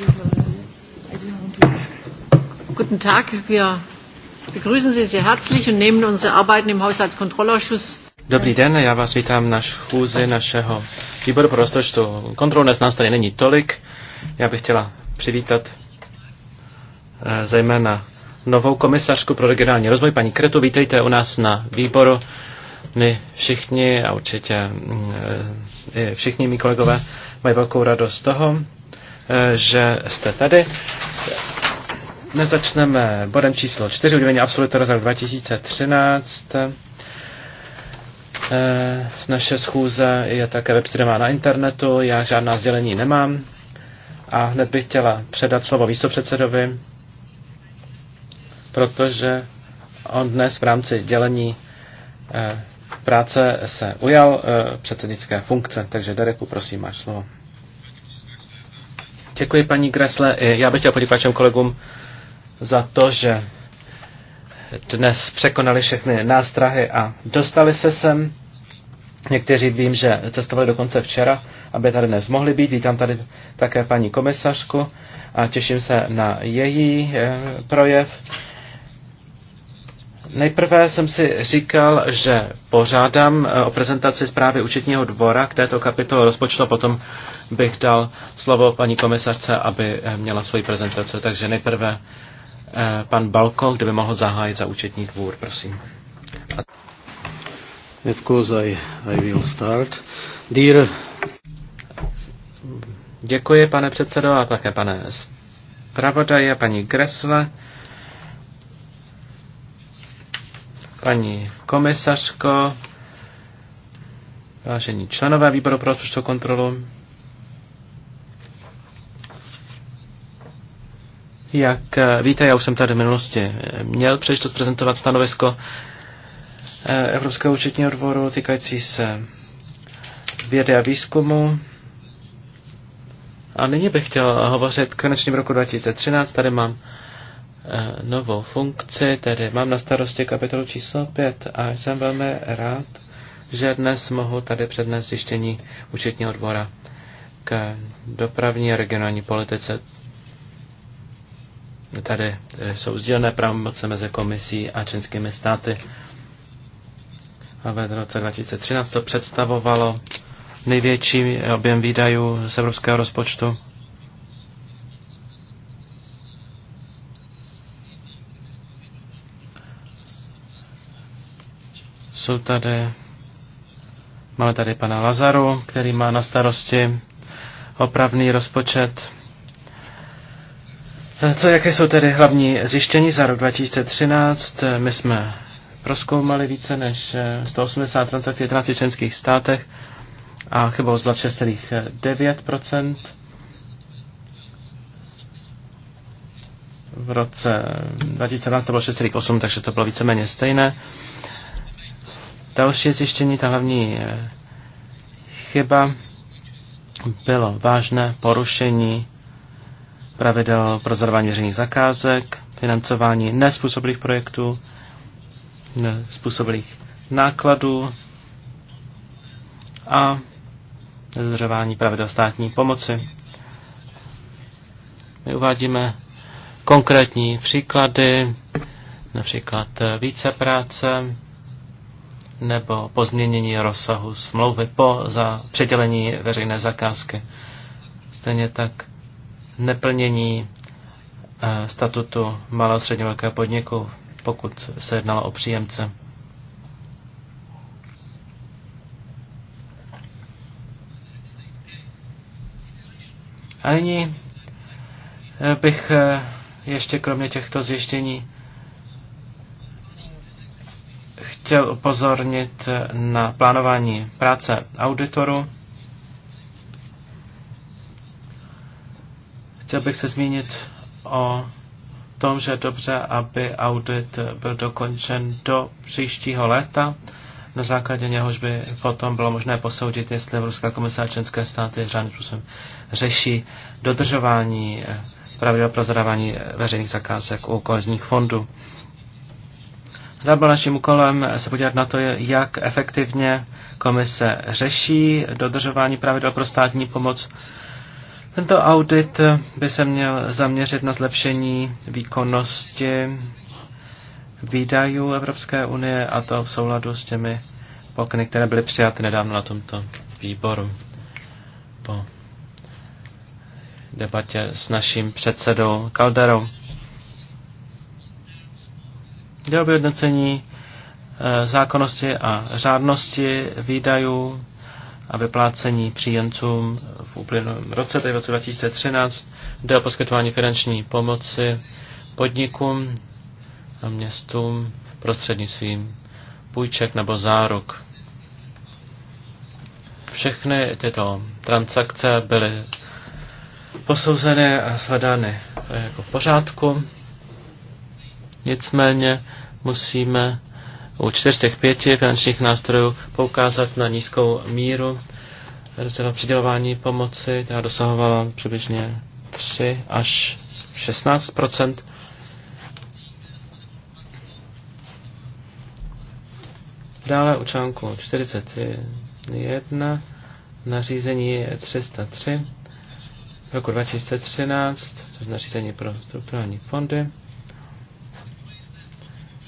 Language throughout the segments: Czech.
Äh, Guten Tag, wir begrüßen Sie sehr herzlich und nehmen unsere Arbeiten im Haushaltskontrollausschuss. Dobrý den, já vás vítám na schůzi našeho výboru pro rozpočtu kontrolu. Dnes nás tady není tolik. Já bych chtěla přivítat e, zejména novou komisařku pro regionální rozvoj, paní Kretu. Vítejte u nás na výboru. My všichni a určitě e, všichni mý kolegové mají velkou radost z toho, Eh, že jste tady. Dnes začneme bodem číslo 4, udělení absolutora za 2013. Z naše schůze je také webstreamová na internetu, já žádná sdělení nemám. A hned bych chtěla předat slovo místopředsedovi, protože on dnes v rámci dělení eh, práce se ujal eh, předsednické funkce. Takže Dereku, prosím, máš slovo. Děkuji, paní Gresle. Já bych chtěl poděkovat všem kolegům za to, že dnes překonali všechny nástrahy a dostali se sem. Někteří vím, že cestovali dokonce včera, aby tady dnes mohli být. Vítám tady také paní komisařku a těším se na její eh, projev. Nejprve jsem si říkal, že pořádám eh, o prezentaci zprávy účetního dvora k této kapitole rozpočtu, potom bych dal slovo paní komisařce, aby eh, měla svoji prezentaci. Takže nejprve eh, pan Balko, kdyby mohl zahájit za účetní dvůr, prosím. Of course I, I will start. Dear... Děkuji, pane předsedo, a také pane zpravodaj a paní Gresle. Paní komisařko, vážení členové výboru pro rozpočtovou kontrolu, Jak eh, víte, já už jsem tady v minulosti eh, měl příležitost prezentovat stanovisko eh, Evropského účetního dvoru týkající se vědy a výzkumu. A nyní bych chtěl hovořit k konečným roku 2013. Tady mám novou funkci, tedy mám na starosti kapitolu číslo 5 a jsem velmi rád, že dnes mohu tady přednést zjištění účetního dvora k dopravní a regionální politice. Tady eh, jsou sdílené pravomoce mezi komisí a členskými státy. A v roce 2013 to představovalo největší objem výdajů z evropského rozpočtu. Jsou tady, máme tady pana Lazaru, který má na starosti opravný rozpočet co, jaké jsou tedy hlavní zjištění za rok 2013? My jsme proskoumali více než 180 eh, transakcí v 11 členských státech a chybovost byla 6,9 V roce 2012 to bylo 6,8, takže to bylo víceméně stejné. Další zjištění, ta hlavní eh, chyba, bylo vážné porušení pravidel pro zadávání veřejných zakázek, financování nespůsobilých projektů, nespůsobilých nákladů a dodržování pravidel státní pomoci. My uvádíme konkrétní příklady, například více práce nebo pozměnění rozsahu smlouvy po za předělení veřejné zakázky. Stejně tak neplnění eh, statutu malého středně velkého podniku, pokud se jednalo o příjemce. A nyní eh, bych eh, ještě kromě těchto zjištění chtěl upozornit na plánování práce auditoru. Chtěl bych se zmínit o tom, že je dobře, aby audit byl dokončen do příštího léta. Na základě něhož by potom bylo možné posoudit, jestli Evropská komise a členské státy řádným způsobem řeší dodržování eh, pravidel pro zadávání eh, veřejných zakázek u kohezních fondů. Hned byl naším úkolem eh, se podívat na to, jak efektivně komise řeší dodržování pravidel pro státní pomoc tento audit eh, by se měl zaměřit na zlepšení výkonnosti výdajů Evropské unie a to v souladu s těmi pokyny, které byly přijaty nedávno na tomto výboru. Po debatě s naším předsedou Calderou. Jde o vyhodnocení eh, zákonnosti a řádnosti výdajů a vyplácení příjemcům v uplynulém roce, tedy v roce 2013, jde o poskytování finanční pomoci podnikům a městům prostřednictvím půjček nebo záruk. Všechny tyto transakce byly posouzeny a shledány jako v pořádku. Nicméně musíme u čtyř těch pěti finančních nástrojů poukázat na nízkou míru přidělování pomoci, která dosahovala přibližně 3 až 16 Dále u článku 41 nařízení 303 roku 2013, což nařízení pro strukturální fondy,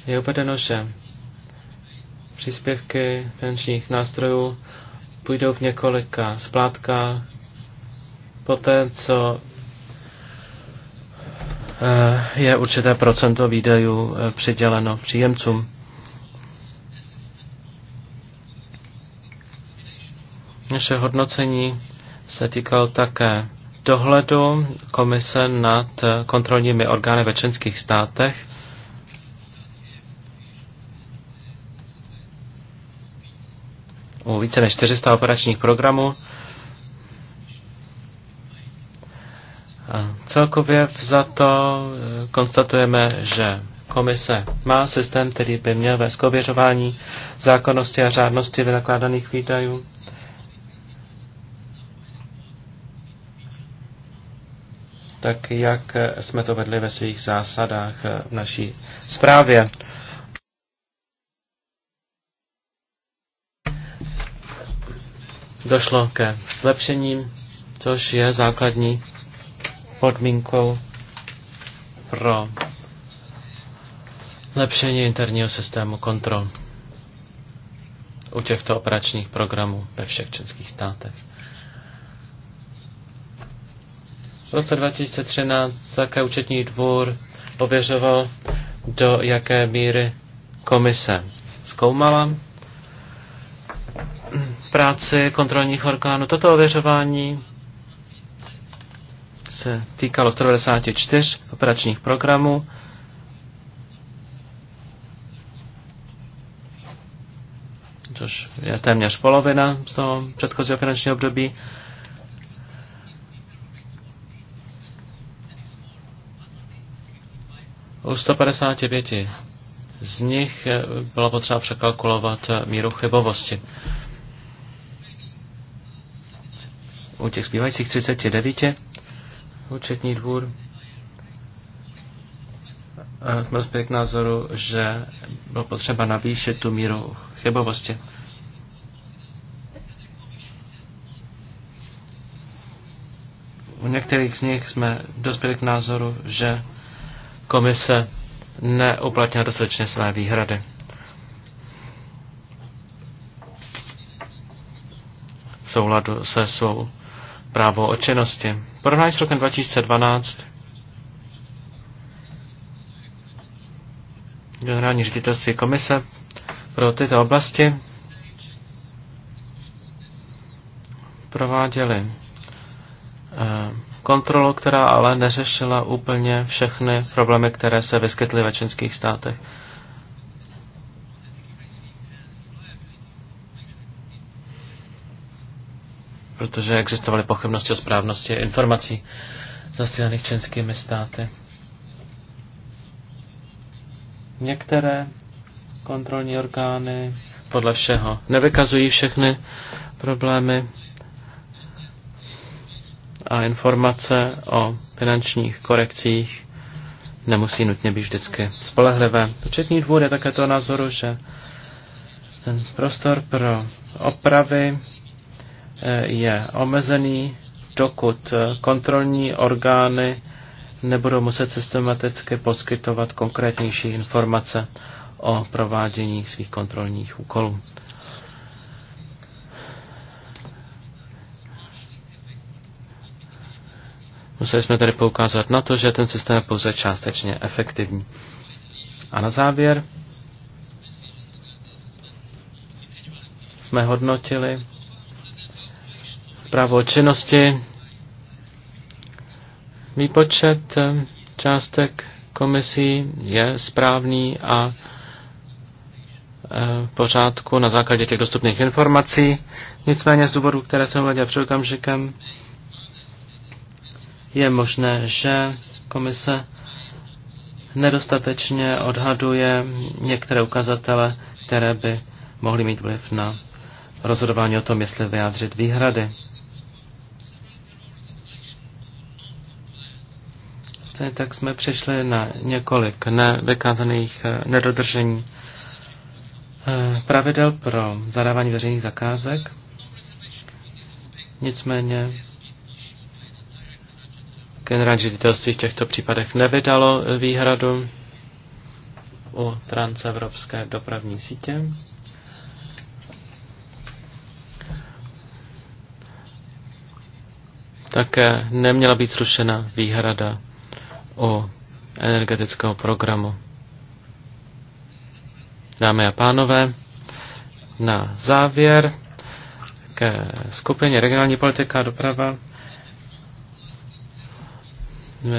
je uvedeno, že Příspěvky finančních nástrojů půjdou v několika splátkách. Poté, co eh, je určité procento výdajů eh, přiděleno příjemcům. Naše hodnocení se týkalo také dohledu komise nad eh, kontrolními orgány ve členských státech. u více než 400 operačních programů. A celkově to eh, konstatujeme, že komise má systém, který by měl vést k ověřování zákonnosti a řádnosti vynakládaných výdajů. tak jak eh, jsme to vedli ve svých zásadách eh, v naší zprávě. došlo ke zlepšením, což je základní podmínkou pro zlepšení interního systému kontrol u těchto operačních programů ve všech českých státech. V roce 2013 také účetní dvůr ověřoval, do jaké míry komise zkoumala práci kontrolních orgánů. Toto ověřování se týkalo 194 operačních programů. což je téměř polovina z toho předchozího finančního období. U 155 z nich bylo potřeba překalkulovat míru chybovosti. u těch zbývajících 39 účetní dvůr jsme dospěli k názoru, že bylo potřeba navýšit tu míru chybovosti. U některých z nich jsme dospěli k názoru, že komise neuplatnila dostatečně své výhrady. souladu se svou právo očenosti. Porovnání s rokem 2012 generální ředitelství komise pro tyto oblasti prováděli eh, kontrolu, která ale neřešila úplně všechny problémy, které se vyskytly ve členských státech. protože existovaly pochybnosti o správnosti informací zasílených čínskými státy. Některé kontrolní orgány podle všeho nevykazují všechny problémy a informace o finančních korekcích nemusí nutně být vždycky spolehlivé. Početní dvůr je také toho názoru, že ten prostor pro opravy je omezený, dokud kontrolní orgány nebudou muset systematicky poskytovat konkrétnější informace o provádění svých kontrolních úkolů. Museli jsme tedy poukázat na to, že ten systém je pouze částečně efektivní. A na závěr jsme hodnotili zprávu o činnosti, výpočet eh, částek komisí je správný a eh, v pořádku na základě těch dostupných informací. Nicméně z důvodu, které jsem hleděl před okamžikem, je možné, že komise nedostatečně odhaduje některé ukazatele, které by mohly mít vliv na rozhodování o tom, jestli vyjádřit výhrady. tak jsme přišli na několik nevykázaných eh, nedodržení eh, pravidel pro zadávání veřejných zakázek. Nicméně generální ředitelství v těchto případech nevydalo eh, výhradu u transevropské dopravní sítě. Také neměla být zrušena výhrada u energetického programu. Dámy a pánové, na závěr ke skupině regionální politika a doprava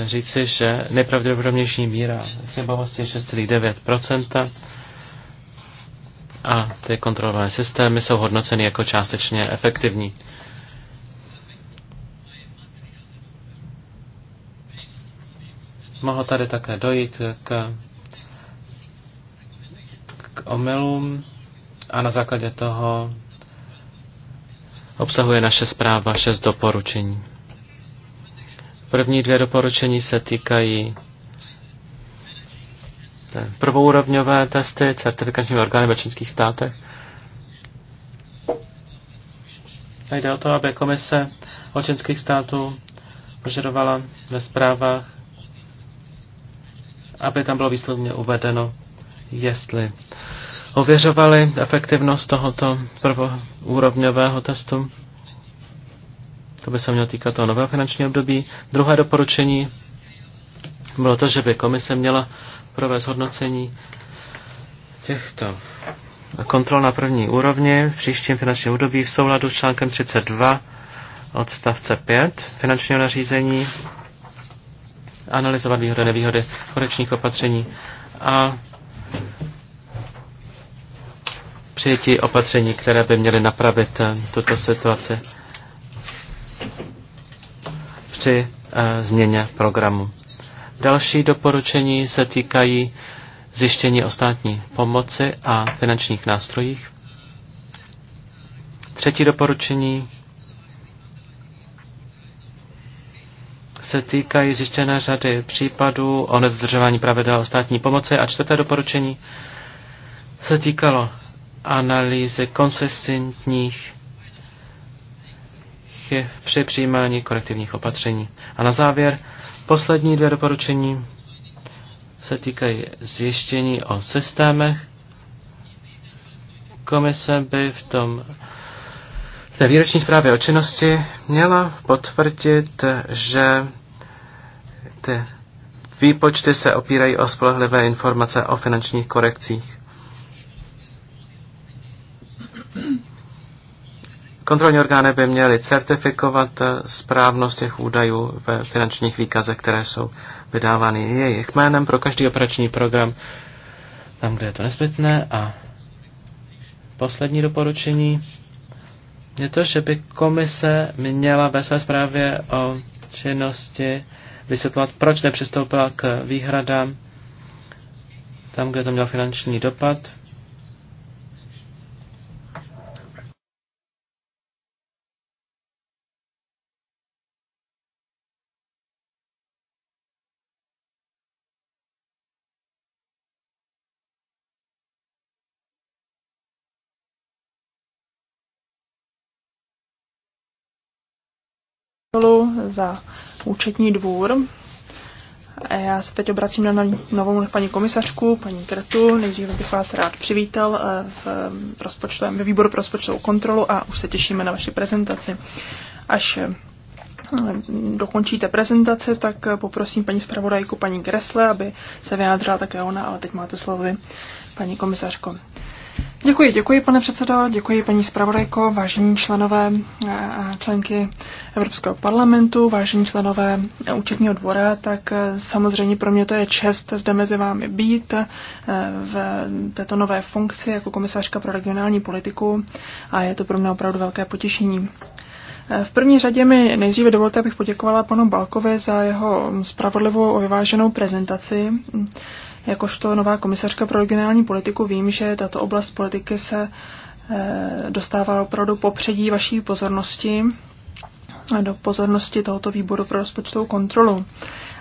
říci, že nejpravděpodobnější míra chybovosti je 6,9% a ty kontrolované systémy jsou hodnoceny jako částečně efektivní. mohlo tady také dojít k, k omylům a na základě toho obsahuje naše zpráva šest doporučení. První dvě doporučení se týkají prvourovňové testy certifikačními orgány ve členských státech. A jde o to, aby komise o členských států požadovala ve zprávách aby tam bylo výslovně uvedeno, jestli ověřovali efektivnost tohoto prvoúrovňového testu. To by se mělo týkat toho nového finančního období. Druhé doporučení bylo to, že by komise měla provést hodnocení těchto kontrol na první úrovni v příštím finančním období v souladu s článkem 32 odstavce 5 finančního nařízení analyzovat výhody, nevýhody konečných opatření a přijetí opatření, které by měly napravit eh, tuto situaci při eh, změně programu. Další doporučení se týkají zjištění o státní pomoci a finančních nástrojích. Třetí doporučení se týkají zjištěné řady případů o nedodržování pravidel státní pomoci a čtvrté doporučení se týkalo analýzy konsistentních chyb při přijímání korektivních opatření. A na závěr poslední dvě doporučení se týkají zjištění o systémech. Komise by v tom v té výroční zprávě o činnosti měla potvrdit, že ty výpočty se opírají o spolehlivé informace o finančních korekcích. Kontrolní orgány by měly certifikovat správnost těch údajů ve finančních výkazech, které jsou vydávány jejich jménem pro každý operační program, tam, kde je to nezbytné. A poslední doporučení je to, že by komise měla ve své zprávě o činnosti vysvětlovat, proč nepřistoupila k výhradám tam, kde to mělo finanční dopad. za účetní dvůr. Já se teď obracím na novou paní komisařku, paní Kretu. Nejdříve bych vás rád přivítal eh, v eh, rozpočtovém výboru pro rozpočtovou kontrolu a už se těšíme na vaši prezentaci. Až eh, dokončíte prezentaci, tak poprosím paní zpravodajku, paní Kresle, aby se vyjádřila také ona, ale teď máte slovy, paní komisařko. Děkuji, děkuji, pane předsedo, děkuji, paní zpravodajko, vážení členové a eh, eh, členky Evropského parlamentu, vážení členové účetního dvora, tak eh, samozřejmě pro mě to je čest zde mezi vámi být v této nové funkci jako komisářka pro regionální politiku a je to pro mě opravdu velké potěšení. V první řadě mi nejdříve dovolte, abych poděkovala panu Balkovi za jeho spravodlivou a vyváženou prezentaci Jakožto nová komisařka pro regionální politiku vím, že tato oblast politiky se eh, dostává opravdu popředí vaší pozornosti a eh, do pozornosti tohoto výboru pro rozpočtovou kontrolu.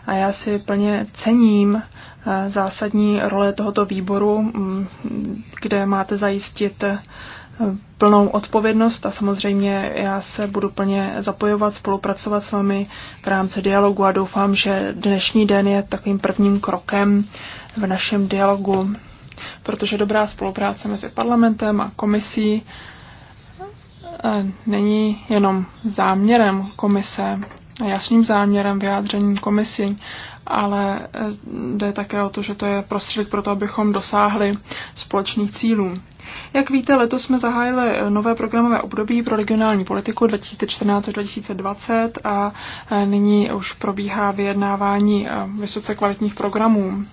A já si plně cením eh, zásadní role tohoto výboru, mm, kde máte zajistit plnou odpovědnost a samozřejmě já se budu plně zapojovat, spolupracovat s vámi v rámci dialogu a doufám, že dnešní den je takovým prvním krokem v našem dialogu, protože dobrá spolupráce mezi parlamentem a komisí eh, není jenom záměrem komise, jasným záměrem, vyjádřením komisí, ale eh, jde také o to, že to je prostředek pro to, abychom dosáhli společných cílů. Jak víte, letos jsme zahájili nové programové období pro regionální politiku 2014-2020 a nyní už probíhá vyjednávání vysoce kvalitních programů.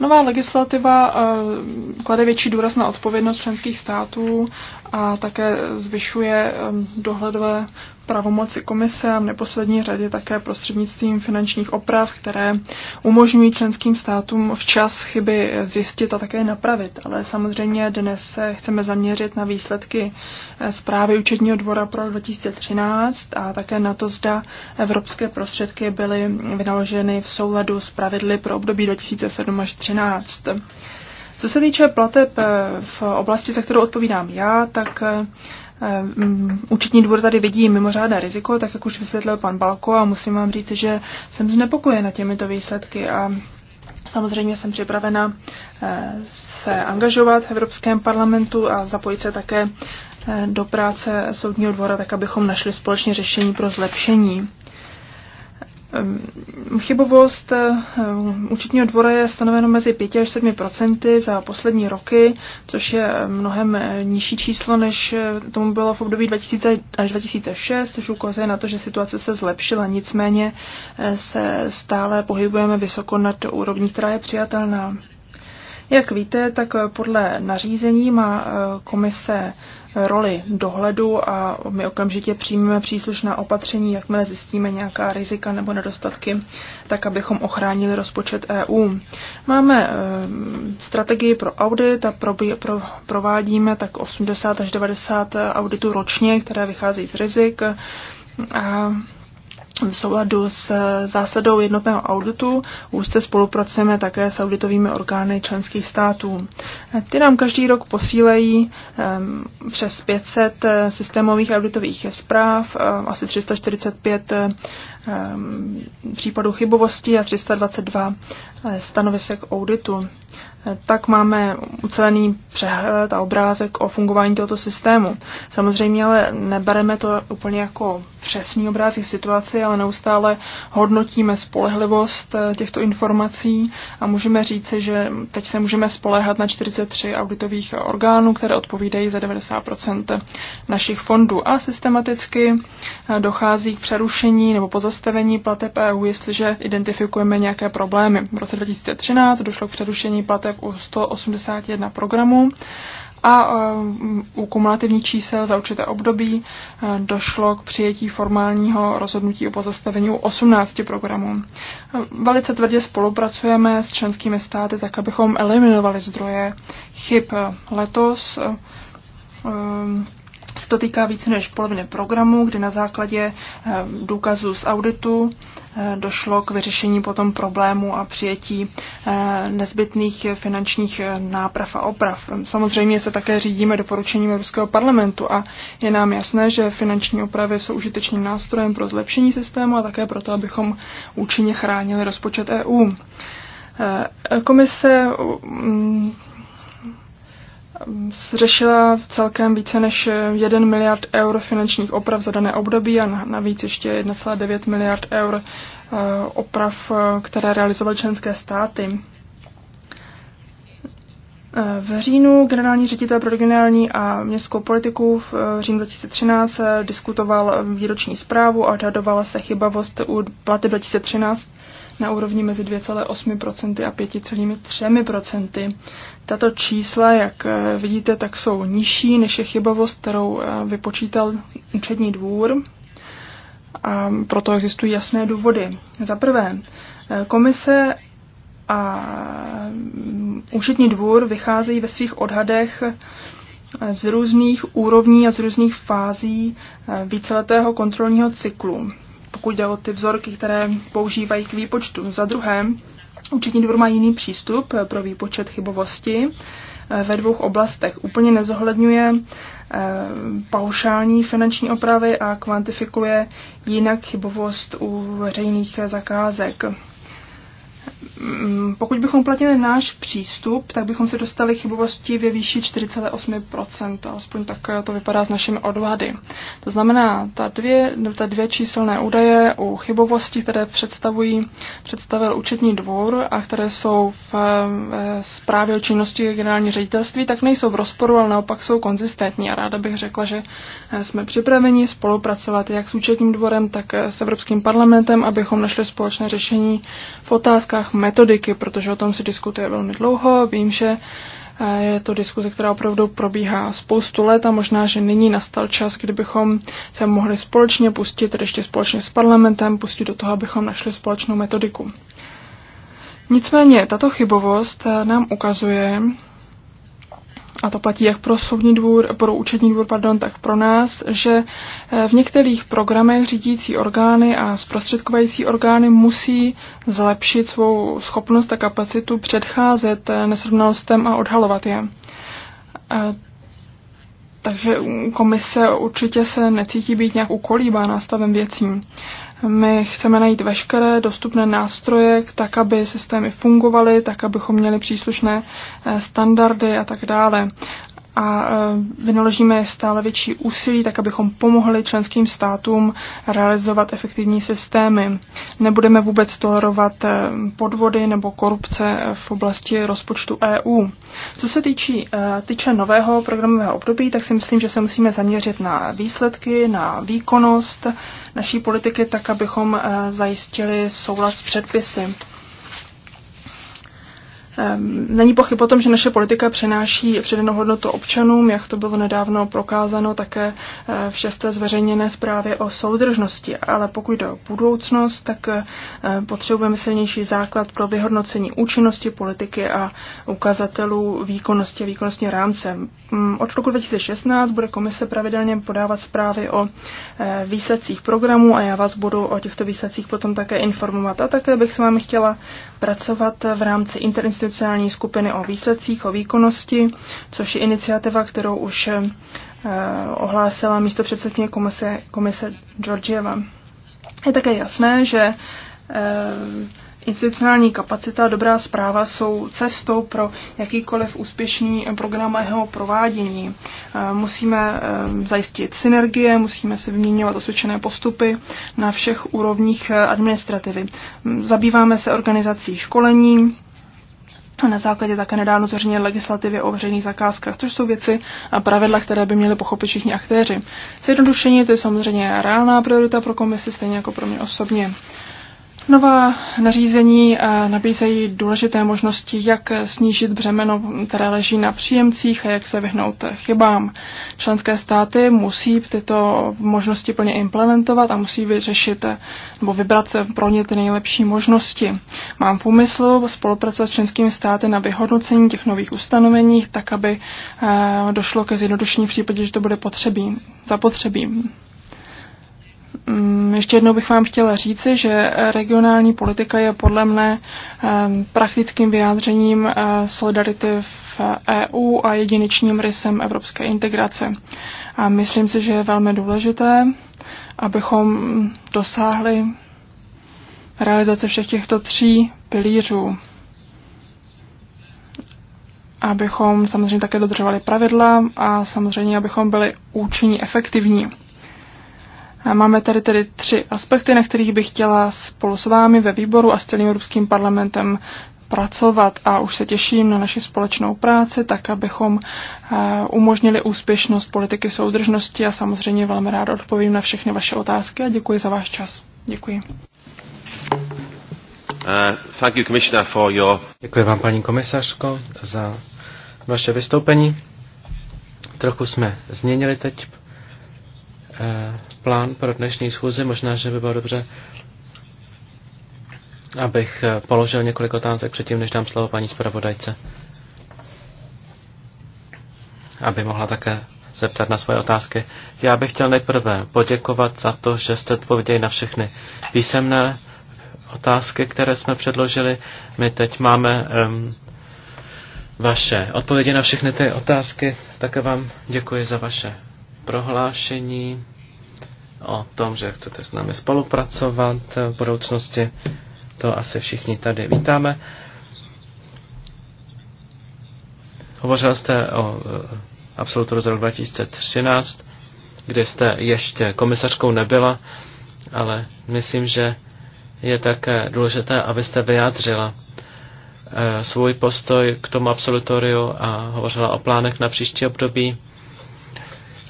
Nová legislativa eh, klade větší důraz na odpovědnost členských států a také zvyšuje eh, dohledové pravomoci komise a v neposlední řadě také prostřednictvím finančních oprav, které umožňují členským státům včas chyby zjistit a také napravit. Ale samozřejmě dnes se chceme zaměřit na výsledky eh, zprávy účetního dvora pro 2013 a také na to, zda evropské prostředky byly vynaloženy v souladu s pravidly pro období 2007 až 2013. Co se týče plateb eh, v oblasti, za kterou odpovídám já, tak eh, Eh, účetní dvůr tady vidí mimořádné riziko, tak jak už vysvětlil pan Balko a musím vám říct, že jsem znepokojena těmito výsledky a samozřejmě jsem připravena eh, se angažovat v Evropském parlamentu a zapojit se také eh, do práce soudního dvora, tak abychom našli společně řešení pro zlepšení Ehm, chybovost ehm, účetního dvora je stanoveno mezi 5 až 7 procenty za poslední roky, což je mnohem eh, nižší číslo, než eh, tomu bylo v období 2000 až 2006, což ukazuje na to, že situace se zlepšila. Nicméně eh, se stále pohybujeme vysoko nad úrovní, která je přijatelná. Jak víte, tak podle nařízení má komise roli dohledu a my okamžitě přijmeme příslušná opatření, jakmile zjistíme nějaká rizika nebo nedostatky, tak abychom ochránili rozpočet EU. Máme eh, strategii pro audit a provádíme tak 80 až 90 eh, auditů ročně, které vycházejí z rizik. A v souladu s eh, zásadou jednotného auditu úzce spolupracujeme také s auditovými orgány členských států. Eh, ty nám každý rok posílejí ehm, přes 500 eh, systémových auditových zpráv, asi 345 ehm, případů chybovosti a 322 stanovisek auditu. Tak máme ucelený přehled a obrázek o fungování tohoto systému. Samozřejmě ale nebereme to úplně jako přesný obrázek situace, ale neustále hodnotíme spolehlivost eh, těchto informací a můžeme říct, že teď se můžeme spolehat na 43 auditových orgánů, které odpovídají za 90 našich fondů. A systematicky eh, dochází k přerušení nebo pozastavení plateb EU, jestliže identifikujeme nějaké problémy. V roce 2013 došlo k přerušení plateb u 181 programů a eh, u kumulativních čísel za určité období eh, došlo k přijetí formálního rozhodnutí o pozastavení u 18 programů. Eh, velice tvrdě spolupracujeme s členskými státy tak, abychom eliminovali zdroje chyb letos. Se to týká více než poloviny programů, kdy na základě důkazů z auditu Eh, došlo k vyřešení potom problému a přijetí eh, nezbytných finančních eh, náprav a oprav. Samozřejmě se také řídíme doporučením Evropského parlamentu a je nám jasné, že finanční opravy jsou užitečným nástrojem pro zlepšení systému a také proto, abychom účinně chránili rozpočet EU. Komise mm, Řešila celkem více než 1 miliard eur finančních oprav za dané období a navíc ještě 1,9 miliard eur eh, oprav, eh, které realizovaly členské státy. Eh, v říjnu generální ředitel pro regionální a městskou politiku v říjnu 2013 diskutoval výroční zprávu a odhadovala se chybavost u platy 2013 na úrovni mezi 2,8% a 5,3%. Tato čísla, jak eh, vidíte, tak jsou nižší než je chybovost, kterou eh, vypočítal účetní dvůr. A proto existují jasné důvody. Za prvé, eh, komise a mm, účetní dvůr vycházejí ve svých odhadech z různých úrovní a z různých fází víceletého kontrolního cyklu pokud jde o ty vzorky, které používají k výpočtu. Za druhé, účetní dvůr má jiný přístup pro výpočet chybovosti eh, ve dvou oblastech. Úplně nezohledňuje eh, paušální finanční opravy a kvantifikuje jinak chybovost u veřejných zakázek. Mm, pokud bychom platili náš přístup, tak bychom se dostali chybovosti ve výši 4,8%, alespoň tak eh, to vypadá z našimi odvady. To znamená, ta dvě, ta dvě číselné údaje u chybovosti, které představují, představil účetní dvůr a které jsou v, eh, v zprávě o činnosti generální ředitelství, tak nejsou v rozporu, ale naopak jsou konzistentní. A ráda bych řekla, že eh, jsme připraveni spolupracovat jak s účetním dvorem, tak s Evropským parlamentem, abychom našli společné řešení v otázkách metodiky, protože o tom se diskutuje velmi dlouho. Vím, že eh, je to diskuze, která opravdu probíhá spoustu let a možná, že nyní nastal čas, kdybychom se mohli společně pustit, tedy ještě společně s parlamentem, pustit do toho, abychom našli společnou metodiku. Nicméně tato chybovost eh, nám ukazuje, a to platí jak pro soudní dvůr, pro účetní dvůr, pardon, tak pro nás, že eh, v některých programech řídící orgány a zprostředkovající orgány musí zlepšit svou schopnost a kapacitu předcházet eh, nesrovnalostem a odhalovat je. Eh, takže komise určitě se necítí být nějak ukolíbána stavem věcí. My chceme najít veškeré dostupné nástroje, tak aby systémy fungovaly, tak abychom měli příslušné eh, standardy a tak dále a e, vynaložíme stále větší úsilí, tak abychom pomohli členským státům realizovat efektivní systémy. Nebudeme vůbec tolerovat e, podvody nebo korupce v oblasti rozpočtu EU. Co se týčí, e, týče nového programového období, tak si myslím, že se musíme zaměřit na výsledky, na výkonnost naší politiky, tak abychom zajistili soulad s předpisy. Není pochyb o tom, že naše politika přenáší přidanou hodnotu občanům, jak to bylo nedávno prokázáno také eh, v šesté zveřejněné zprávě o soudržnosti. Ale pokud jde o budoucnost, tak eh, potřebujeme silnější základ pro vyhodnocení účinnosti politiky a ukazatelů výkonnosti a výkonnostní rámce. Mm, od roku 2016 bude komise pravidelně podávat zprávy o eh, výsledcích programů a já vás budu o těchto výsledcích potom také informovat. A také bych s vámi chtěla pracovat v rámci interinstitucionální meziinstitucionální skupiny o výsledcích, o výkonnosti, což je iniciativa, kterou už eh, ohlásila místo předsedkyně komise, komise Georgieva. Je také jasné, že eh, Institucionální kapacita a dobrá zpráva jsou cestou pro jakýkoliv úspěšný program a jeho provádění. Eh, musíme eh, zajistit synergie, musíme se vyměňovat osvědčené postupy na všech úrovních eh, administrativy. Zabýváme se organizací školení, na základě také nedávno zřejmě legislativy o veřejných zakázkách, což jsou věci a pravidla, které by měly pochopit všichni aktéři. Zjednodušení to je samozřejmě reálná priorita pro komisi, stejně jako pro mě osobně. Nová nařízení eh, nabízejí důležité možnosti, jak snížit břemeno, které leží na příjemcích a jak se vyhnout chybám. Členské státy musí tyto možnosti plně implementovat a musí vyřešit eh, nebo vybrat pro ně ty nejlepší možnosti. Mám v úmyslu spolupracovat s členskými státy na vyhodnocení těch nových ustanovení, tak aby eh, došlo ke zjednodušení v případě, že to bude potřebí, zapotřebí. Mm, ještě jednou bych vám chtěla říci, že regionální politika je podle mne eh, praktickým vyjádřením eh, solidarity v EU a jedinečným rysem evropské integrace. A myslím si, že je velmi důležité, abychom dosáhli realizace všech těchto tří pilířů. Abychom samozřejmě také dodržovali pravidla a samozřejmě, abychom byli účinní, efektivní. Máme tady tedy tři aspekty, na kterých bych chtěla spolu s vámi ve výboru a s celým Evropským parlamentem pracovat a už se těším na naši společnou práci, tak abychom eh, umožnili úspěšnost politiky soudržnosti a samozřejmě velmi rád odpovím na všechny vaše otázky a děkuji za váš čas. Děkuji. Uh, Děkuji vám, paní komisařko, za vaše vystoupení. Trochu jsme změnili teď uh, plán pro dnešní schůzi. Možná, že by bylo dobře, abych uh, položil několik otázek předtím, než dám slovo paní zpravodajce. Aby mohla také zeptat na svoje otázky. Já bych chtěl nejprve poděkovat za to, že jste odpověděli na všechny písemné otázky, které jsme předložili. My teď máme um, vaše odpovědi na všechny ty otázky. Také vám děkuji za vaše prohlášení o tom, že chcete s námi spolupracovat v budoucnosti. To asi všichni tady vítáme. Hovořil jste o eh, absolutoru z roku 2013, kde jste ještě komisařkou nebyla, ale myslím, že je také důležité, abyste vyjádřila eh, svůj postoj k tomu absolutoriu a hovořila o plánech na příští období.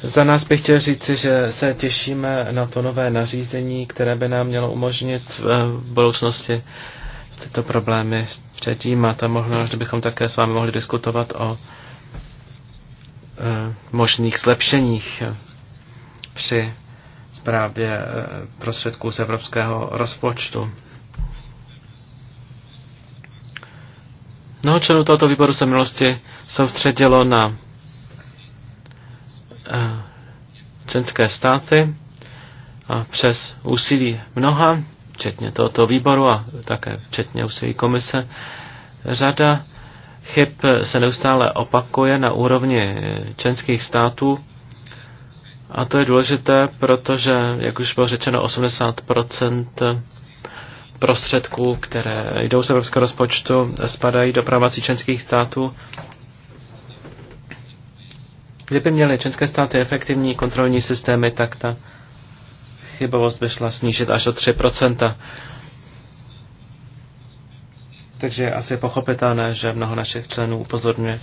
Za nás bych chtěl říci, že se těšíme na to nové nařízení, které by nám mělo umožnit eh, v budoucnosti tyto problémy předjímat a možná, že bychom také s vámi mohli diskutovat o eh, možných zlepšeních při právě eh, prostředků z evropského rozpočtu. Mnoho členů tohoto výboru se v minulosti soustředilo na eh, členské státy a přes úsilí mnoha, včetně tohoto výboru a také včetně úsilí komise, řada chyb se neustále opakuje na úrovni členských států a to je důležité, protože, jak už bylo řečeno, 80 prostředků, které jdou z evropského rozpočtu, spadají do pravomocí členských států. Kdyby měly členské státy efektivní kontrolní systémy, tak ta chybovost by šla snížit až o 3 Takže je asi pochopitelné, že mnoho našich členů upozorňuje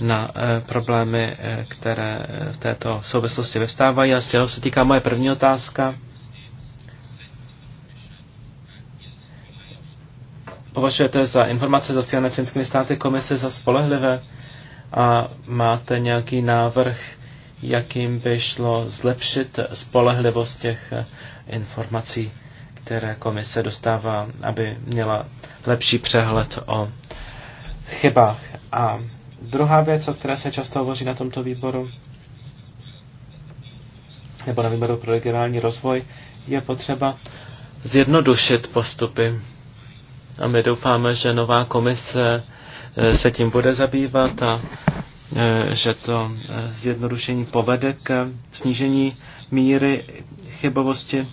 na eh, problémy, eh, které eh, v této souvislosti vyvstávají. A z se týká moje první otázka. Považujete za informace zasílané členskými státy komise za spolehlivé a máte nějaký návrh, jakým by šlo zlepšit spolehlivost těch informací, které komise dostává, aby měla lepší přehled o chybách. A Druhá věc, o které se často hovoří na tomto výboru, nebo na výboru pro regionální rozvoj, je potřeba zjednodušit postupy. A my doufáme, že nová komise eh, se tím bude zabývat a eh, že to eh, zjednodušení povede k snížení míry chybovosti.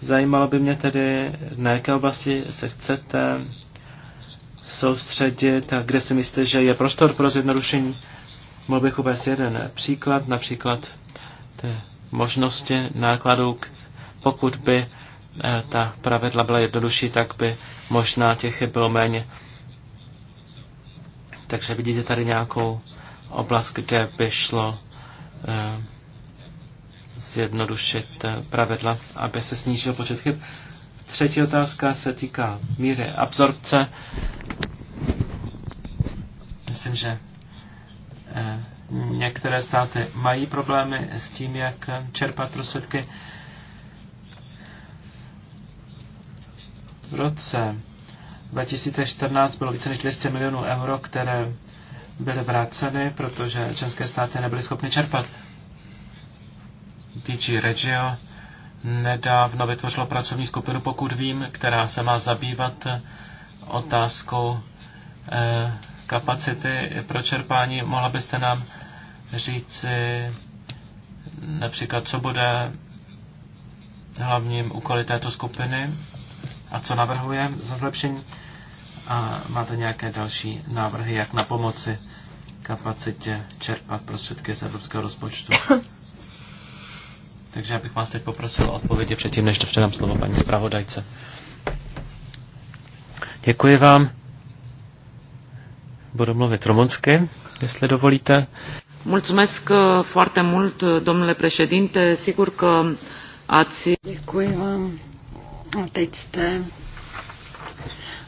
Zajímalo by mě tedy, na jaké oblasti se chcete soustředit kde si myslíte, že je prostor pro zjednodušení. Mohl bych uvést jeden příklad, například té možnosti nákladů, pokud by eh, ta pravidla byla jednodušší, tak by možná těch bylo méně. Takže vidíte tady nějakou oblast, kde by šlo eh, zjednodušit eh, pravidla, aby se snížil počet chyb. Třetí otázka se týká míry absorpce. Myslím, že eh, některé státy mají problémy s tím, jak čerpat prostředky. V roce 2014 bylo více než 200 milionů euro, které byly vráceny, protože české státy nebyly schopny čerpat. DG Regio nedávno vytvořilo pracovní skupinu, pokud vím, která se má zabývat otázkou eh, kapacity pro čerpání. Mohla byste nám říci například, co bude hlavním úkoly této skupiny a co navrhuje za zlepšení? A máte nějaké další návrhy, jak na pomoci kapacitě čerpat prostředky z evropského rozpočtu? Takže já bych vás teď poprosil o odpovědi předtím, než to předám slovo paní zpravodajce. Děkuji vám. Budu mluvit rumunsky, jestli dovolíte. Mulțumesc uh, foarte mult, uh, domnule președinte. Sigur că ați... Děkuji vám. A teď jste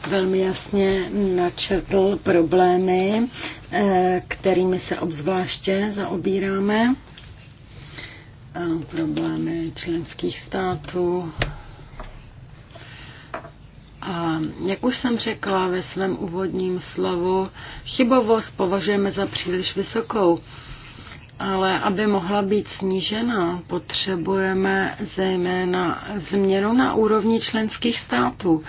velmi jasně načetl problémy, eh, kterými se obzvláště zaobíráme problémy členských států. A jak už jsem řekla ve svém úvodním slovu, chybovost považujeme za příliš vysokou, ale aby mohla být snížena, potřebujeme zejména změnu na úrovni členských států.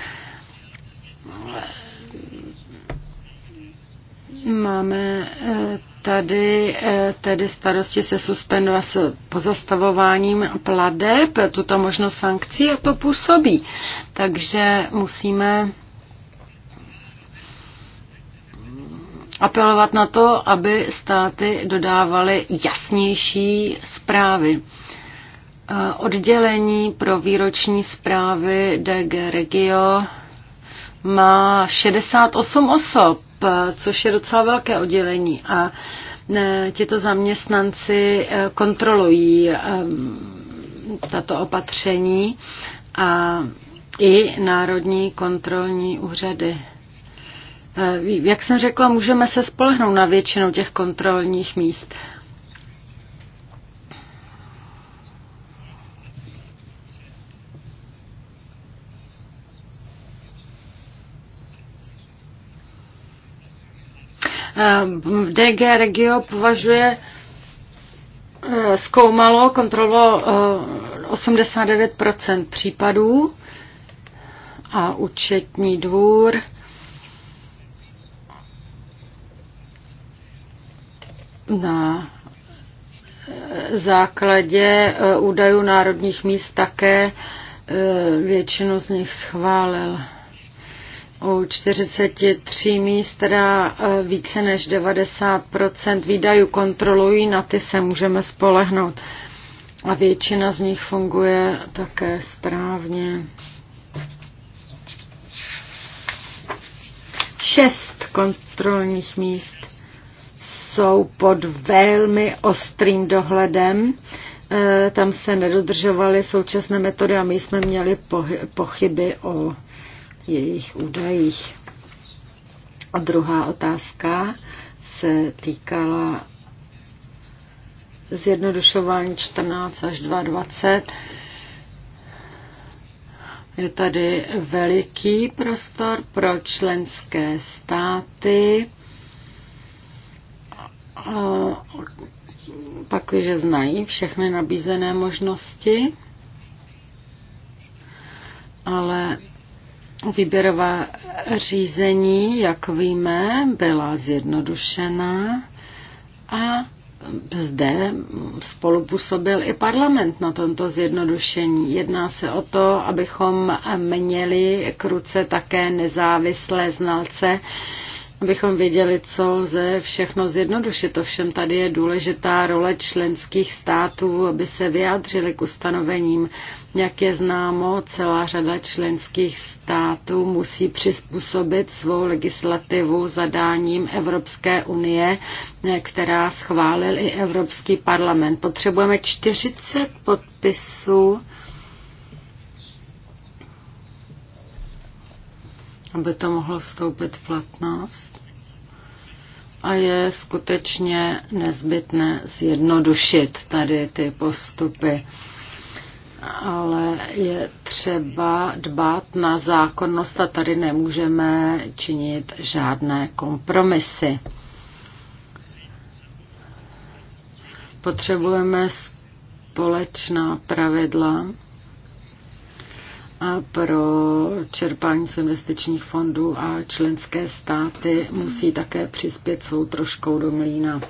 Máme eh, tady eh, tedy starosti se suspendovat s pozastavováním pladeb, tuto možnost sankcí a to působí. Takže musíme apelovat na to, aby státy dodávaly jasnější zprávy. Eh, oddělení pro výroční zprávy DG Regio má 68 osob což je docela velké oddělení a e, těto zaměstnanci e, kontrolují e, tato opatření a i národní kontrolní úřady. Jak jsem řekla, můžeme se spolehnout na většinu těch kontrolních míst. Eh, DG Regio považuje eh, zkoumalo, kontrolovalo eh, 89% případů a účetní dvůr na základě údajů národních míst také většinu z nich schválil u 43 míst, teda e, více než 90% výdajů kontrolují, na ty se můžeme spolehnout. A většina z nich funguje také správně. Šest kontrolních míst jsou pod velmi ostrým dohledem e, tam se nedodržovaly současné metody a my jsme měli pochyby o jejich údajích. A druhá otázka se týkala zjednodušování 14 až 22. Je tady veliký prostor pro členské státy. Pakliže znají všechny nabízené možnosti, ale Výběrová řízení, jak víme, byla zjednodušena a zde spolupůsobil i parlament na tomto zjednodušení. Jedná se o to, abychom měli k ruce také nezávislé znalce, Bychom věděli, co lze všechno zjednodušit. Ovšem tady je důležitá role členských států, aby se vyjádřili k ustanovením. Jak je známo, celá řada členských států musí přizpůsobit svou legislativu zadáním Evropské unie, která schválil i Evropský parlament. Potřebujeme 40 podpisů aby to mohlo vstoupit v platnost. A je skutečně nezbytné zjednodušit tady ty postupy ale je třeba dbát na zákonnost a tady nemůžeme činit žádné kompromisy. Potřebujeme společná pravidla a pro čerpání z investičních fondů a členské státy musí také přispět svou troškou do mlína.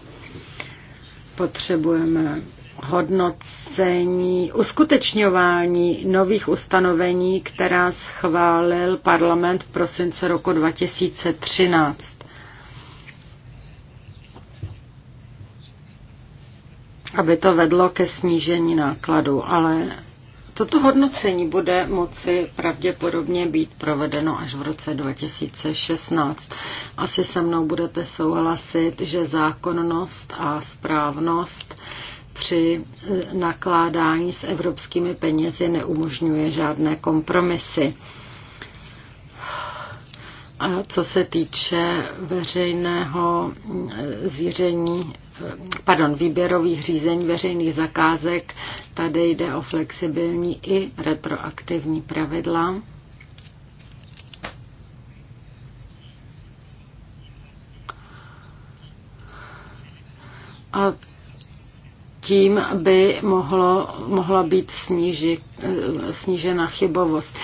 Potřebujeme hodnocení, uskutečňování nových ustanovení, která schválil parlament v prosince roku 2013. aby to vedlo ke snížení nákladů, ale Toto hodnocení bude moci pravděpodobně být provedeno až v roce 2016. Asi se mnou budete souhlasit, že zákonnost a správnost při eh, nakládání s evropskými penězi neumožňuje žádné kompromisy. A co se týče veřejného eh, zíření, eh, pardon, výběrových řízení veřejných zakázek, tady jde o flexibilní i retroaktivní pravidla. A tím by mohlo, mohla být sníži, eh, snížena chybovost.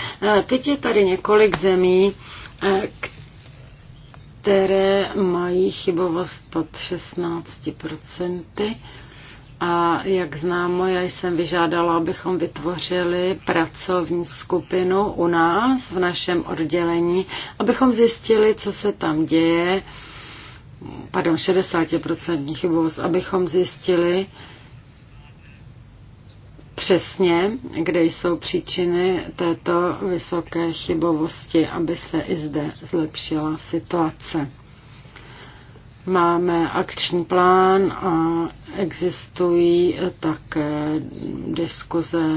Teď je tady několik zemí, které mají chybovost pod 16%. A jak známo, já jsem vyžádala, abychom vytvořili pracovní skupinu u nás, v našem oddělení, abychom zjistili, co se tam děje, pardon, 60% chybovost, abychom zjistili, přesně, kde jsou příčiny této vysoké chybovosti, aby se i zde zlepšila situace. Máme akční plán a existují také diskuze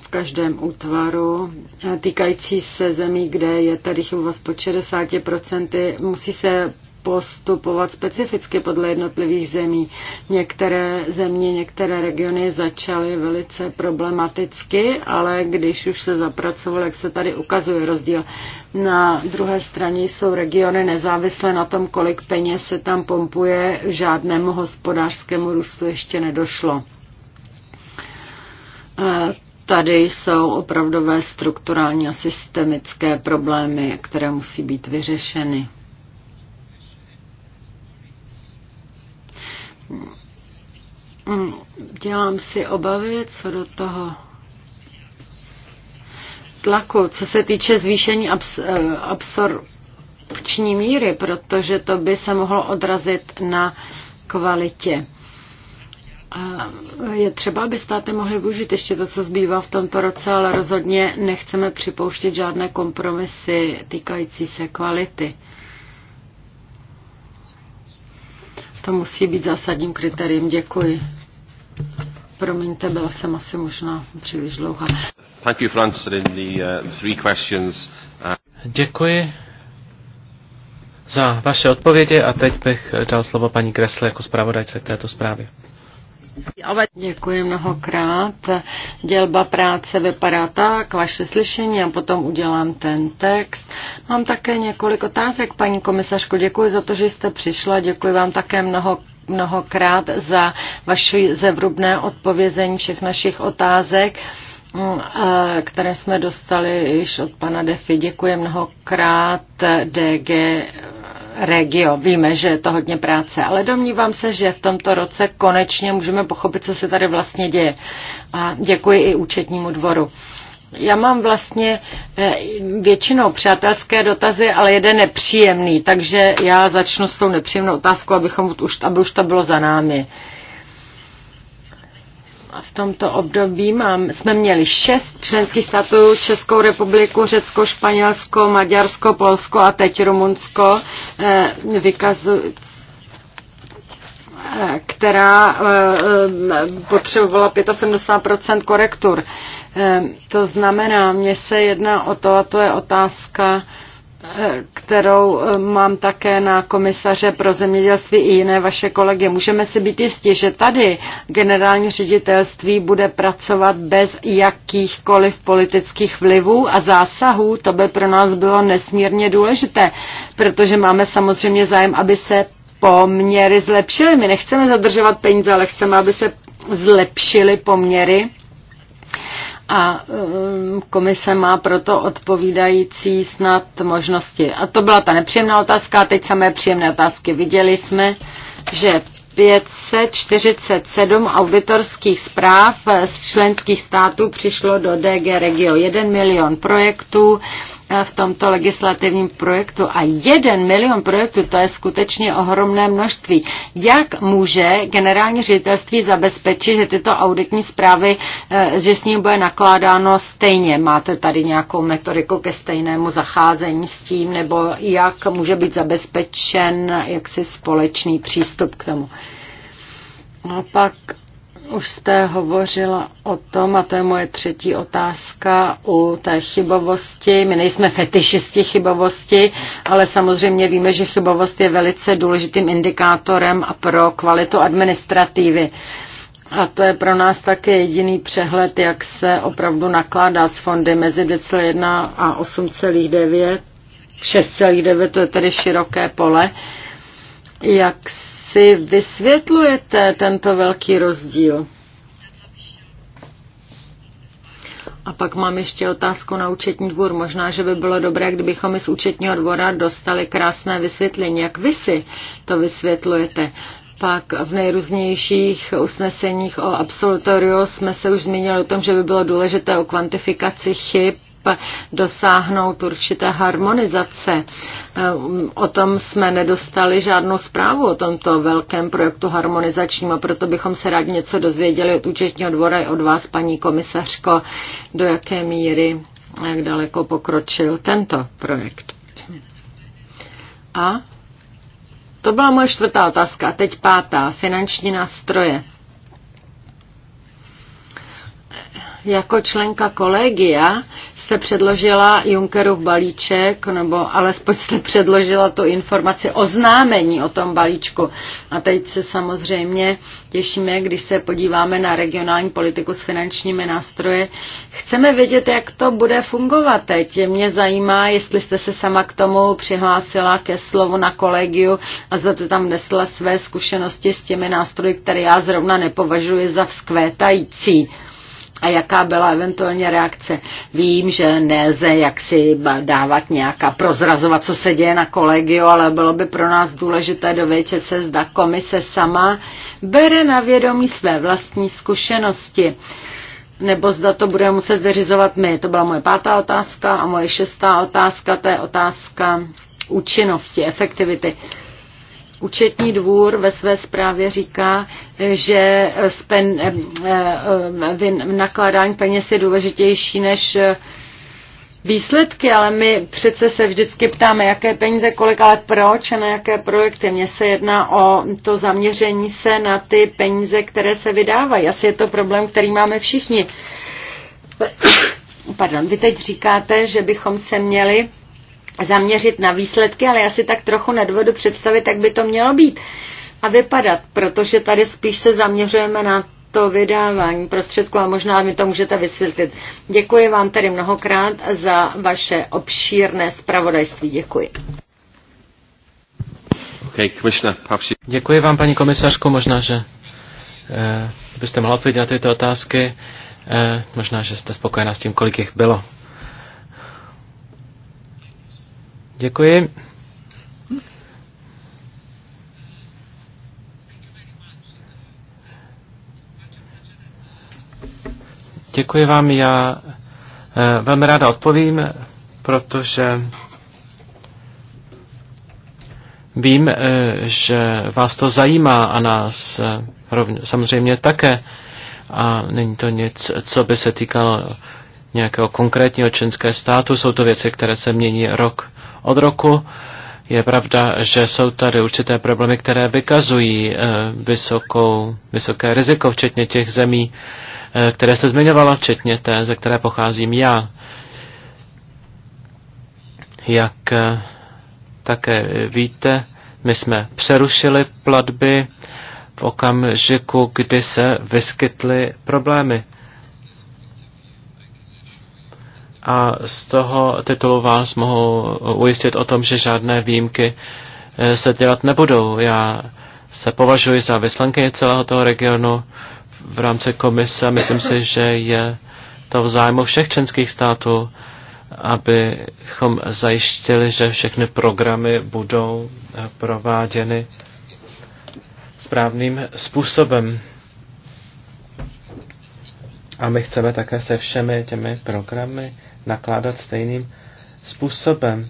v každém útvaru týkající se zemí, kde je tady chybovost po 60%, musí se postupovat specificky podle jednotlivých zemí. Některé země, některé regiony začaly velice problematicky, ale když už se zapracovalo, jak se tady ukazuje rozdíl. Na druhé straně jsou regiony nezávislé na tom, kolik peněz se tam pompuje, žádnému hospodářskému růstu ještě nedošlo. Tady jsou opravdové strukturální a systemické problémy, které musí být vyřešeny. dělám si obavy co do toho tlaku, co se týče zvýšení abs- eh, absorpční míry, protože to by se mohlo odrazit na kvalitě. A je třeba, aby státy mohly využít ještě to, co zbývá v tomto roce, ale rozhodně nechceme připouštět žádné kompromisy týkající se kvality. To musí být zásadním kritériem. Děkuji. Promiňte, byla jsem asi možná příliš dlouhá. Thank you for answering the uh, three questions. Uh, Děkuji za vaše odpovědi a teď bych dal slovo paní Kresle jako zpravodajce k této zprávě. Děkuji mnohokrát. Dělba práce vypadá tak, vaše slyšení a potom udělám ten text. Mám také několik otázek, paní komisařko. Děkuji za to, že jste přišla. Děkuji vám také mnoho mnohokrát za vaše zevrubné odpovězení všech našich otázek mm, které jsme dostali již od pana Defi. Děkuji mnohokrát DG regio. Víme, že je to hodně práce, ale domnívám se, že v tomto roce konečně můžeme pochopit, co se tady vlastně děje. A děkuji i účetnímu dvoru. Já mám vlastně eh, většinou přátelské dotazy, ale jeden nepříjemný, takže já začnu s tou nepříjemnou otázkou, abychom už, aby už to bylo za námi. Uh, a v tomto období mám, jsme měli šest členských států, Českou republiku, Řecko, Španělsko, Maďarsko, Polsko a teď Rumunsko, eh, eh která eh, potřebovala 75 korektur. Eh, to znamená, mně se jedná o to, a to je otázka kterou eh, mám také na komisaře pro zemědělství i jiné vaše kolegy. Můžeme si být jistí, že tady generální ředitelství bude pracovat bez jakýchkoliv politických vlivů a zásahů. To by pro nás bylo nesmírně důležité, protože máme samozřejmě zájem, aby se poměry zlepšily. My nechceme zadržovat peníze, ale chceme, aby se zlepšily poměry a um, komise má proto odpovídající snad možnosti. A to byla ta nepříjemná otázka, a teď samé příjemné otázky. Viděli jsme, že 547 auditorských zpráv z členských států přišlo do DG Regio. 1 milion projektů, v tomto legislativním projektu a jeden milion projektů, to je skutečně ohromné množství. Jak může generální ředitelství zabezpečit, že tyto auditní zprávy, eh, že s ním bude nakládáno stejně? Máte tady nějakou metodiku ke stejnému zacházení s tím, nebo jak může být zabezpečen jaksi společný přístup k tomu? A pak už jste hovořila o tom, a to je moje třetí otázka, u té chybovosti. My nejsme fetišisti chybovosti, ale samozřejmě víme, že chybovost je velice důležitým indikátorem a pro kvalitu administrativy. A to je pro nás také jediný přehled, jak se opravdu nakládá s fondy mezi 2,1 a 8,9. 6,9 to je tedy široké pole. Jak si vysvětlujete tento velký rozdíl? A pak mám ještě otázku na účetní dvůr. Možná, že by bylo dobré, kdybychom i z účetního dvora dostali krásné vysvětlení, jak vy si to vysvětlujete. Pak v nejrůznějších usneseních o absolutoriu jsme se už zmínili o tom, že by bylo důležité o kvantifikaci chyb dosáhnout určité harmonizace. Eh, o tom jsme nedostali žádnou zprávu o tomto velkém projektu harmonizačním a proto bychom se rádi něco dozvěděli od účetního dvora i od vás, paní komisařko, do jaké míry jak daleko pokročil tento projekt. A to byla moje čtvrtá otázka. A teď pátá. Finanční nástroje. Jako členka kolegia jste předložila Junckerův balíček, nebo alespoň jste předložila tu informaci oznámení o tom balíčku. A teď se samozřejmě těšíme, když se podíváme na regionální politiku s finančními nástroje. Chceme vědět, jak to bude fungovat teď. Mě zajímá, jestli jste se sama k tomu přihlásila ke slovu na kolegiu a za to tam nesla své zkušenosti s těmi nástroji, které já zrovna nepovažuji za vzkvétající a jaká byla eventuálně reakce. Vím, že nelze jaksi dávat nějaká, prozrazovat, co se děje na kolegiu, ale bylo by pro nás důležité dovědět se, zda komise sama bere na vědomí své vlastní zkušenosti nebo zda to budeme muset vyřizovat my. To byla moje pátá otázka a moje šestá otázka, to je otázka účinnosti, efektivity. Účetní dvůr ve své zprávě říká, že spen, eh, eh, nakládání peněz je důležitější než eh, výsledky, ale my přece se vždycky ptáme, jaké peníze, kolik, ale proč a na jaké projekty. Mně se jedná o to zaměření se na ty peníze, které se vydávají. Asi je to problém, který máme všichni. Pardon, vy teď říkáte, že bychom se měli zaměřit na výsledky, ale já si tak trochu nedovedu představit, jak by to mělo být a vypadat, protože tady spíš se zaměřujeme na to vydávání prostředků a možná mi to můžete vysvětlit. Děkuji vám tedy mnohokrát za vaše obšírné zpravodajství. Děkuji. Děkuji vám, paní komisařko, možná, že eh, byste mohla odpovědět na tyto otázky. Eh, možná, že jste spokojená s tím, kolik jich bylo. Děkuji. Děkuji vám, já eh, velmi ráda odpovím, protože vím, eh, že vás to zajímá a nás eh, rovně, samozřejmě také. A není to nic, co by se týkalo nějakého konkrétního členského státu, jsou to věci, které se mění rok od roku. Je pravda, že jsou tady určité problémy, které vykazují eh, vysokou, vysoké riziko, včetně těch zemí, eh, které se zmiňovala, včetně té, ze které pocházím já. Jak eh, také víte, my jsme přerušili platby v okamžiku, kdy se vyskytly problémy. A z toho titulu vás mohu ujistit o tom, že žádné výjimky eh, se dělat nebudou. Já se považuji za vyslankyně celého toho regionu v rámci komise. Myslím si, že je to v zájmu všech členských států, abychom zajištili, že všechny programy budou eh, prováděny správným způsobem. A my chceme také se všemi těmi programy nakládat stejným způsobem.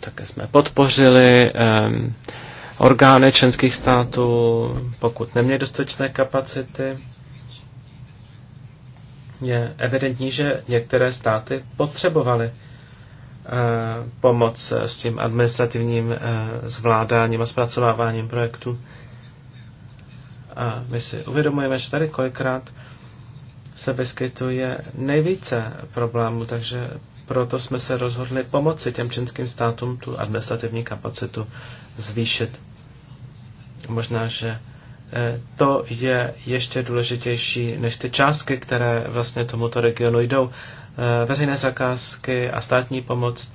Také jsme podpořili um, orgány členských států, pokud neměly dostatečné kapacity. Je evidentní, že některé státy potřebovaly eh, pomoc s tím administrativním eh, zvládáním a zpracováváním projektu. A my si uvědomujeme, že tady kolikrát se vyskytuje nejvíce problémů, takže proto jsme se rozhodli pomoci těm čínským státům tu administrativní kapacitu zvýšit. Možná, že eh, to je ještě důležitější než ty částky, které vlastně tomuto regionu jdou. Eh, veřejné zakázky a státní pomoc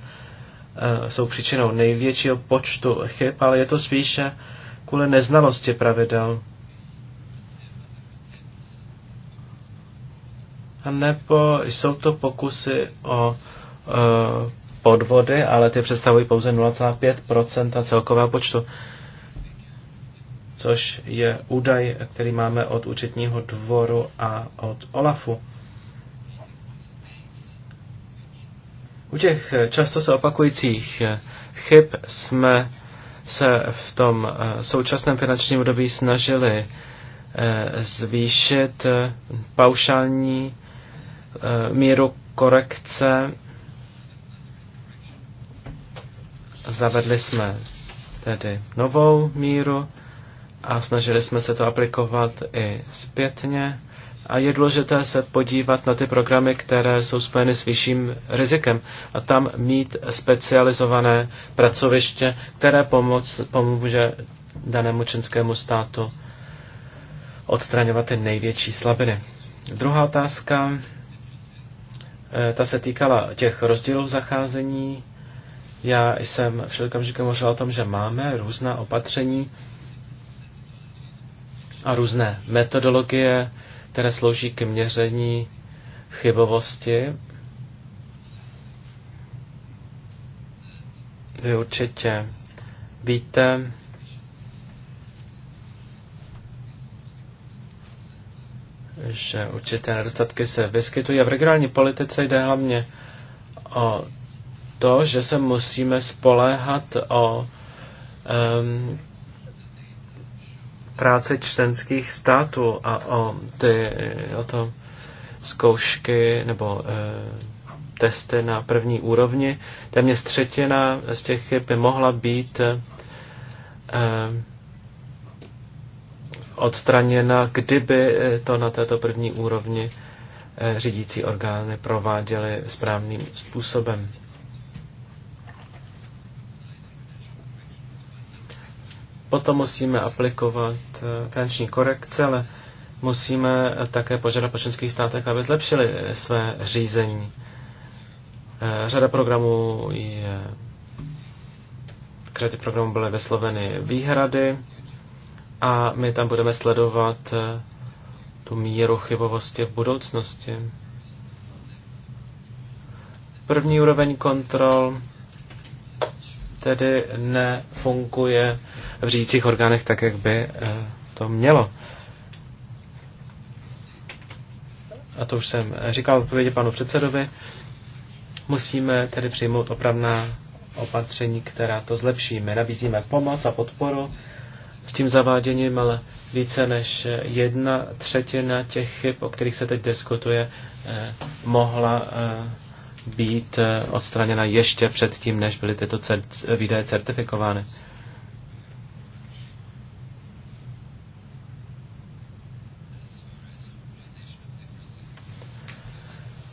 eh, jsou příčinou největšího počtu chyb, ale je to spíše kvůli neznalosti pravidel nebo jsou to pokusy o e, podvody, ale ty představují pouze 0,5 celkového počtu, což je údaj, který máme od účetního dvoru a od OLAFu. U těch často se opakujících chyb jsme se v tom e, současném finančním období snažili e, zvýšit e, paušální Eh, míru korekce. Zavedli jsme tedy novou míru a snažili jsme se to aplikovat i zpětně. A je důležité se podívat na ty programy, které jsou spojeny s vyšším rizikem a tam mít specializované pracoviště, které pomoc, pomůže danému členskému státu odstraňovat ty největší slabiny. Druhá otázka Eh, ta se týkala těch rozdílů v zacházení. Já jsem před okamžikem hovořil o tom, že máme různá opatření a různé metodologie, které slouží k měření chybovosti. Vy určitě víte, že určité nedostatky se vyskytují. A v regionální politice jde hlavně o to, že se musíme spoléhat o um, práci členských států a o ty o to zkoušky nebo e, testy na první úrovni. Téměř třetina z těch chyb by mohla být e, odstraněna, kdyby eh, to na této první úrovni eh, řídící orgány prováděly správným způsobem. Potom musíme aplikovat eh, finanční korekce, ale musíme také požádat po členských státech, aby zlepšili své řízení. Řada programů je k řadě programů byly vysloveny výhrady, a my tam budeme sledovat eh, tu míru chybovosti v budoucnosti. První úroveň kontrol tedy nefunguje v řídících orgánech tak, jak by eh, to mělo. A to už jsem říkal v odpovědi panu předsedovi. Musíme tedy přijmout opravná opatření, která to zlepší. My nabízíme pomoc a podporu s tím zaváděním, ale více než jedna třetina těch chyb, o kterých se teď diskutuje, eh, mohla eh, být eh, odstraněna ještě předtím, než byly tyto výdaje certifikovány.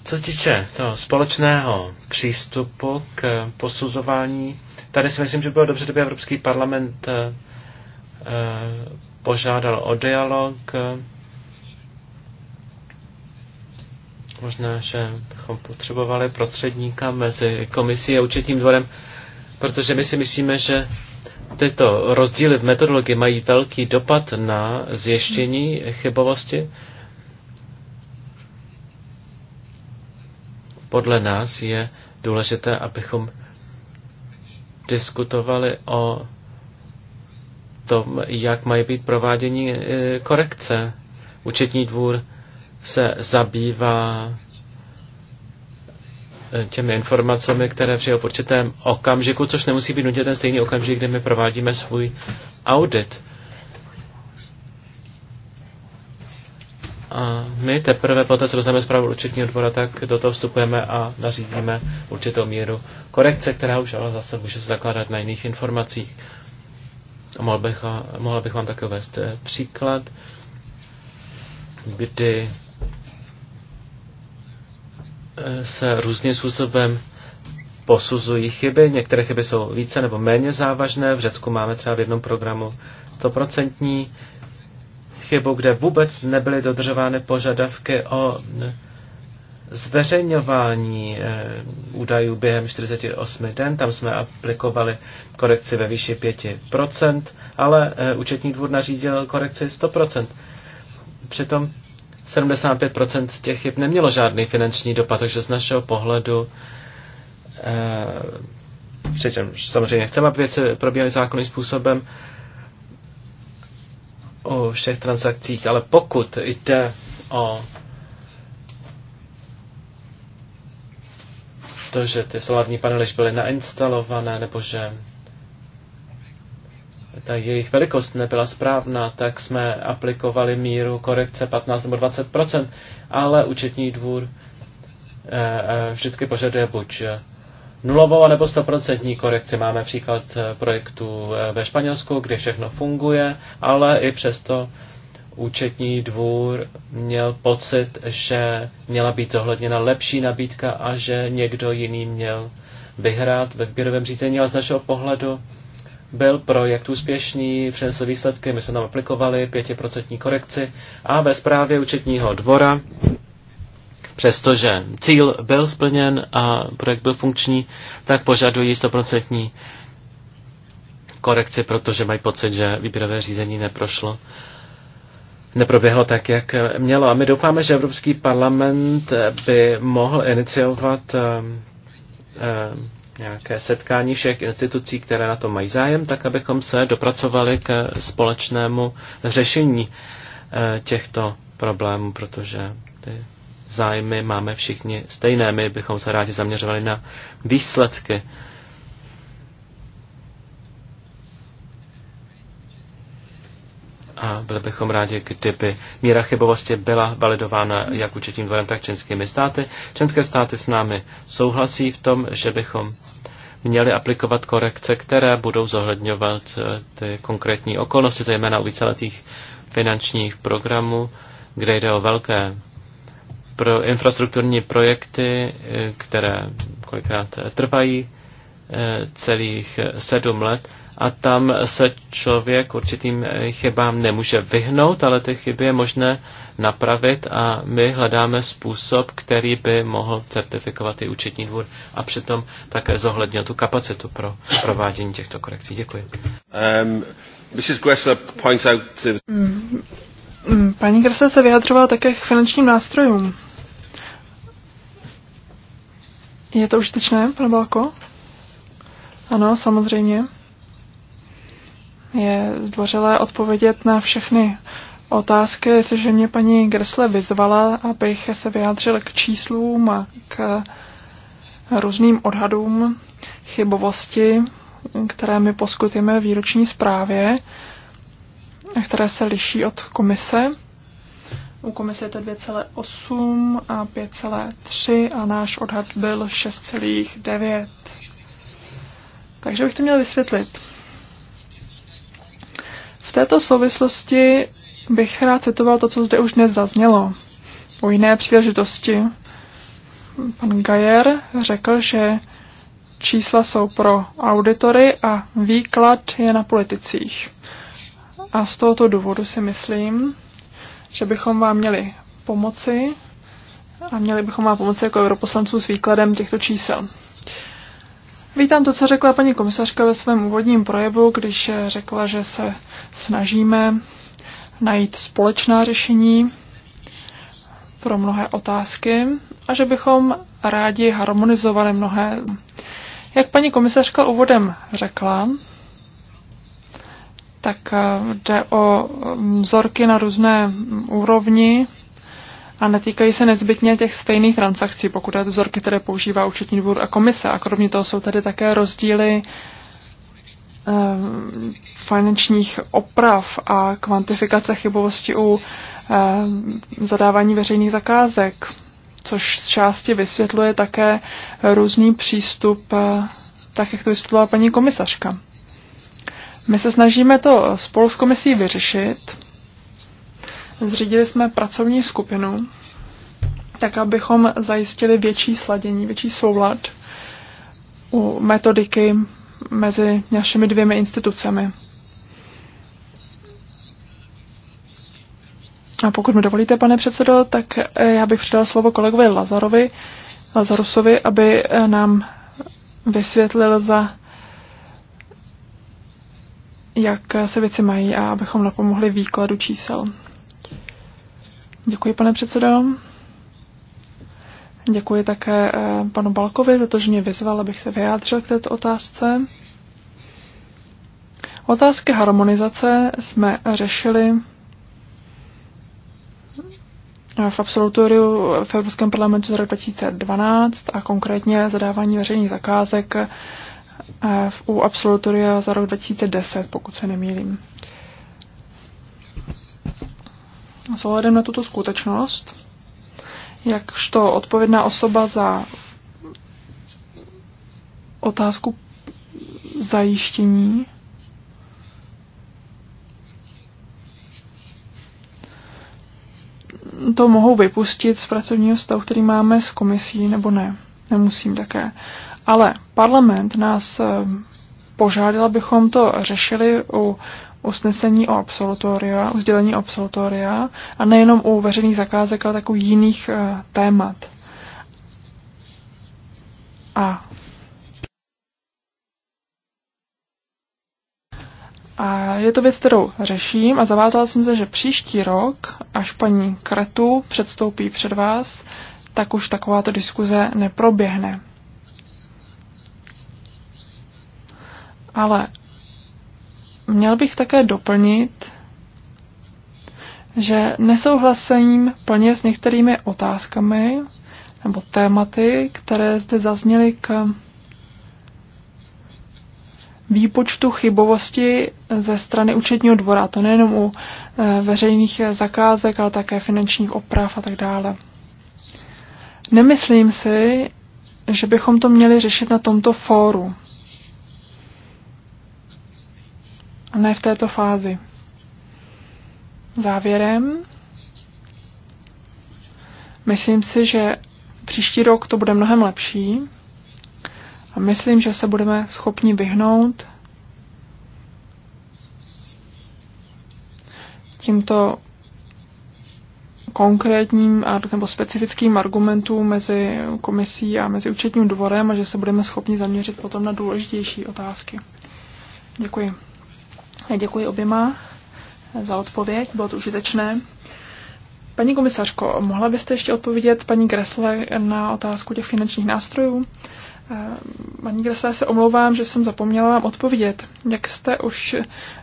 Co se týče toho společného přístupu k posuzování, tady si myslím, že bylo dobře, kdyby Evropský parlament Eh, požádal o dialog. Možná, že bychom potřebovali prostředníka mezi komisí a účetním dvorem, protože my si myslíme, že tyto rozdíly v metodologii mají velký dopad na zjištění chybovosti. Podle nás je důležité, abychom diskutovali o tom, jak mají být provádění e, korekce. Účetní dvůr se zabývá e, těmi informacemi, které přijel v určitém okamžiku, což nemusí být nutně ten stejný okamžik, kdy my provádíme svůj audit. A my teprve poté, co dostaneme zprávu účetního dvora, tak do toho vstupujeme a nařídíme určitou míru korekce, která už ale zase může se zakládat na jiných informacích. A mohl bych, mohl bych vám také uvést eh, příklad, kdy eh, se různým způsobem posuzují chyby. Některé chyby jsou více nebo méně závažné. V Řecku máme třeba v jednom programu 100% chybu, kde vůbec nebyly dodržovány požadavky o eh, zveřejňování eh, údajů během 48 den. Tam jsme aplikovali korekci ve výši 5%, ale eh, účetní dvůr nařídil korekci 100%. Přitom 75% těch chyb nemělo žádný finanční dopad, takže z našeho pohledu eh, přičemž samozřejmě chceme, aby věci probíhaly zákonným způsobem o všech transakcích, ale pokud jde o to, že ty solární panely byly nainstalované nebo že ta jejich velikost nebyla správná, tak jsme aplikovali míru korekce 15 nebo 20 ale účetní dvůr eh, eh, vždycky požaduje buď eh, nulovou nebo 100 korekci. Máme příklad projektu ve Španělsku, kde všechno funguje, ale i přesto účetní dvůr měl pocit, že měla být zohledněna lepší nabídka a že někdo jiný měl vyhrát ve výběrovém řízení, ale z našeho pohledu byl projekt úspěšný, přinesl výsledky, my jsme tam aplikovali pětiprocentní korekci a ve zprávě účetního dvora, přestože cíl byl splněn a projekt byl funkční, tak požadují 100% korekci, protože mají pocit, že výběrové řízení neprošlo neproběhlo tak, jak mělo. A my doufáme, že Evropský parlament by mohl iniciovat um, um, nějaké setkání všech institucí, které na to mají zájem, tak abychom se dopracovali k společnému řešení uh, těchto problémů, protože ty zájmy máme všichni stejné. My bychom se rádi zaměřovali na výsledky a byli bychom rádi, kdyby míra chybovosti byla validována jak účetním dvorem, tak členskými státy. Členské státy s námi souhlasí v tom, že bychom měli aplikovat korekce, které budou zohledňovat eh, ty konkrétní okolnosti, zejména u víceletých finančních programů, kde jde o velké pro infrastrukturní projekty, eh, které kolikrát eh, trvají celých sedm let a tam se člověk určitým eh, chybám nemůže vyhnout, ale ty chyby je možné napravit a my hledáme způsob, který by mohl certifikovat i účetní dvůr a přitom také zohlednil tu kapacitu pro provádění těchto korekcí. Děkuji. Um, Mrs. Gressler points out to... mm, mm, paní Gressler se vyjadřovala také k finančním nástrojům. Je to užitečné, pane Balko? Ano, samozřejmě je zdvořilé odpovědět na všechny otázky, jestliže mě paní Gresle vyzvala, abych se vyjádřil k číslům a k různým odhadům chybovosti, které my poskutíme v výroční zprávě, které se liší od komise. U komise je to 2,8 a 5,3 a náš odhad byl 6,9. Takže bych to měl vysvětlit této souvislosti bych rád citoval to, co zde už dnes zaznělo. Po jiné příležitosti pan Gajer řekl, že čísla jsou pro auditory a výklad je na politicích. A z tohoto důvodu si myslím, že bychom vám měli pomoci a měli bychom vám pomoci jako europoslanců s výkladem těchto čísel. Vítám to, co řekla paní komisařka ve svém úvodním projevu, když řekla, že se snažíme najít společná řešení pro mnohé otázky a že bychom rádi harmonizovali mnohé. Jak paní komisařka úvodem řekla, tak jde o vzorky na různé úrovni a netýkají se nezbytně těch stejných transakcí, pokud je to vzorky, které používá účetní dvůr a komise. A kromě toho jsou tady také rozdíly eh, finančních oprav a kvantifikace chybovosti u eh, zadávání veřejných zakázek, což z části vysvětluje také různý přístup, eh, tak jak to vysvětlila paní komisařka. My se snažíme to spolu s komisí vyřešit Zřídili jsme pracovní skupinu, tak abychom zajistili větší sladění, větší soulad u metodiky mezi našimi dvěmi institucemi. A pokud mi dovolíte, pane předsedo, tak eh, já bych předal slovo kolegovi Lazarovi, Lazarusovi, aby eh, nám vysvětlil za jak se věci mají a abychom napomohli výkladu čísel. Děkuji, pane předsedo. Děkuji také eh, panu Balkovi za to, že mě vyzval, abych se vyjádřil k této otázce. Otázky harmonizace jsme řešili v absolutoriu v Evropském parlamentu z roku 2012 a konkrétně zadávání veřejných zakázek eh, u absolutoria za rok 2010, pokud se nemýlím. s ohledem na tuto skutečnost, jakžto odpovědná osoba za otázku zajištění to mohou vypustit z pracovního stavu, který máme s komisí, nebo ne. Nemusím také. Ale parlament nás eh, požádal, abychom to řešili u usnesení o absolutoria, o sdělení absolutoria a nejenom u veřejných zakázek, ale takových jiných uh, témat. A A je to věc, kterou řeším a zavázala jsem se, že příští rok, až paní Kretu předstoupí před vás, tak už takováto diskuze neproběhne. Ale Měl bych také doplnit, že nesouhlasím plně s některými otázkami nebo tématy, které zde zazněly k výpočtu chybovosti ze strany účetního dvora. To nejenom u eh, veřejných zakázek, ale také finančních oprav a tak dále. Nemyslím si, že bychom to měli řešit na tomto fóru. ne v této fázi. Závěrem, myslím si, že příští rok to bude mnohem lepší a myslím, že se budeme schopni vyhnout tímto konkrétním nebo specifickým argumentům mezi komisí a mezi účetním dvorem a že se budeme schopni zaměřit potom na důležitější otázky. Děkuji. Děkuji oběma za odpověď, bylo to užitečné. Paní komisařko, mohla byste ještě odpovědět paní Gresle na otázku těch finančních nástrojů? Eh, paní Gresle, se omlouvám, že jsem zapomněla vám odpovědět. Jak jste už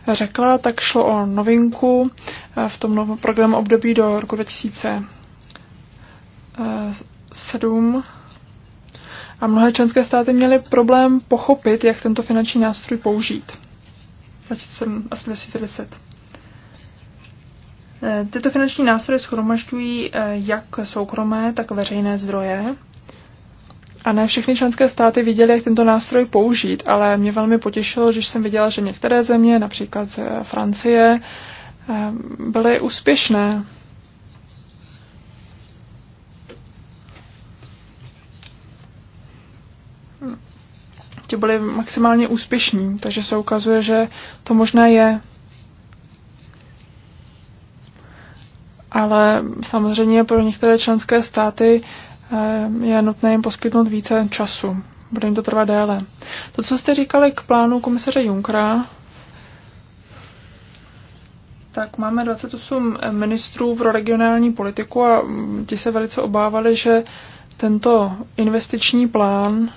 řekla, tak šlo o novinku eh, v tom novém programu období do roku 2007. A mnohé členské státy měly problém pochopit, jak tento finanční nástroj použít. Eh, tyto finanční nástroje schromažďují eh, jak soukromé, tak veřejné zdroje. A ne všechny členské státy viděly, jak tento nástroj použít, ale mě velmi potěšilo, že jsem viděla, že některé země, například eh, Francie, byly úspěšné oblasti byli maximálně úspěšní, takže se ukazuje, že to možné je. Ale samozřejmě pro některé členské státy eh, je nutné jim poskytnout více času. Bude jim to trvat déle. To, co jste říkali k plánu komisaře Junkra, tak máme 28 ministrů pro regionální politiku a ti se velice obávali, že tento investiční plán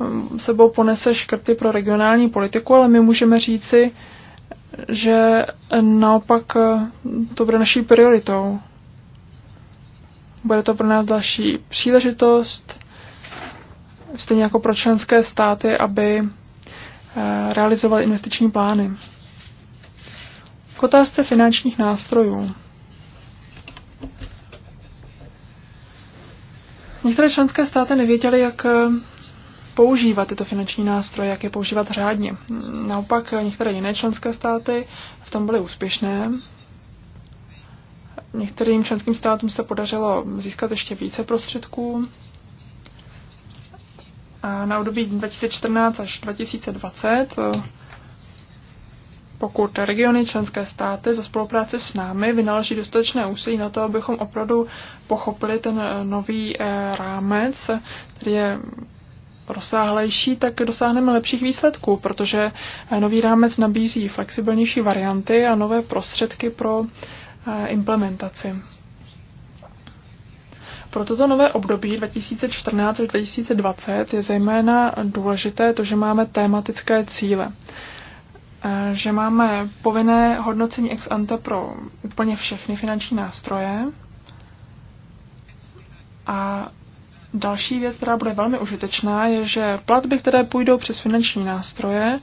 Um, sebou ponese škrty pro regionální politiku, ale my můžeme říci, že naopak eh, to bude naší prioritou. Bude to pro nás další příležitost, stejně jako pro členské státy, aby eh, realizovali investiční plány. K otázce finančních nástrojů. Některé členské státy nevěděly, jak eh, používat tyto finanční nástroje, jak je používat řádně. Naopak některé jiné členské státy v tom byly úspěšné. Některým členským státům se podařilo získat ještě více prostředků. A na období 2014 až 2020 pokud regiony členské státy za spolupráci s námi vynaloží dostatečné úsilí na to, abychom opravdu pochopili ten nový eh, rámec, který je rozsáhlejší, tak dosáhneme lepších výsledků, protože nový rámec nabízí flexibilnější varianty a nové prostředky pro eh, implementaci. Pro toto nové období 2014 až 2020 je zejména důležité to, že máme tématické cíle. Eh, že máme povinné hodnocení ex ante pro úplně všechny finanční nástroje a Další věc, která bude velmi užitečná, je, že platby, které půjdou přes finanční nástroje,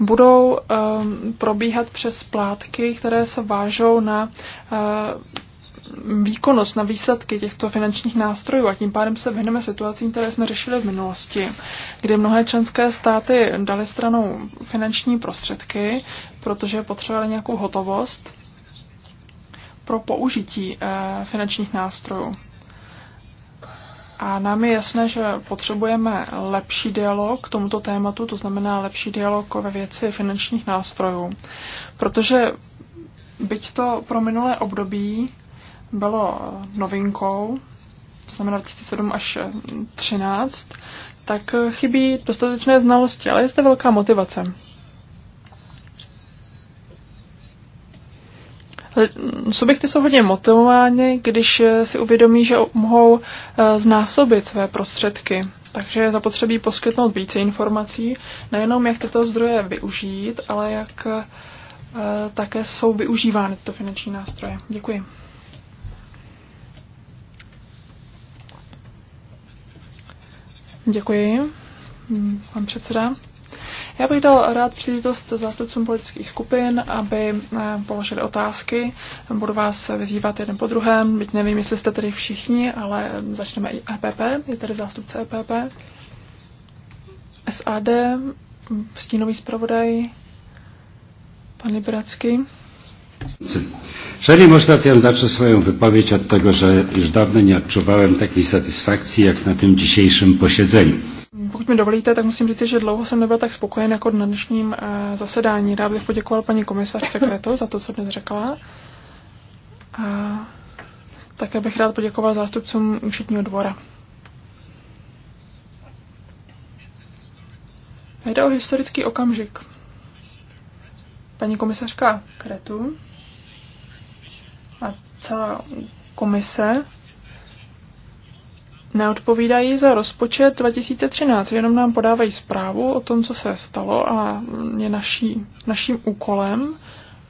budou um, probíhat přes plátky, které se vážou na uh, výkonnost, na výsledky těchto finančních nástrojů a tím pádem se vyhneme situacím, které jsme řešili v minulosti, kdy mnohé členské státy dali stranou finanční prostředky, protože potřebovali nějakou hotovost pro použití uh, finančních nástrojů. A nám je jasné, že potřebujeme lepší dialog k tomuto tématu, to znamená lepší dialog ve věci finančních nástrojů. Protože byť to pro minulé období bylo novinkou, to znamená 2007 až 2013, tak chybí dostatečné znalosti, ale je zde velká motivace. Subjekty jsou hodně motivovány, když si uvědomí, že mohou eh, znásobit své prostředky. Takže je zapotřebí poskytnout více informací, nejenom jak tyto zdroje využít, ale jak eh, také jsou využívány tyto finanční nástroje. Děkuji. Děkuji, pan předseda. Já bych dal rád příležitost zástupcům politických skupin, aby eh, položili otázky. Budu vás vyzývat jeden po druhém, byť nevím, jestli jste tady všichni, ale eh, začneme i EPP, je tady zástupce EPP. SAD, stínový zpravodaj, pan Liberacký. Jeżeli można, to ja zacznę swoją wypowiedź od tego, że już dawno nie odczuwałem takiej satysfakcji jak na tym dzisiejszym posiedzeniu. Pokud mi dovolíte, tak musím říct, že dlouho jsem nebyl tak spokojen jako na dnešním uh, zasedání. Rád bych poděkoval paní komisařce Kreto za to, co dnes řekla. A také bych rád poděkoval zástupcům účetního dvora. Jde o historický okamžik paní komisařka Kretu a celá komise neodpovídají za rozpočet 2013, jenom nám podávají zprávu o tom, co se stalo a je naší, naším úkolem,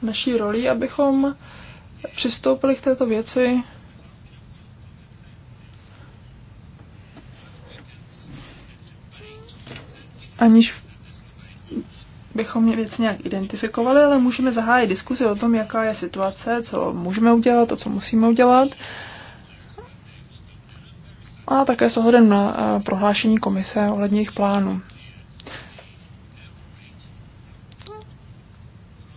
naší rolí, abychom přistoupili k této věci aniž bychom věc nějak identifikovali, ale můžeme zahájit diskuzi o tom, jaká je situace, co můžeme udělat a co musíme udělat. A také s ohledem na eh, prohlášení komise ohledně jejich plánů.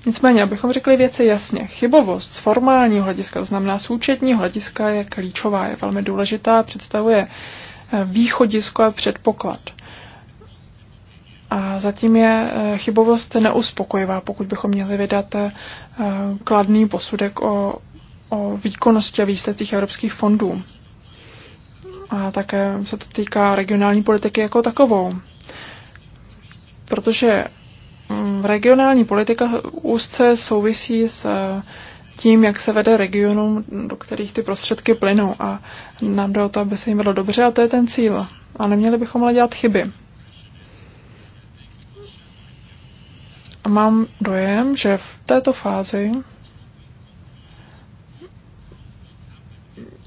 Nicméně, abychom řekli věci jasně, chybovost z formálního hlediska, to znamená z účetního hlediska, je klíčová, je velmi důležitá, představuje eh, východisko a předpoklad. A zatím je eh, chybovost neuspokojivá, pokud bychom měli vydat eh, kladný posudek o, o výkonnosti a výsledcích evropských fondů. A také se to týká regionální politiky jako takovou. Protože mm, regionální politika úzce souvisí s eh, tím, jak se vede regionům, do kterých ty prostředky plynou. A nám jde o to, aby se jim vedlo dobře a to je ten cíl. A neměli bychom ale dělat chyby. mám dojem, že v této fázi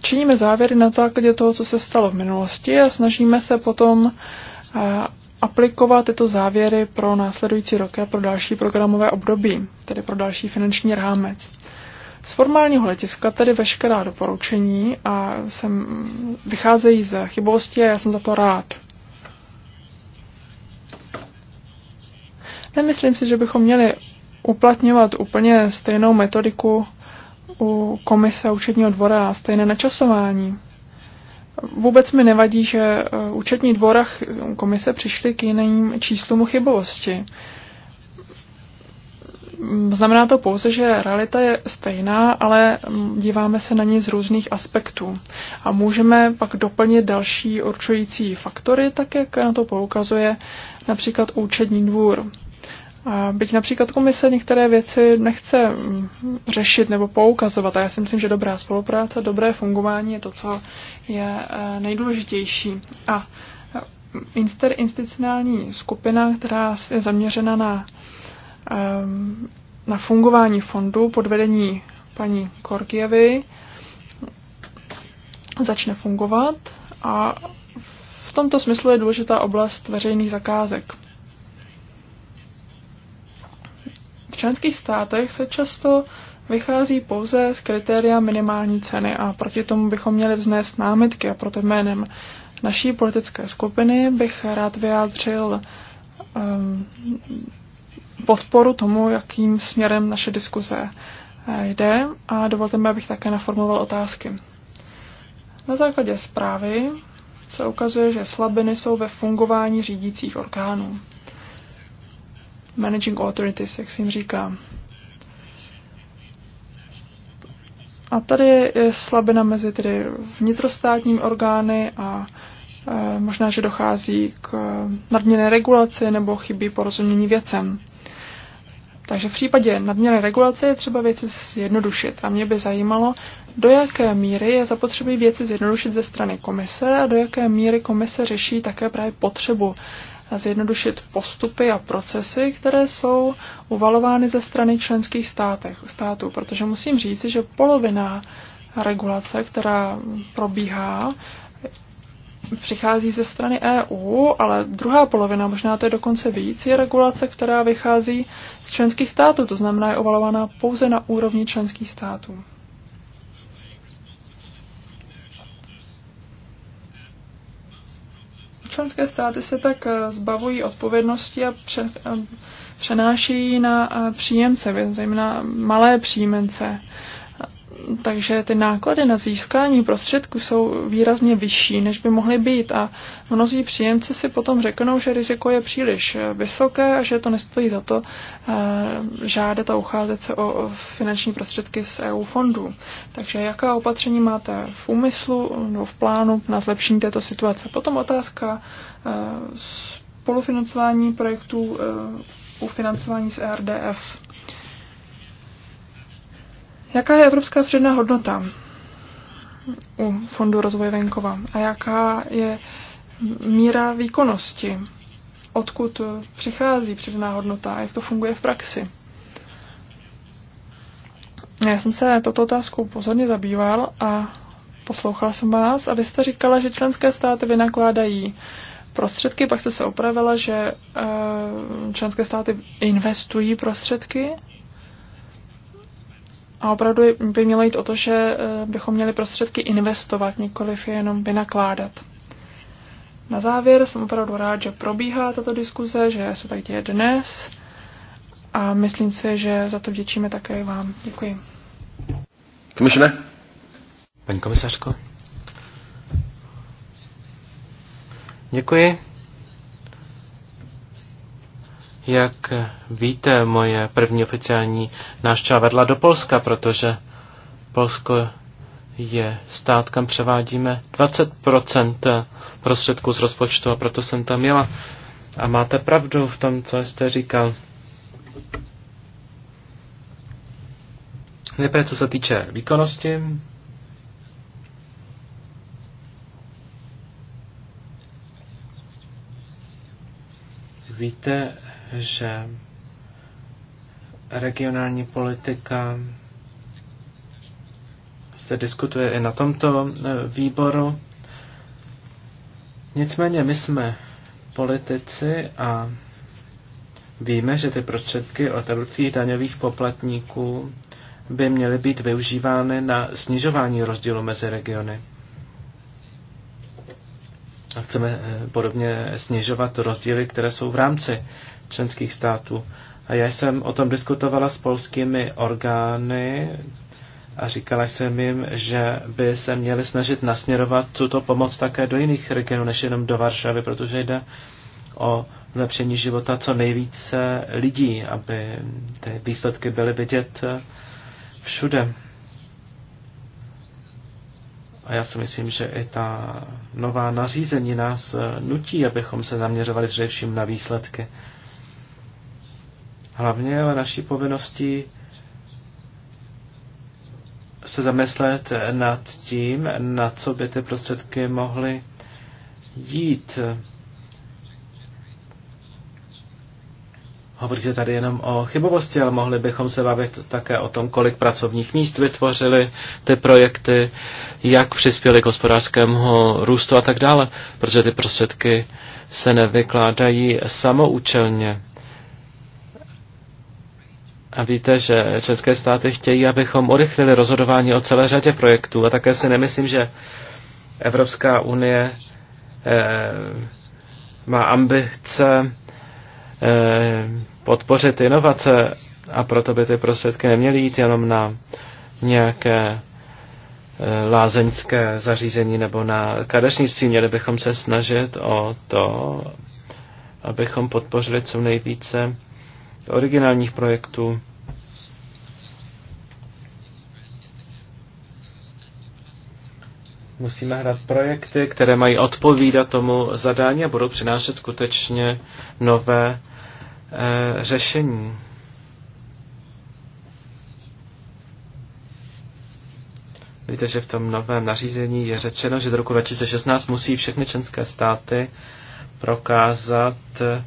činíme závěry na základě toho, co se stalo v minulosti a snažíme se potom eh, aplikovat tyto závěry pro následující roky a pro další programové období, tedy pro další finanční rámec. Z formálního letiska tedy veškerá doporučení a jsem, vycházejí ze chybovosti a já jsem za to rád. Nemyslím si, že bychom měli uplatňovat úplně stejnou metodiku u komise účetního dvora a stejné načasování. Vůbec mi nevadí, že eh, účetní dvora komise přišly k jiným číslům chybovosti. Znamená to pouze, že realita je stejná, ale mm, díváme se na ní z různých aspektů. A můžeme pak doplnit další určující faktory, tak jak na to poukazuje například účetní dvůr. Byť například komise některé věci nechce mm, řešit nebo poukazovat, a já si myslím, že dobrá spolupráce, dobré fungování je to, co je eh, nejdůležitější. A eh, interinstitucionální skupina, která je zaměřena na, ehm, na fungování fondu pod vedení paní Korkievy, začne fungovat a v tomto smyslu je důležitá oblast veřejných zakázek. členských státech se často vychází pouze z kritéria minimální ceny a proti tomu bychom měli vznést námitky a proto jménem naší politické skupiny bych rád vyjádřil um, podporu tomu, jakým směrem naše diskuze eh, jde a dovolte mi, abych také naformuloval otázky. Na základě zprávy se ukazuje, že slabiny jsou ve fungování řídících orgánů managing authorities, jak jsem jim říká. A tady je slabina mezi tedy vnitrostátním orgány a e, možná, že dochází k e, nadměrné regulaci nebo chybí porozumění věcem. Takže v případě nadměrné regulace je třeba věci zjednodušit. A mě by zajímalo, do jaké míry je zapotřebí věci zjednodušit ze strany komise a do jaké míry komise řeší také právě potřebu zjednodušit postupy a procesy, které jsou uvalovány ze strany členských státech, států, protože musím říct, že polovina regulace, která probíhá, přichází ze strany EU, ale druhá polovina, možná to je dokonce víc, je regulace, která vychází z členských států, to znamená je ovalovaná pouze na úrovni členských států. Členské státy se tak eh, zbavují odpovědnosti a eh, přenášejí na eh, příjemce, zejména malé příjemce takže ty náklady na získání prostředků jsou výrazně vyšší, než by mohly být a mnozí příjemci si potom řeknou, že riziko je příliš eh, vysoké a že to nestojí za to eh, žádat a ucházet se o finanční prostředky z EU fondů. Takže jaká opatření máte v úmyslu nebo v plánu na zlepšení této situace? Potom otázka eh, spolufinancování projektů u financování z ERDF. Jaká je evropská předná hodnota u Fondu rozvoje venkova a jaká je míra výkonnosti? Odkud přichází předná hodnota jak to funguje v praxi? Já jsem se toto otázkou pozorně zabýval a poslouchala jsem vás a vy jste říkala, že členské státy vynakládají prostředky, pak jste se opravila, že eh, členské státy investují prostředky a opravdu by mělo jít o to, že eh, bychom měli prostředky investovat, nikoliv je jenom vynakládat. Na závěr jsem opravdu rád, že probíhá tato diskuze, že se tak děje dnes a myslím si, že za to vděčíme také vám. Děkuji. Komisne? Paní komisařko? Děkuji. Jak víte, moje první oficiální návštěva vedla do Polska, protože Polsko je stát, kam převádíme 20% prostředků z rozpočtu a proto jsem tam jela. A máte pravdu v tom, co jste říkal. Nejprve co se týče výkonnosti. Víte, že regionální politika se diskutuje i na tomto e, výboru. Nicméně my jsme politici a víme, že ty prostředky od evropských daňových poplatníků by měly být využívány na snižování rozdílu mezi regiony. A chceme e, podobně snižovat rozdíly, které jsou v rámci členských států. A já jsem o tom diskutovala s polskými orgány a říkala jsem jim, že by se měli snažit nasměrovat tuto pomoc také do jiných regionů, než jenom do Varšavy, protože jde o zlepšení života co nejvíce lidí, aby ty výsledky byly vidět eh, všude. A já si myslím, že i ta nová nařízení nás eh, nutí, abychom se zaměřovali především na výsledky hlavně, ale naší povinností se zamyslet nad tím, na co by ty prostředky mohly jít. Hovoří se tady jenom o chybovosti, ale mohli bychom se bavit také o tom, kolik pracovních míst vytvořily ty projekty, jak přispěly k hospodářskému růstu a tak dále, protože ty prostředky se nevykládají samoučelně. A víte, že české státy chtějí, abychom urychlili rozhodování o celé řadě projektů. A také si nemyslím, že Evropská unie eh, má ambice eh, podpořit inovace a proto by ty prostředky neměly jít jenom na nějaké eh, lázeňské zařízení nebo na kadeřnictví. Měli bychom se snažit o to, abychom podpořili co nejvíce originálních projektů. Musíme hrát projekty, které mají odpovídat tomu zadání a budou přinášet skutečně nové e, řešení. Víte, že v tom novém nařízení je řečeno, že do roku 2016 musí všechny členské státy prokázat e,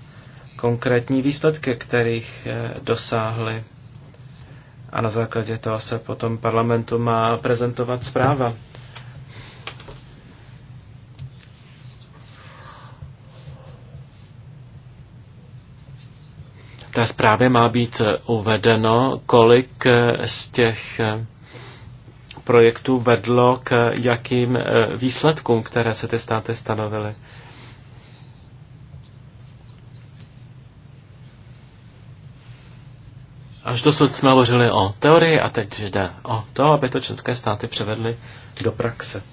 konkrétní výsledky, kterých eh, dosáhli. A na základě toho se potom parlamentu má prezentovat zpráva. V té zprávě má být eh, uvedeno, kolik eh, z těch projektů vedlo k jakým výsledkům, které se ty státy stanovily. Až dosud jsme hovořili o teorii a teď jde o to, aby to členské státy převedly do praxe.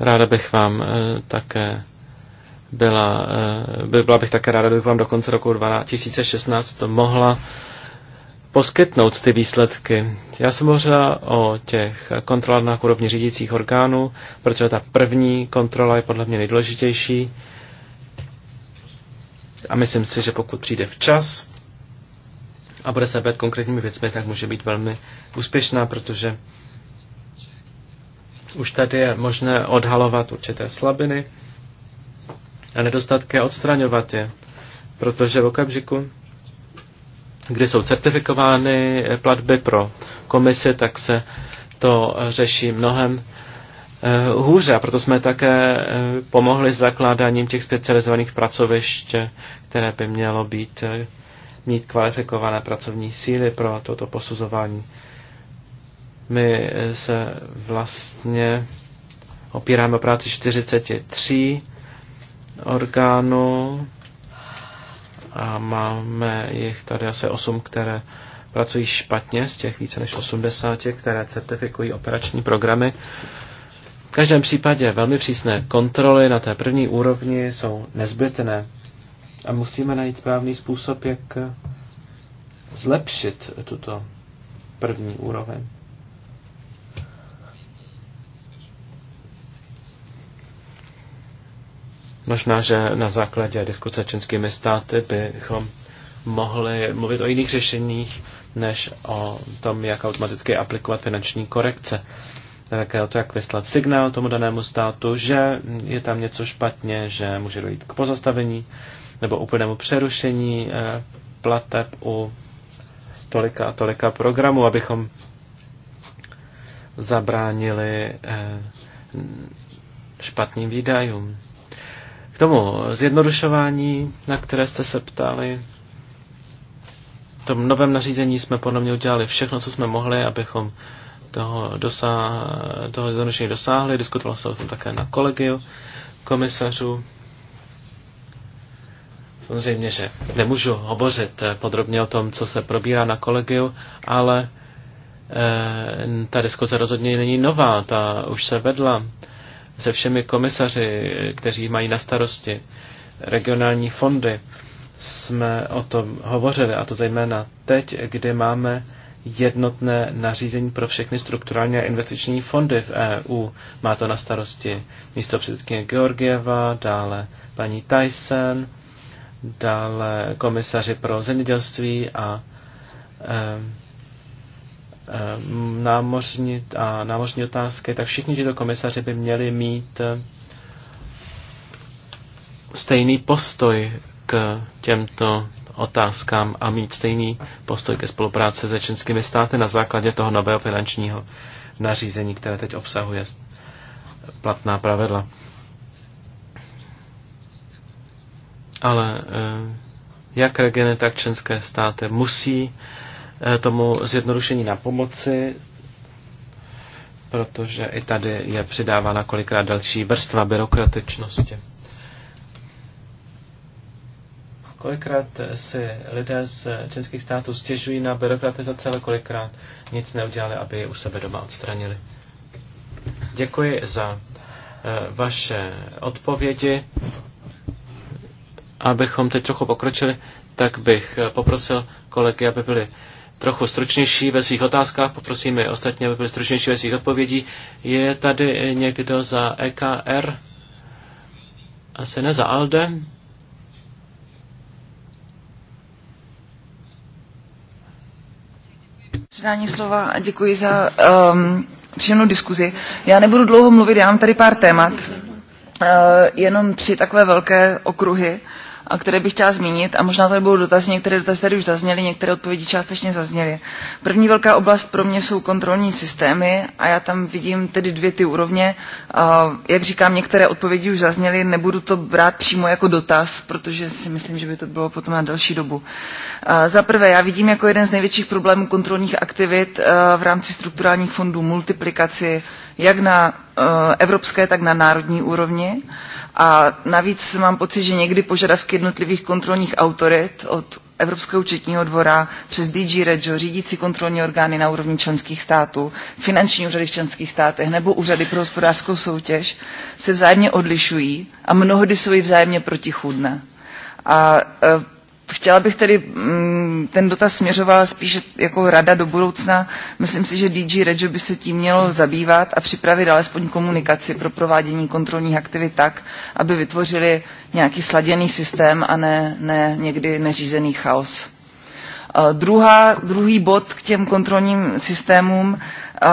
Ráda bych vám eh, také byla, eh, byla bych také ráda, kdybych vám do konce roku 2016 mohla poskytnout ty výsledky. Já jsem hovořila o těch kontrolách na úrovni řídících orgánů, protože ta první kontrola je podle mě nejdůležitější. A myslím si, že pokud přijde včas a bude se bát konkrétními věcmi, tak může být velmi úspěšná, protože už tady je možné odhalovat určité slabiny a nedostatky a odstraňovat je. Protože v okamžiku, kdy jsou certifikovány platby pro komisi, tak se to řeší mnohem Eh, hůře a proto jsme také eh, pomohli s zakládáním těch specializovaných pracovišť, které by mělo být eh, mít kvalifikované pracovní síly pro toto posuzování. My se vlastně opíráme o práci 43 orgánů a máme jich tady asi 8, které pracují špatně z těch více než 80, které certifikují operační programy. V každém případě velmi přísné kontroly na té první úrovni jsou nezbytné a musíme najít správný způsob, jak zlepšit tuto první úroveň. Možná, že na základě diskuse členskými státy bychom mohli mluvit o jiných řešeních, než o tom, jak automaticky aplikovat finanční korekce také o to, jak vyslat signál tomu danému státu, že je tam něco špatně, že může dojít k pozastavení nebo úplnému přerušení eh, plateb u tolika a tolika programů, abychom zabránili eh, špatným výdajům. K tomu zjednodušování, na které jste se ptali, v tom novém nařízení jsme podle mě udělali všechno, co jsme mohli, abychom toho, dosa toho zjednodušení dosáhli. Diskutovalo se o tom také na kolegiu komisařů. Samozřejmě, že nemůžu hovořit eh, podrobně o tom, co se probírá na kolegiu, ale e, ta diskuze rozhodně není nová, ta už se vedla se všemi komisaři, kteří mají na starosti regionální fondy. Jsme o tom hovořili, a to zejména teď, kdy máme jednotné nařízení pro všechny strukturální a investiční fondy v EU. Má to na starosti místo předsedkyně Georgieva, dále paní Tyson, dále komisaři pro zemědělství a e, námořní, a námořní otázky, tak všichni tyto komisaři by měli mít eh, stejný postoj k těmto otázkám a mít stejný postoj ke spolupráci se čínskými státy na základě toho nového finančního nařízení, které teď obsahuje platná pravidla. Ale eh, jak regiony, tak členské státy musí eh, tomu zjednodušení na pomoci, protože i tady je přidávána kolikrát další vrstva byrokratičnosti. Kolikrát si lidé z českých států stěžují na byrokratizaci, ale kolikrát nic neudělali, aby je u sebe doma odstranili. Děkuji za eh, vaše odpovědi. Abychom teď trochu pokročili, tak bych eh, poprosil kolegy, aby byli trochu stručnější ve svých otázkách, poprosím je ostatně, aby byli stručnější ve svých odpovědí. Je tady někdo za EKR? Asi ne za ALDE. Předání slova a děkuji za um, příjemnou diskuzi. Já nebudu dlouho mluvit, já mám tady pár témat, uh, jenom tři takové velké okruhy. Uh, a které bych chtěla zmínit, a možná tady budou dotazy, některé dotazy tady už zazněly, některé odpovědi částečně zazněly. První velká oblast pro mě jsou kontrolní systémy a já tam vidím tedy dvě ty úrovně. Jak říkám, některé odpovědi už zazněly, nebudu to brát přímo jako dotaz, protože si myslím, že by to bylo potom na další dobu. Za prvé, já vidím jako jeden z největších problémů kontrolních aktivit v rámci strukturálních fondů multiplikaci jak na evropské, tak na národní úrovni. A navíc mám pocit, že někdy požadavky jednotlivých kontrolních autorit od Evropského účetního dvora přes DG Regio, řídící kontrolní orgány na úrovni členských států, finanční úřady v členských státech nebo úřady pro hospodářskou soutěž se vzájemně odlišují a mnohdy jsou i vzájemně protichůdné. A e, chtěla bych tedy mm, Mm, ten dotaz směřoval spíše jako rada do budoucna. Myslím si, že DG Regio by se tím mělo zabývat a připravit alespoň komunikaci pro provádění kontrolních aktivit tak, aby vytvořili nějaký sladěný systém a ne, ne někdy neřízený chaos. Eh, druhá, druhý bod k těm kontrolním systémům eh,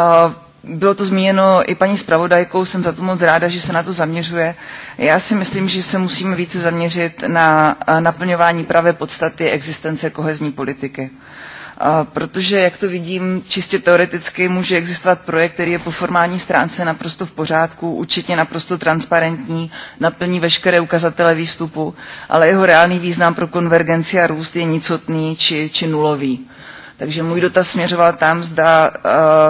bylo to zmíněno i paní zpravodajkou, jsem za to moc ráda, že se na to zaměřuje. Já si myslím, že se musíme více zaměřit na eh, naplňování pravé podstaty existence kohezní politiky. Eh, protože, jak to vidím, čistě teoreticky může existovat projekt, který je po formální stránce naprosto v pořádku, určitě naprosto transparentní, naplní veškeré ukazatele výstupu, ale jeho reálný význam pro konvergenci a růst je nicotný či, či nulový. Takže můj dotaz směřoval tam, zda eh,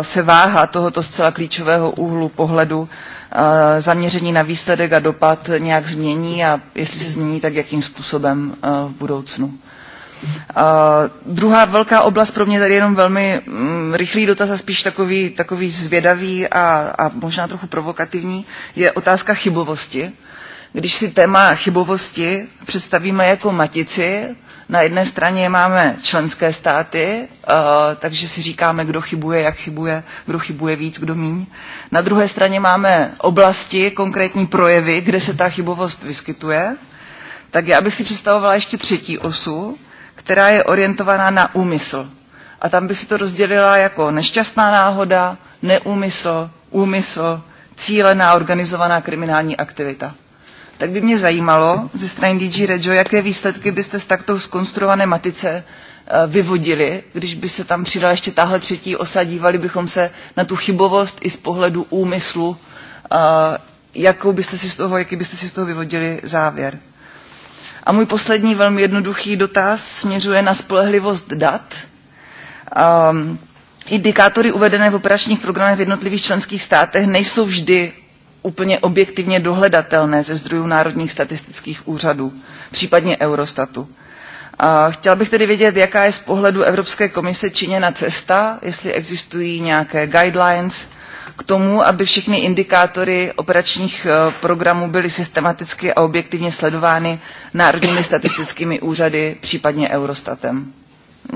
se váha tohoto zcela klíčového úhlu pohledu eh, zaměření na výsledek a dopad nějak změní a jestli se změní, tak jakým způsobem eh, v budoucnu. druhá velká oblast pro mě tady jenom velmi mm, rychlý dotaz a spíš takový, takový zvědavý a, a možná trochu provokativní je otázka chybovosti. Když si téma chybovosti představíme jako matici, na jedné straně máme členské státy, eh, takže si říkáme, kdo chybuje, jak chybuje, kdo chybuje víc, kdo míň. Na druhé straně máme oblasti, konkrétní projevy, kde se ta chybovost vyskytuje. Tak já bych si představovala ještě třetí osu, která je orientovaná na úmysl. A tam bych si to rozdělila jako nešťastná náhoda, neúmysl, úmysl, cílená organizovaná kriminální aktivita tak by mě zajímalo ze strany DG Regio, jaké výsledky byste z takto skonstruované matice eh, vyvodili, když by se tam přidala ještě tahle třetí osa, dívali bychom se na tu chybovost i z pohledu úmyslu, eh, jakou byste si z toho, jaký byste si z toho vyvodili závěr. A můj poslední velmi jednoduchý dotaz směřuje na spolehlivost dat. Ehm, indikátory uvedené v operačních programech v jednotlivých členských státech nejsou vždy úplně objektivně dohledatelné ze zdrojů národních statistických úřadů, případně Eurostatu. Chtěla bych tedy vědět, jaká je z pohledu Evropské komise činěna cesta, jestli existují nějaké guidelines k tomu, aby všechny indikátory operačních eh, programů byly systematicky a objektivně sledovány národními statistickými úřady, případně Eurostatem.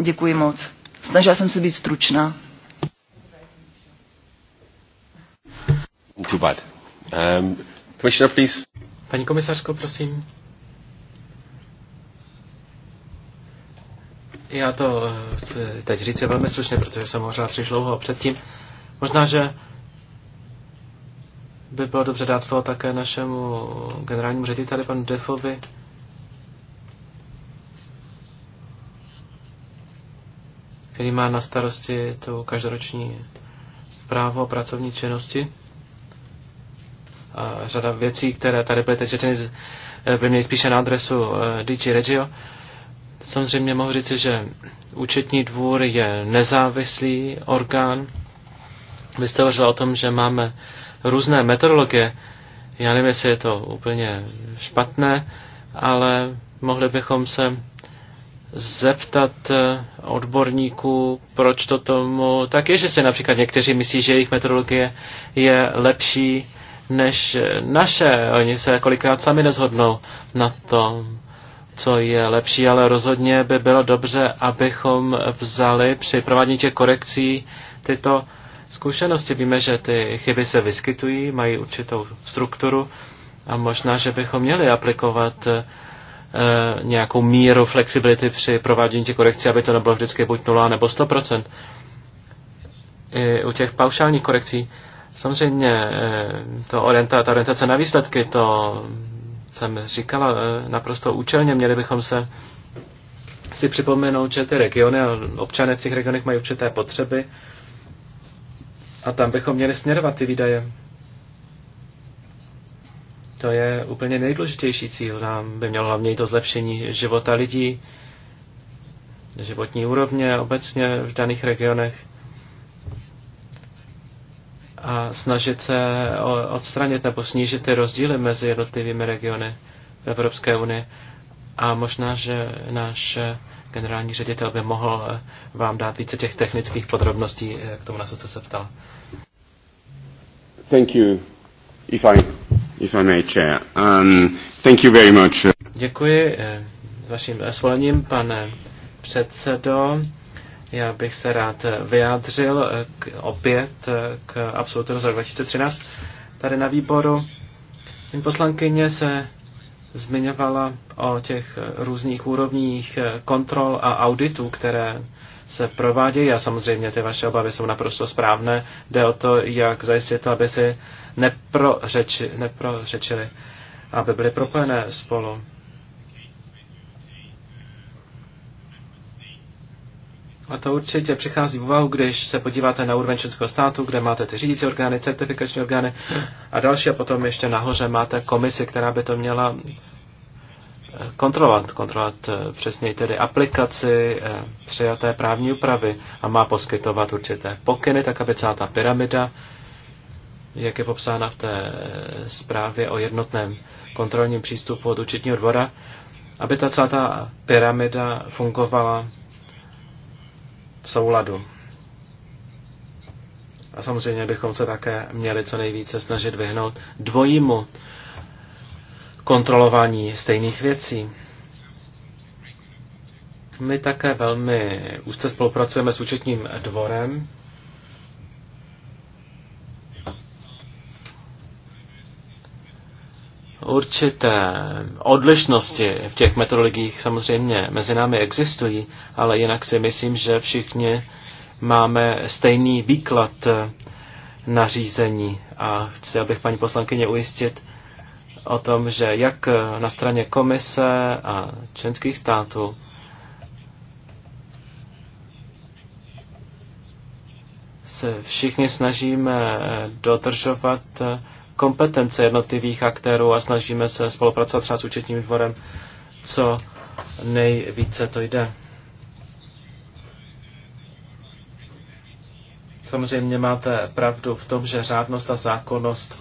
Děkuji moc. Snažila jsem se být stručná. Too bad. Um, commissioner, please. Paní komisařko, prosím. Já to eh, chci teď říct je velmi slušně, protože jsem možná příliš dlouho předtím. Možná, že by bylo dobře dát slovo také našemu generálnímu řediteli, panu Defovi. který má na starosti tu každoroční zprávu o pracovní činnosti a řada věcí, které tady byly teď řečeny, by měly spíše na adresu eh, DG Regio. Samozřejmě mohu říct, že účetní dvůr je nezávislý orgán. Vy jste hovořila o tom, že máme různé metodologie. Já nevím, jestli je to úplně špatné, ale mohli bychom se zeptat eh, odborníků, proč to tomu tak je, že si například někteří myslí, že jejich metodologie je lepší než naše. Oni se kolikrát sami nezhodnou na tom, co je lepší, ale rozhodně by bylo dobře, abychom vzali při provádění těch korekcí tyto zkušenosti. Víme, že ty chyby se vyskytují, mají určitou strukturu a možná, že bychom měli aplikovat eh, nějakou míru flexibility při provádění těch korekcí, aby to nebylo vždycky buď 0 nebo 100%. I u těch paušálních korekcí Samozřejmě eh, to orienta, ta orientace na výsledky, to jsem říkala eh, naprosto účelně, měli bychom se si připomenout, že ty regiony a občané v těch regionech mají určité potřeby a tam bychom měli směrovat ty výdaje. To je úplně nejdůležitější cíl. Nám by mělo hlavně to zlepšení života lidí, životní úrovně obecně v daných regionech a snažit se odstranit nebo snížit ty rozdíly mezi jednotlivými regiony v Evropské unii. A možná, že náš generální ředitel by mohl eh, vám dát více těch technických podrobností eh, k tomu, na co jste se ptal. Thank you. If I, if I may, chair. Um, thank you very much. Děkuji eh, vaším svolením, pane předsedo. Já bych se rád vyjádřil k, opět k absolutoru za 2013 tady na výboru. Paní poslankyně se zmiňovala o těch různých úrovních kontrol a auditů, které se provádějí a samozřejmě ty vaše obavy jsou naprosto správné. Jde o to, jak zajistit to, aby si neprořeči, neprořečili, aby byly propojené spolu. A to určitě přichází v úvahu, když se podíváte na úroveň členského státu, kde máte ty řídící orgány, certifikační orgány a další, a potom ještě nahoře máte komisi, která by to měla eh, kontrolovat, kontrolovat eh, přesněji tedy aplikaci eh, přijaté právní úpravy a má poskytovat určité pokyny, tak aby celá ta pyramida, jak je popsána v té zprávě o jednotném kontrolním přístupu od účetního dvora, aby ta celá ta pyramida fungovala v souladu. A samozřejmě bychom se také měli co nejvíce snažit vyhnout dvojímu kontrolování stejných věcí. My také velmi úzce spolupracujeme s účetním dvorem, Určité odlišnosti v těch metodologiích samozřejmě mezi námi existují, ale jinak si myslím, že všichni máme stejný výklad eh, nařízení a chci, abych paní poslankyně ujistit o tom, že jak eh, na straně komise a členských států se všichni snažíme eh, dodržovat kompetence jednotlivých aktérů a snažíme se spolupracovat třeba s účetním dvorem, co nejvíce to jde. Samozřejmě máte pravdu v tom, že řádnost a zákonnost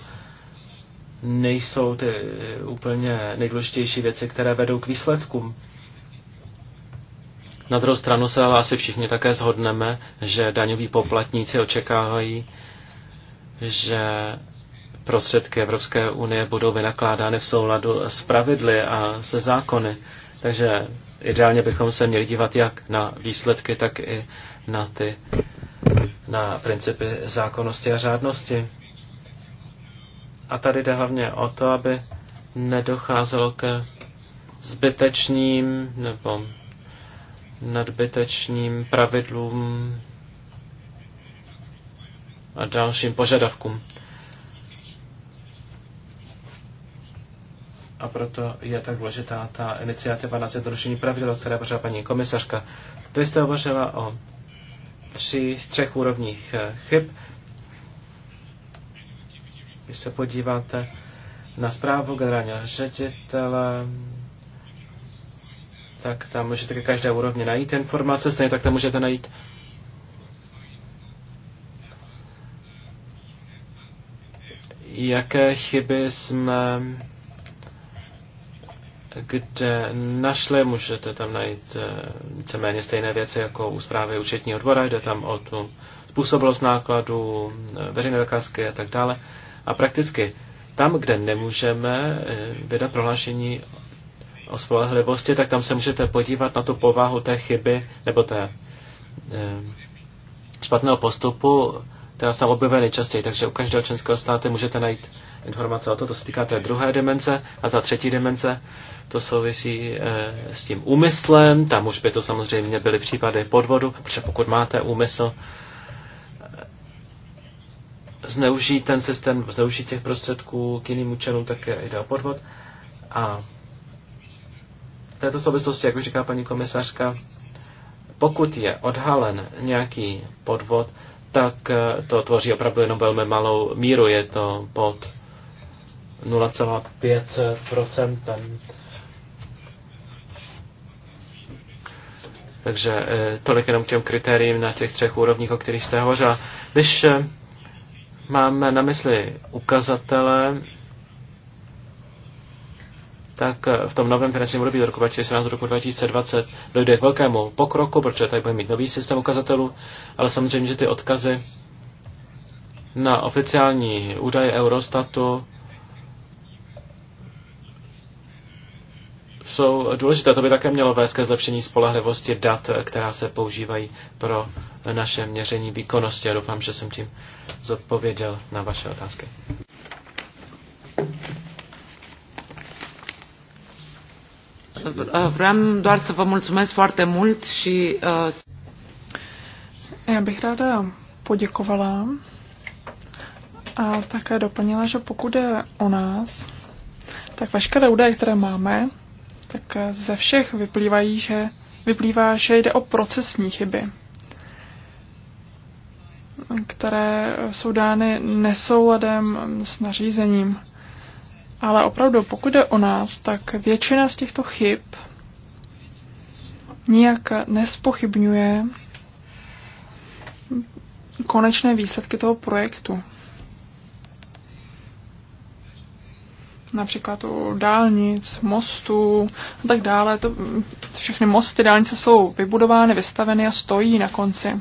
nejsou ty úplně nejdůležitější věci, které vedou k výsledkům. Na druhou stranu se ale asi všichni také zhodneme, že daňoví poplatníci očekávají, že prostředky Evropské unie budou vynakládány v souladu s pravidly a se zákony. Takže ideálně bychom se měli dívat jak na výsledky, tak i na ty na principy zákonnosti a řádnosti. A tady jde hlavně o to, aby nedocházelo ke zbytečným nebo nadbytečným pravidlům a dalším požadavkům. A proto je tak důležitá ta iniciativa na zjednodušení pravidel, o které pořád paní komisařka. Vy jste hovořila o tři, třech úrovních eh, chyb. Když se podíváte na zprávu generálního ředitele, tak tam můžete ke každé úrovni najít informace, stejně tak tam můžete najít jaké chyby jsme kde našli, můžete tam najít eh, víceméně stejné věci jako u zprávy účetního dvora, jde tam o tu způsobilost nákladů, eh, veřejné zakázky a tak dále. A prakticky tam, kde nemůžeme eh, vydat prohlášení o spolehlivosti, tak tam se můžete podívat na tu povahu té chyby nebo té špatného postupu, která se tam objevuje nejčastěji. Takže u každého členského státu můžete najít informace o to, to se týká té druhé demence a ta třetí demence, to souvisí e, s tím úmyslem, tam už by to samozřejmě byly případy podvodu, protože pokud máte úmysl eh, zneužít ten systém, zneužít těch prostředků k jiným účelům, tak jde o podvod. A v této souvislosti, jak už říká paní komisařka, pokud je odhalen nějaký podvod, tak eh, to tvoří opravdu jenom velmi malou míru. Je to pod 0,5 Takže eh, tolik jenom k těm kritériím na těch třech úrovních, o kterých jste hovořila. Když eh, máme na mysli ukazatele, tak eh, v tom novém finančním období do roku 2014 do roku 2020 dojde k velkému pokroku, protože tady budeme mít nový systém ukazatelů, ale samozřejmě, že ty odkazy na oficiální údaje Eurostatu jsou důležité. To by také mělo vést ke zlepšení spolehlivosti dat, která se používají pro naše měření výkonnosti. A doufám, že jsem tím zodpověděl na vaše otázky. Vreau doar să vă mulțumesc foarte mult și... Uh, Já bych ráda poděkovala a také doplnila, že pokud je o nás, tak veškeré údaje, které máme, tak ze všech vyplývají, že, vyplývá, že jde o procesní chyby, které jsou dány nesouladem s nařízením. Ale opravdu, pokud jde o nás, tak většina z těchto chyb nijak nespochybňuje konečné výsledky toho projektu. například u dálnic, mostů a tak dále. To, všechny mosty, dálnice jsou vybudovány, vystaveny a stojí na konci.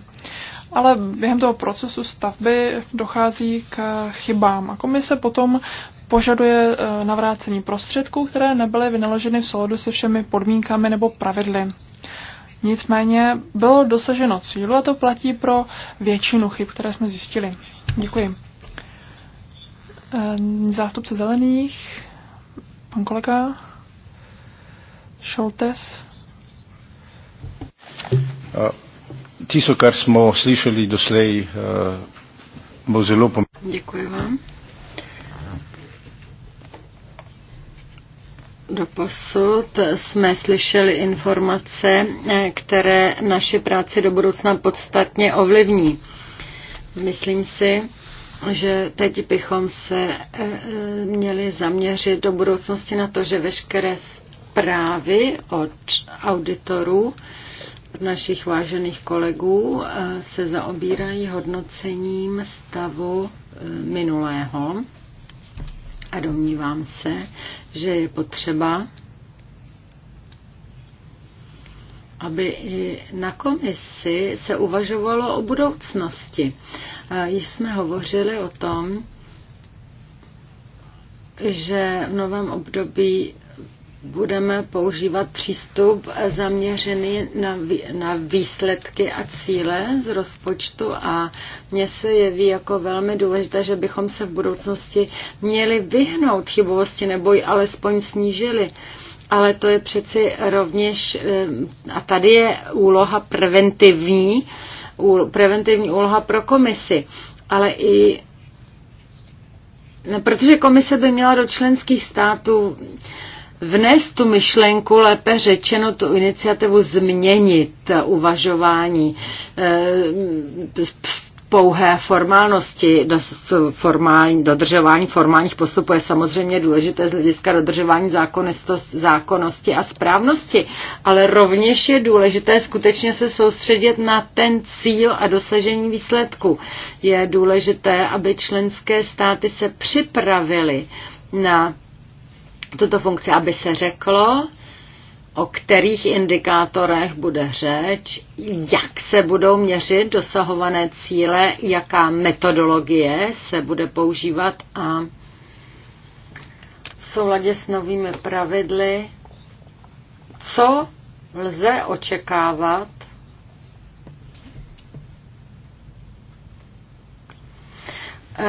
Ale během toho procesu stavby dochází k chybám a komise potom požaduje eh, navrácení prostředků, které nebyly vynaloženy v souladu se všemi podmínkami nebo pravidly. Nicméně bylo dosaženo cílu a to platí pro většinu chyb, které jsme zjistili. Děkuji. Ehm, zástupce zelených, pan kolega Šoltes. Tisto, kar jsme slyšeli doslej, eh, bo zelo pomembno. Děkuji vám. Doposud jsme slyšeli informace, eh, které naši práci do budoucna podstatně ovlivní. Myslím si, že teď bychom se e, měli zaměřit do budoucnosti na to, že veškeré zprávy od auditorů, od našich vážených kolegů, e, se zaobírají hodnocením stavu e, minulého. A domnívám se, že je potřeba aby i na komisi se uvažovalo o budoucnosti. Již jsme hovořili o tom, že v novém období budeme používat přístup zaměřený na, na výsledky a cíle z rozpočtu a mně se jeví jako velmi důležité, že bychom se v budoucnosti měli vyhnout chybovosti nebo ji alespoň snížili. Uh, ale to je přeci rovněž, eh, a tady je úloha preventivní, preventivní úloha pro komisi, ale i no, protože komise by měla do členských států vnést tu myšlenku, lépe řečeno tu iniciativu změnit uvažování, eh, pouhé formálnosti, formální, dodržování formálních postupů je samozřejmě důležité z hlediska dodržování zákonnosti a správnosti, ale rovněž je důležité skutečně se soustředit na ten cíl a dosažení výsledku. Je důležité, aby členské státy se připravily na tuto funkci, aby se řeklo, o kterých indikátorech bude řeč, jak se budou měřit dosahované cíle, jaká metodologie se bude používat a v souladě s novými pravidly, co lze očekávat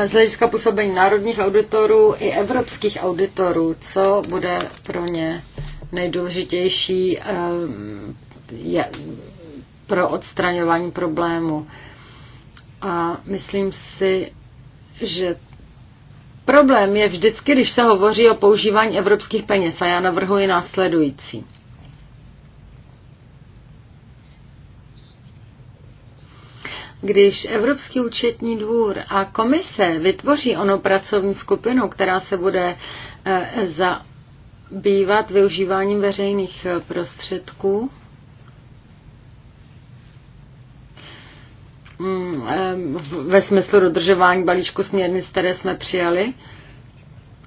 z hlediska působení národních auditorů i evropských auditorů, co bude pro ně nejdůležitější eh, je pro odstraňování problému. A myslím si, že problém je vždycky, když se hovoří o používání evropských peněz. A já navrhuji následující. Když Evropský účetní dvůr a komise vytvoří ono pracovní skupinu, která se bude eh, za bývat využíváním veřejných eh, prostředků. Mm, eh, ve smyslu dodržování balíčku směrnic, které jsme přijali,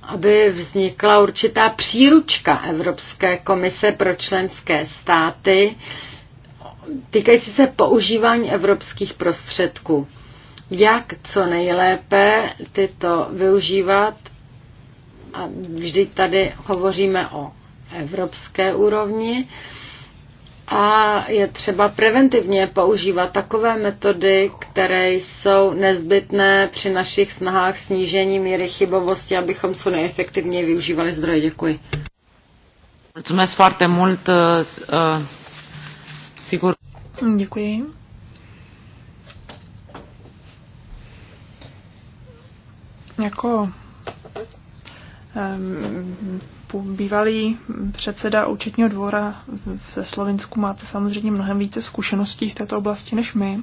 aby vznikla určitá příručka Evropské komise pro členské státy týkající se používání evropských prostředků. Jak co nejlépe tyto využívat a vždy tady hovoříme o evropské úrovni, a je třeba preventivně používat takové metody, které jsou nezbytné při našich snahách snížení míry chybovosti, abychom co nejefektivněji využívali zdroje. Děkuji. Mulțumesc foarte mult, uh, uh, sigur. Děkuji. Jako Ehm, bývalý předseda účetního dvora ve Slovensku máte samozřejmě mnohem více zkušeností v této oblasti než my.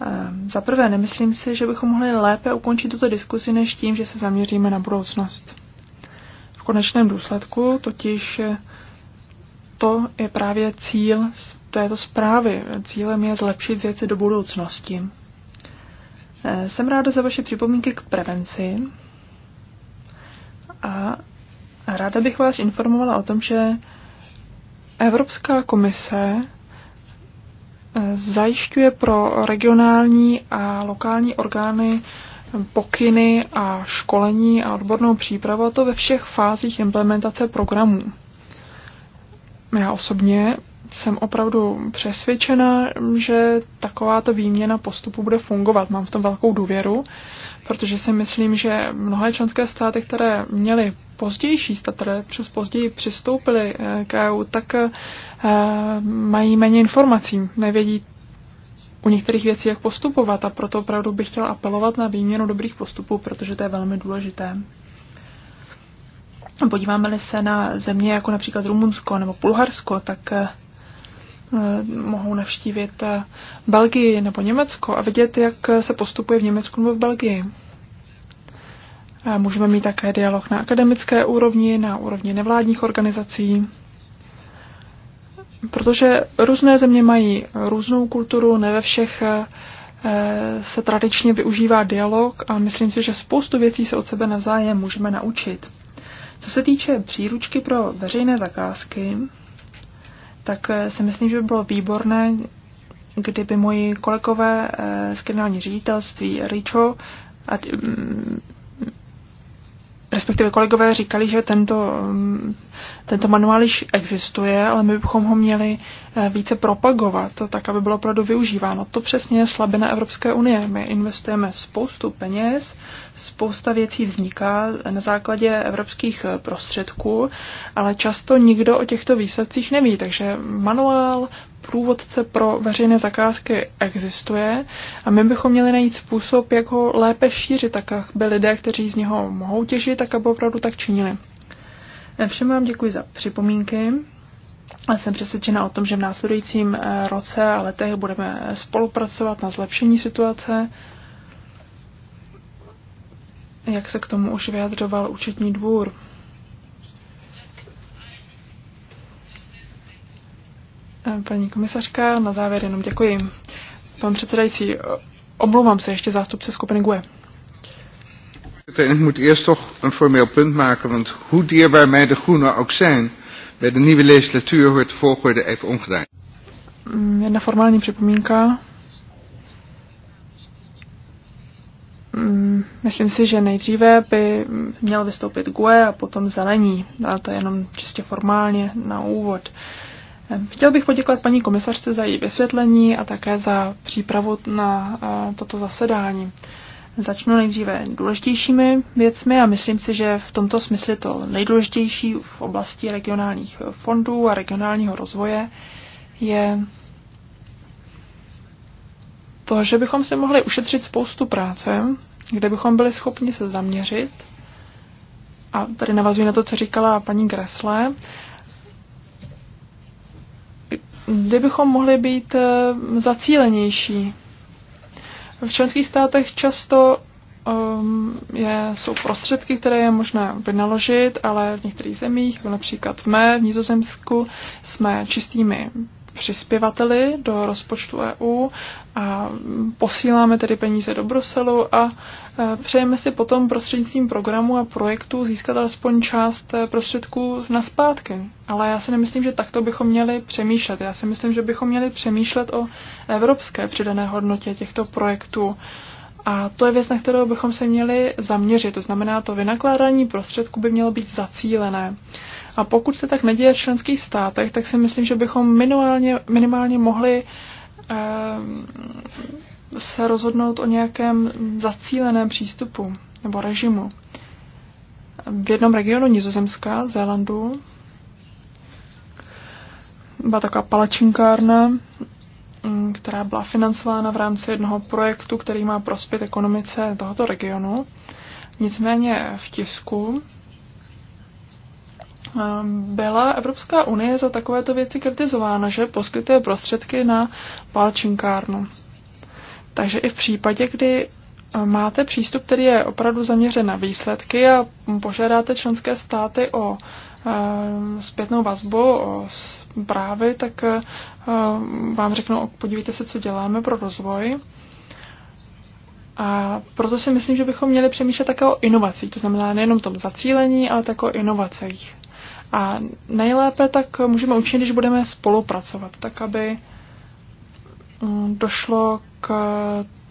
Ehm, za prvé, nemyslím si, že bychom mohli lépe ukončit tuto diskusi než tím, že se zaměříme na budoucnost. V konečném důsledku totiž to je právě cíl této zprávy. Cílem je zlepšit věci do budoucnosti. Ehm, jsem ráda za vaše připomínky k prevenci, a ráda bych vás informovala o tom, že Evropská komise eh, zajišťuje pro regionální a lokální orgány pokyny a školení a odbornou přípravu, a to ve všech fázích implementace programů. Já osobně jsem opravdu přesvědčena, že takováto výměna postupu bude fungovat. Mám v tom velkou důvěru protože si myslím, že mnohé členské státy, které měly pozdější které přes později přistoupily eh, k EU, tak eh, mají méně informací, nevědí u některých věcí, jak postupovat a proto opravdu bych chtěla apelovat na výměnu dobrých postupů, protože to je velmi důležité. Podíváme-li se na země jako například Rumunsko nebo Bulharsko, tak eh, Eh, mohou navštívit eh, Belgii nebo Německo a vidět, jak eh, se postupuje v Německu nebo v Belgii. Můžeme mít také dialog na akademické úrovni, na úrovni nevládních organizací, protože různé země mají různou kulturu, ne ve všech se tradičně využívá dialog a myslím si, že spoustu věcí se od sebe navzájem můžeme naučit. Co se týče příručky pro veřejné zakázky, tak eh, si myslím, že by bylo výborné, kdyby moji kolegové eh, z generální ředitelství RICHO, respektive kolegové říkali, že tento, mm, tento manuál již existuje, ale my bychom ho měli eh, více propagovat, tak aby bylo opravdu využíváno. To přesně je slabina Evropské unie. My investujeme spoustu peněz, spousta věcí vzniká na základě evropských eh, prostředků, ale často nikdo o těchto výsledcích neví. Takže manuál, průvodce pro veřejné zakázky existuje a my bychom měli najít způsob, jak ho lépe šířit, tak aby lidé, kteří z něho mohou těžit, tak aby opravdu tak činili. Všem vám děkuji za připomínky. A jsem přesvědčena o tom, že v následujícím eh, roce a letech budeme spolupracovat na zlepšení situace. Jak se k tomu už vyjadřoval účetní dvůr. Paní komisařka, na závěr jenom děkuji. Pan předsedající, omlouvám se ještě zástupce skupiny GUE. Ik moet eerst toch een formeel punt maken, want hoe dierbaar mij de groenen ook zijn, bij de nieuwe legislatuur wordt de volgorde even omgedaan. Mm, jedna formální připomínka. Mm, myslím si, že nejdříve by měl vystoupit GUE a potom zelení. A to jenom čistě formálně na úvod. Chtěl bych poděkovat paní komisařce za její vysvětlení a také za přípravu na eh, toto zasedání. Začnu nejdříve důležitějšími věcmi a myslím si, že v tomto smyslu to nejdůležitější v oblasti regionálních fondů a regionálního rozvoje je to, že bychom si mohli ušetřit spoustu práce, kde bychom byli schopni se zaměřit, a tady navazuji na to, co říkala paní Gresle, kdybychom mohli být eh, zacílenější. V členských státech často um, je, jsou prostředky, které je možné vynaložit, ale v některých zemích, například v mé, v Nizozemsku, jsme čistými přispěvateli do rozpočtu EU a posíláme tedy peníze do Bruselu a e, přejeme si potom prostřednictvím programu a projektu získat alespoň část e, prostředků na zpátky. Ale já si nemyslím, že takto bychom měli přemýšlet. Já si myslím, že bychom měli přemýšlet o evropské přidané hodnotě těchto projektů. A to je věc, na kterou bychom se měli zaměřit. To znamená, to vynakládání prostředků by mělo být zacílené. A pokud se tak neděje v členských státech, tak si myslím, že bychom minimálně, minimálně mohli eh, se rozhodnout o nějakém zacíleném přístupu nebo režimu. V jednom regionu Nizozemska, Zélandu, byla taková palačinkárna, mm, která byla financována v rámci jednoho projektu, který má prospět ekonomice tohoto regionu. Nicméně v tisku Ehm, byla Evropská unie za takovéto věci kritizována, že poskytuje prostředky na palčinkárnu. Takže i v případě, kdy eh, máte přístup, který je opravdu zaměřen na výsledky a požádáte členské státy o ehm, zpětnou vazbu, o právy, tak eh, vám řeknou, podívejte se, co děláme pro rozvoj. A proto si myslím, že bychom měli přemýšlet také o inovacích. To znamená nejenom tom zacílení, ale také o inovacích. A nejlépe tak můžeme učinit, když budeme spolupracovat, tak aby mm, došlo k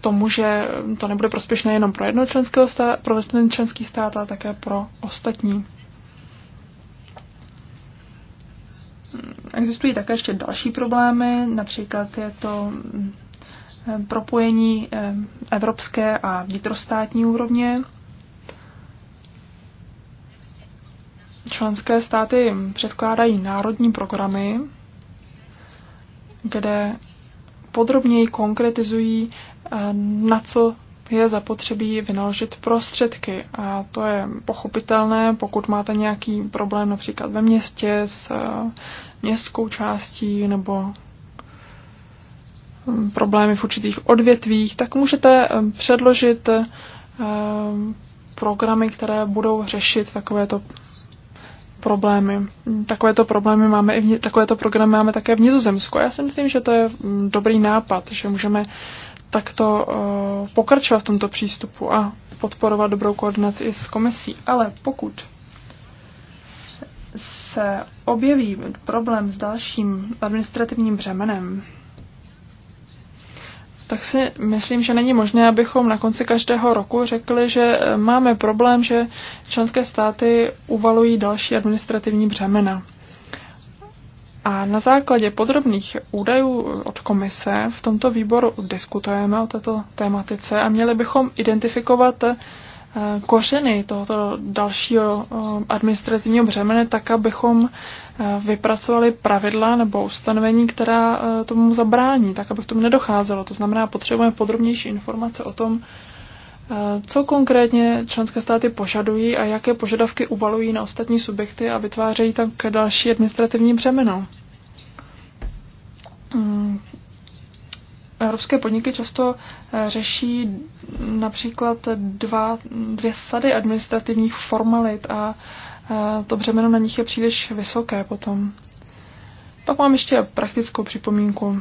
tomu, že to nebude prospěšné jenom pro jedno členského stát, pro jeden členský stát, ale také pro ostatní. Mm, existují také ještě další problémy, například je to mm, propojení evropské a vnitrostátní úrovně. členské státy předkládají národní programy, kde podrobněji konkretizují, eh, na co je zapotřebí vynaložit prostředky. A to je pochopitelné, pokud máte nějaký problém například ve městě s eh, městskou částí nebo hm, problémy v určitých odvětvích, tak můžete hm, předložit hm, programy, které budou řešit takovéto problémy. Takovéto problémy máme i v, takovéto programy máme také v Nizozemsku. Já si myslím, že to je mm, dobrý nápad, že můžeme takto uh, pokračovat v tomto přístupu a podporovat dobrou koordinaci i s komisí. Ale pokud se objeví problém s dalším administrativním břemenem, tak si myslím, že není možné, abychom na konci každého roku řekli, že e, máme problém, že členské státy uvalují další administrativní břemena. A na základě podrobných údajů od komise v tomto výboru diskutujeme o této tématice a měli bychom identifikovat Eh, kořeny tohoto dalšího eh, administrativního břemene, tak abychom eh, vypracovali pravidla nebo ustanovení, která tomu zabrání, tak aby k tomu nedocházelo. To znamená, potřebujeme podrobnější informace o tom, co konkrétně členské státy požadují a jaké požadavky uvalují na ostatní subjekty a vytvářejí tak další administrativní břemeno. Hmm, Evropské podniky často eh, řeší například dva, dvě sady administrativních formalit a eh, to břemeno na nich je příliš vysoké potom. Pak mám ještě praktickou připomínku.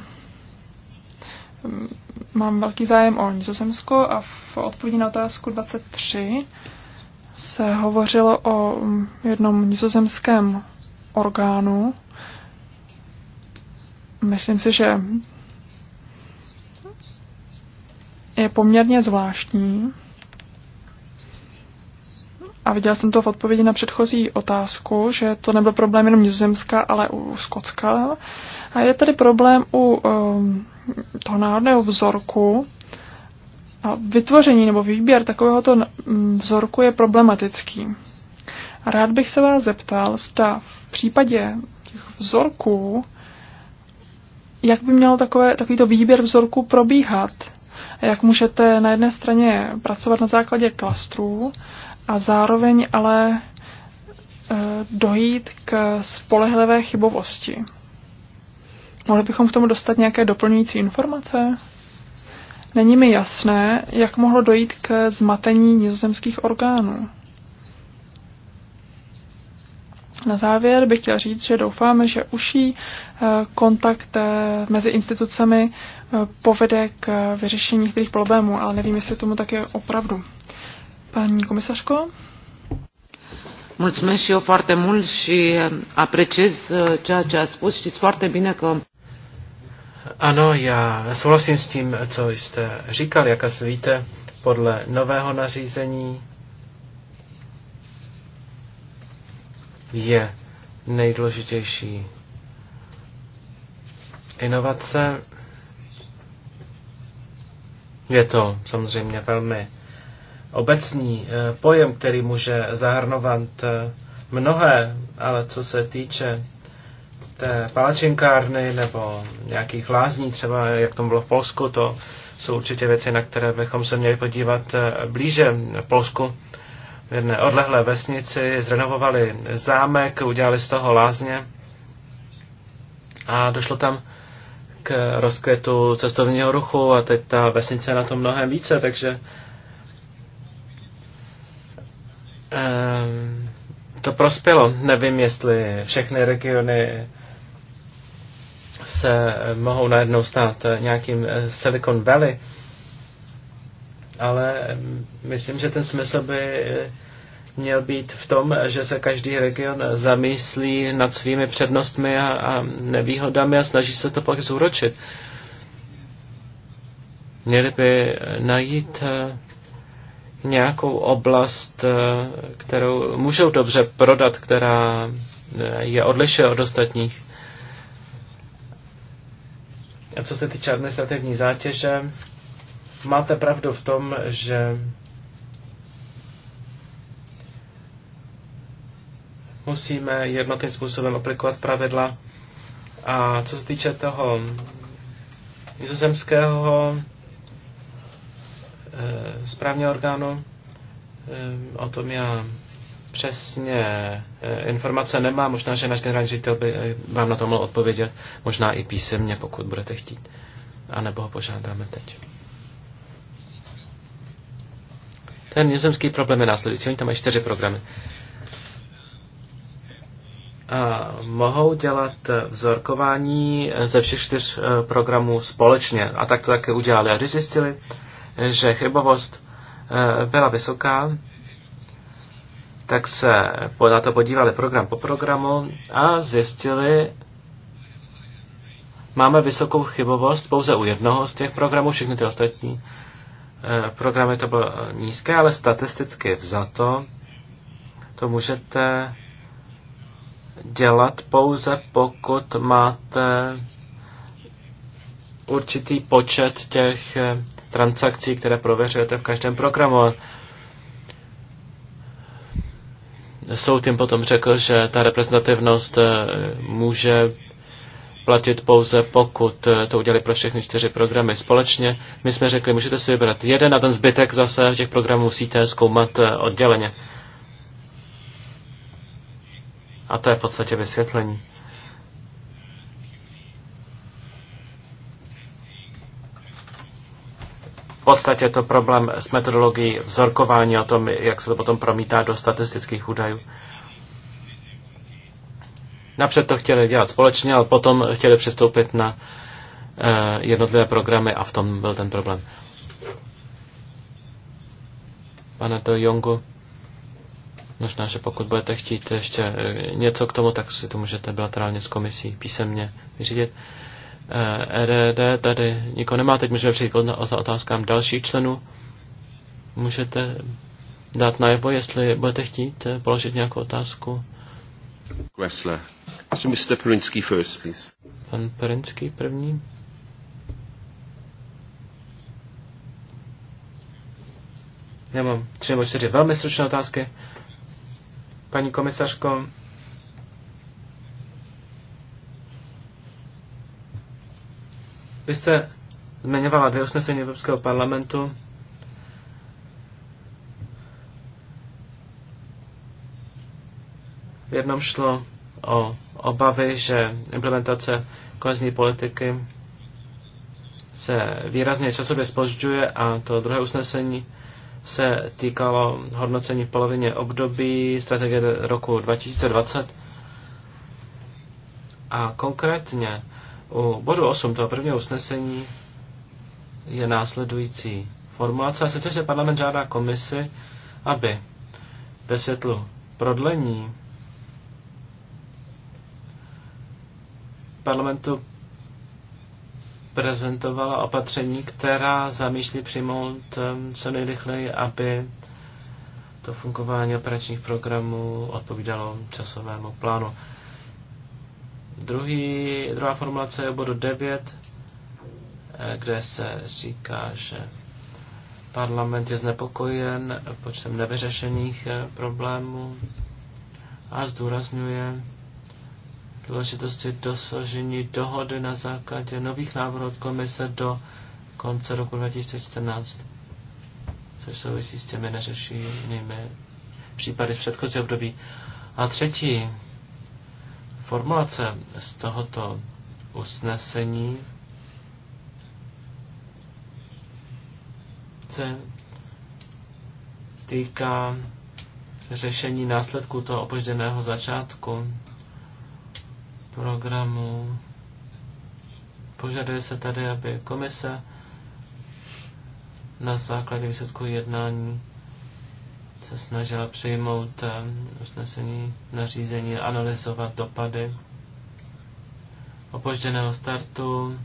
Mm, mám velký zájem o Nizozemsko a v odpovědi na otázku 23 se hovořilo o mm, jednom nizozemském orgánu. Myslím si, že je poměrně zvláštní. A viděla jsem to v odpovědi na předchozí otázku, že to nebyl problém jenom Nizozemska, ale u Skocka. A je tady problém u um, toho národného vzorku. A vytvoření nebo výběr takovéhoto mm, vzorku je problematický. A rád bych se vás zeptal, zda v případě těch vzorků, jak by měl takové, takovýto výběr vzorků probíhat jak můžete na jedné straně pracovat na základě klastrů a zároveň ale e, dojít k spolehlivé chybovosti. Mohli bychom k tomu dostat nějaké doplňující informace? Není mi jasné, jak mohlo dojít k zmatení nizozemských orgánů. Na závěr bych chtěl říct, že doufáme, že uší eh, kontakt eh, mezi institucemi eh, povede k vyřešení některých problémů, ale nevím, jestli tomu tak je opravdu. Paní komisařko? Mulțumesc și eu foarte mult și apreciez ceea ce a spus. Știți foarte bine că... Ano, já souhlasím s tím, co jste říkal, jak asi víte, podle nového nařízení je nejdůležitější inovace. Je to samozřejmě velmi obecný eh, pojem, který může zahrnovat eh, mnohé, ale co se týče té palačinkárny nebo nějakých lázní, třeba jak tomu bylo v Polsku, to jsou určitě věci, na které bychom se měli podívat eh, blíže v Polsku v jedné odlehlé vesnici, zrenovovali zámek, udělali z toho lázně a došlo tam k rozkvětu cestovního ruchu a teď ta vesnice je na tom mnohem více, takže ehm, to prospělo. Nevím, jestli všechny regiony se mohou najednou stát nějakým Silicon Valley, ale myslím, že ten smysl by měl být v tom, že se každý region zamyslí nad svými přednostmi a, a nevýhodami a snaží se to pak zúročit. Měli by najít eh, nějakou oblast, eh, kterou můžou dobře prodat, která eh, je odlišuje od ostatních. A co se týče administrativní zátěže, máte pravdu v tom, že musíme jednotným způsobem aplikovat pravidla. A co se týče toho nizozemského e, správního orgánu, e, o tom já přesně e, informace nemám. Možná, že náš generální ředitel by vám na to mohl odpovědět, možná i písemně, pokud budete chtít. A nebo ho požádáme teď. Ten nizozemský problém je následující. Oni tam mají čtyři programy. A mohou dělat vzorkování ze všech čtyř eh, programů společně. A tak to také udělali. A když zjistili, že chybovost eh, byla vysoká, tak se na to podívali program po programu a zjistili, máme vysokou chybovost pouze u jednoho z těch programů, všechny ty ostatní Eh, programy to bylo eh, nízké, ale statisticky vzato to můžete dělat pouze pokud máte určitý počet těch eh, transakcí, které prověřujete v každém programu. Soud jim potom řekl, že ta reprezentativnost může platit pouze, pokud eh, to udělali pro všechny čtyři programy společně. My jsme řekli, můžete si vybrat jeden a ten zbytek zase v těch programů musíte zkoumat eh, odděleně. A to je v podstatě vysvětlení. V podstatě to problém s metodologií vzorkování o tom, jak se to potom promítá do statistických údajů. Napřed to chtěli dělat společně, ale potom chtěli přistoupit na eh, jednotlivé programy a v tom byl ten problém. Pane de Jongu, možná, že pokud budete chtít ještě eh, něco k tomu, tak si to můžete bilaterálně s komisí písemně vyřídit. Eh, RD tady nikoho nemá, teď můžeme přejít na otázkám dalších členů. Můžete dát najevo, jestli budete chtít položit nějakou otázku. Gressler, So Mr. Perinsky first, please. Pan Perinsky první. Já mám tři nebo čtyři velmi stručné otázky. Paní komisařko, vy jste zmiňovala dvě usnesení Evropského parlamentu. V jednom šlo o obavy, že implementace kohezní politiky se výrazně časově spožďuje a to druhé usnesení se týkalo hodnocení v polovině období strategie roku 2020. A konkrétně u bodu 8 toho prvního usnesení je následující formulace, a sice, že parlament žádá komisi, aby ve světlu prodlení parlamentu prezentovala opatření, která zamýšlí přijmout um, co nejrychleji, aby to fungování operačních programů odpovídalo časovému plánu. Druhý, druhá formulace je bodu 9, eh, kde se říká, že parlament je znepokojen počtem nevyřešených eh, problémů a zdůrazňuje, důležitosti dosažení dohody na základě nových návrhů od komise do konce roku 2014, což souvisí s těmi neřešenými případy z předchozí období. A třetí formulace z tohoto usnesení se týká řešení následků toho opožděného začátku programu. Požaduje se tady, aby komise na základě výsledku jednání se snažila přijmout eh, usnesení nařízení, analyzovat dopady opožděného startu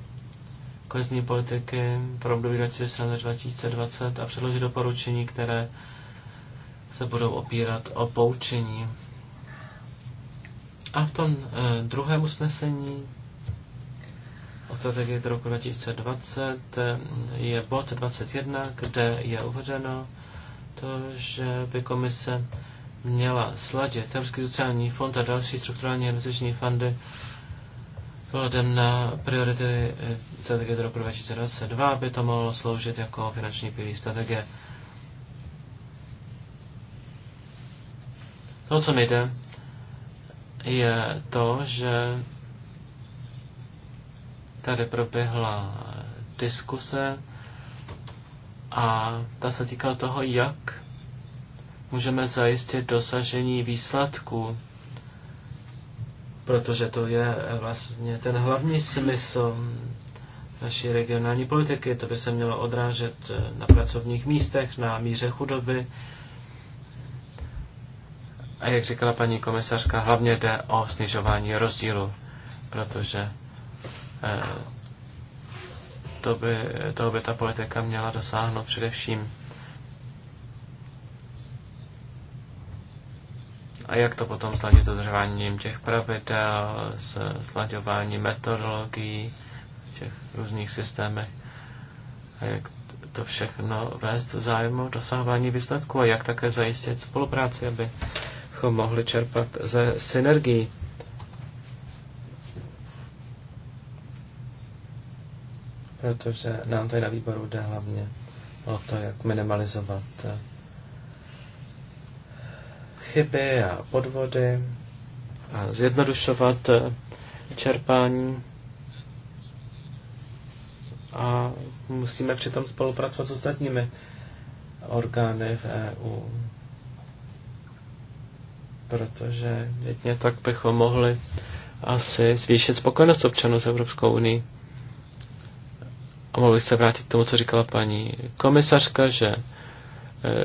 kozní politiky pro období 2020 a předložit doporučení, které se budou opírat o poučení a v tom eh, druhém usnesení o strategii do roku 2020 eh, je bod 21, kde je uvedeno to, že by komise měla sladit Evropský sociální fond a další strukturální investiční fondy Vzhledem na priority eh, strategie do roku 2022 by to mohlo sloužit jako finanční pilíř strategie. To, co mi jde, je to, že tady proběhla diskuse a ta se týkala toho, jak můžeme zajistit dosažení výsledků, protože to je vlastně ten hlavní smysl naší regionální politiky. To by se mělo odrážet na pracovních místech, na míře chudoby, a jak říkala paní komisařka, hlavně jde o snižování rozdílu, protože eh, to by, toho by ta politika měla dosáhnout především. A jak to potom sladit s dodržováním těch pravidel, s sladěváním metodologií v těch různých systémech. A jak to všechno vést zájmu dosahování výsledků a jak také zajistit spolupráci, aby abychom mohli čerpat ze synergii. Protože nám tady na výboru jde hlavně o to, jak minimalizovat eh, chyby a podvody a zjednodušovat eh, čerpání a musíme přitom spolupracovat s ostatními orgány v EU protože jedně tak bychom mohli asi zvýšit spokojenost občanů s Evropskou unii. A mohli se vrátit k tomu, co říkala paní komisařka, že e,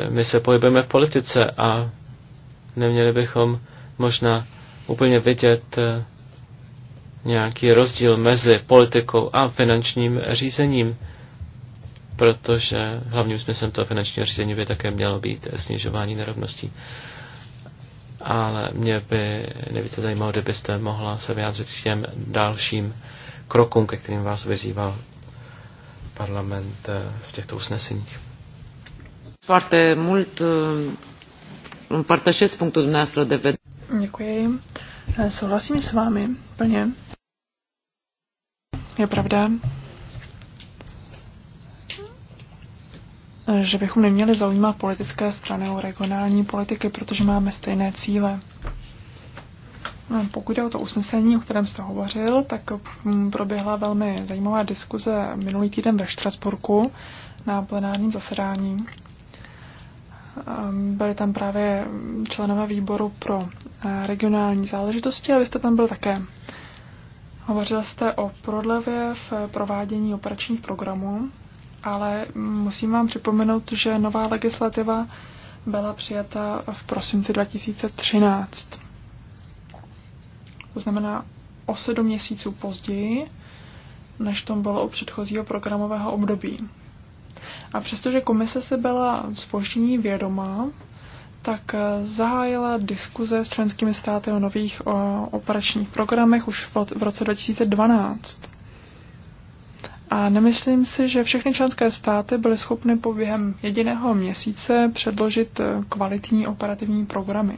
my se pohybujeme v politice a neměli bychom možná úplně vidět e, nějaký rozdíl mezi politikou a finančním řízením, protože hlavním smyslem toho finančního řízení by také mělo být snižování nerovností ale mě by nevíte, zajímalo, kdybyste mohla se vyjádřit k těm dalším krokům, ke kterým vás vyzýval parlament eh, v těchto usneseních. Foarte mult eh, împărtășesc punctul dumneavoastră de vedere. Děkuji. Eh, souhlasím s vámi plně. Je pravda, že bychom neměli zaujímat politické strany o regionální politiky, protože máme stejné cíle. Pokud je o to usnesení, o kterém jste hovořil, tak mm, proběhla velmi zajímavá diskuze minulý týden ve Štrasburku na plenárním zasedání. Ehm, byli tam právě členové výboru pro eh, regionální záležitosti a vy jste tam byl také. Hovořil jste o prodlevě v eh, provádění operačních programů ale musím vám připomenout, že nová legislativa byla přijata v prosinci 2013. To znamená o sedm měsíců později, než tom bylo u předchozího programového období. A přestože komise se byla spoždění vědomá, tak eh, zahájila diskuze s členskými státy o nových eh, operačních programech už v roce 2012. A nemyslím si, že všechny členské státy byly schopny po během jediného měsíce předložit eh, kvalitní operativní programy.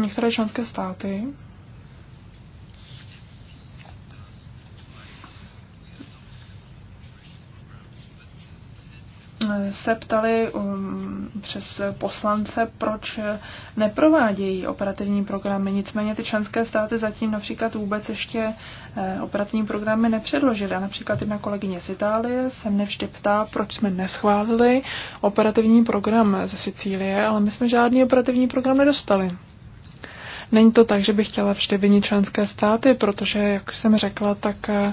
Některé členské státy se ptali um, přes poslance, proč neprovádějí operativní programy. Nicméně ty členské státy zatím například vůbec ještě eh, operativní programy nepředložily. A například jedna kolegyně z Itálie se mne vždy ptá, proč jsme neschválili operativní program ze Sicílie, ale my jsme žádný operativní program nedostali. Není to tak, že bych chtěla vždy vinit členské státy, protože, jak jsem řekla, tak eh,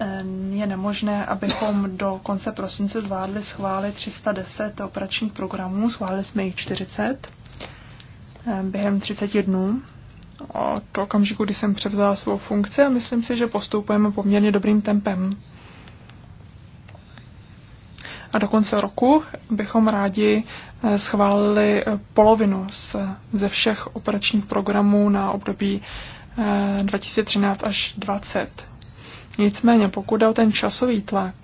Ehm, je nemožné, abychom do konce prosince zvládli schválit 310 operačních programů, schválili jsme jich 40 ehm, během 30 dnů od okamžiku, kdy jsem převzala svou funkci a myslím si, že postupujeme poměrně dobrým tempem. A do konce roku bychom rádi eh, schválili eh, polovinu ze všech operačních programů na období 2013 eh, až 2020. Nicméně, pokud jde o ten časový tlak,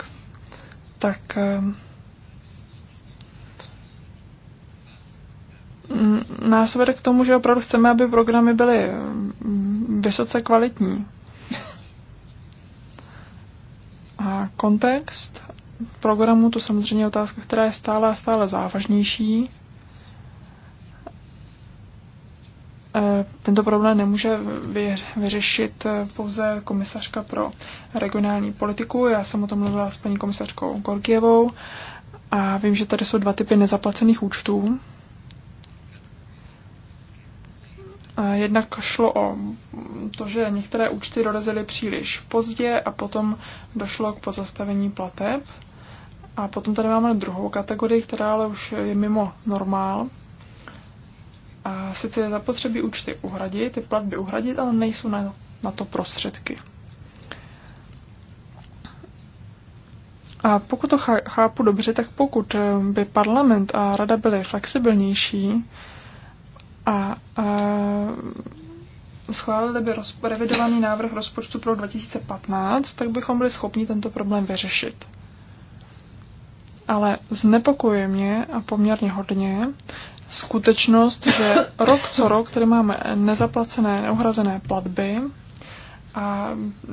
tak eh, nás vede k tomu, že opravdu chceme, aby programy byly mm, vysoce kvalitní. A kontext programu, to samozřejmě je otázka, která je stále a stále závažnější. Eh, tento problém nemůže vyřešit eh, pouze komisařka pro regionální politiku. Já jsem o tom mluvila s paní komisařkou Gorgievou a vím, že tady jsou dva typy nezaplacených účtů. Eh, jednak šlo o to, že některé účty dorazily příliš pozdě a potom došlo k pozastavení plateb. A potom tady máme druhou kategorii, která ale už je mimo normál. A sice je zapotřebí účty uhradit, ty platby uhradit, ale nejsou na, na to prostředky. A pokud to chápu dobře, tak pokud eh, by parlament a rada byly flexibilnější a, a schválili by roz, revidovaný návrh rozpočtu pro 2015, tak bychom byli schopni tento problém vyřešit. Ale znepokojuje mě a poměrně hodně, skutečnost, že rok co rok tady máme nezaplacené, neuhrazené platby a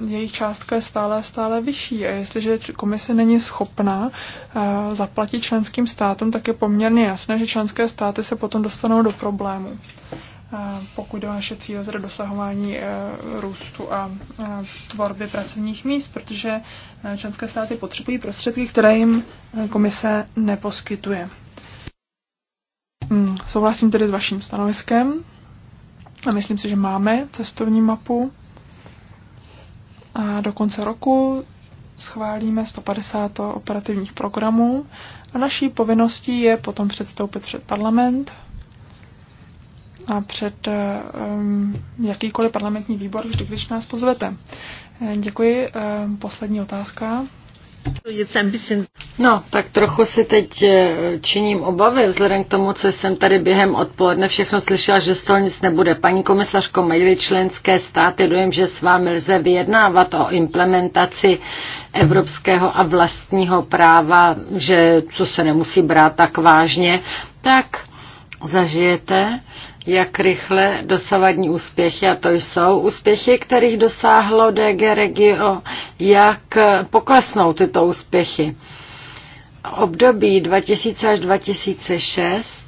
jejich částka je stále stále vyšší. A jestliže komise není schopna eh, zaplatit členským státům, tak je poměrně jasné, že členské státy se potom dostanou do problému eh, pokud jde o naše cíle, tedy dosahování eh, růstu a tvorby pracovních míst, protože členské státy potřebují prostředky, které jim komise neposkytuje. Hmm, souhlasím tedy s vaším stanoviskem a myslím si, že máme cestovní mapu a do konce roku schválíme 150 operativních programů a naší povinností je potom předstoupit před parlament a před um, jakýkoliv parlamentní výbor, vždy, když nás pozvete. Eh, děkuji. Eh, poslední otázka. No, tak trochu si teď eh, činím obavy, vzhledem k tomu, co jsem tady během odpoledne všechno slyšela, že z toho nic nebude. Paní komisařko, mají členské státy dojem, že s vámi lze vyjednávat o implementaci evropského a vlastního práva, že co se nemusí brát tak vážně, tak zažijete, jak rychle dosavadní úspěchy, a to jsou úspěchy, kterých dosáhlo DG Regio, jak poklesnou tyto úspěchy. Období 2000 až 2006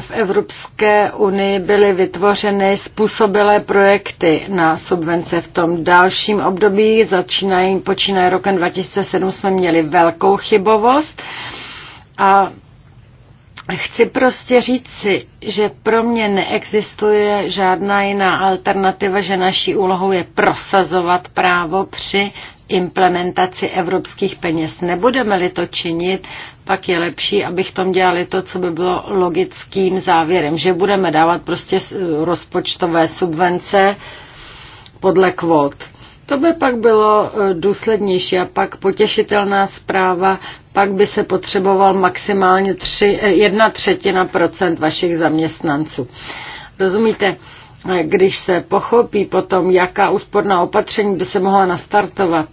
v Evropské unii byly vytvořeny způsobilé projekty na subvence. V tom dalším období, začínají, počínaje rokem 2007, jsme měli velkou chybovost a Chci prostě říci, že pro mě neexistuje žádná jiná alternativa, že naší úlohou je prosazovat právo při implementaci evropských peněz. Nebudeme-li to činit, pak je lepší, abychom dělali to, co by bylo logickým závěrem, že budeme dávat prostě rozpočtové subvence podle kvót. To by pak bylo e, důslednější a pak potěšitelná zpráva, pak by se potřeboval maximálně tři, e, jedna třetina procent vašich zaměstnanců. Rozumíte? E, když se pochopí potom, jaká úsporná opatření by se mohla nastartovat,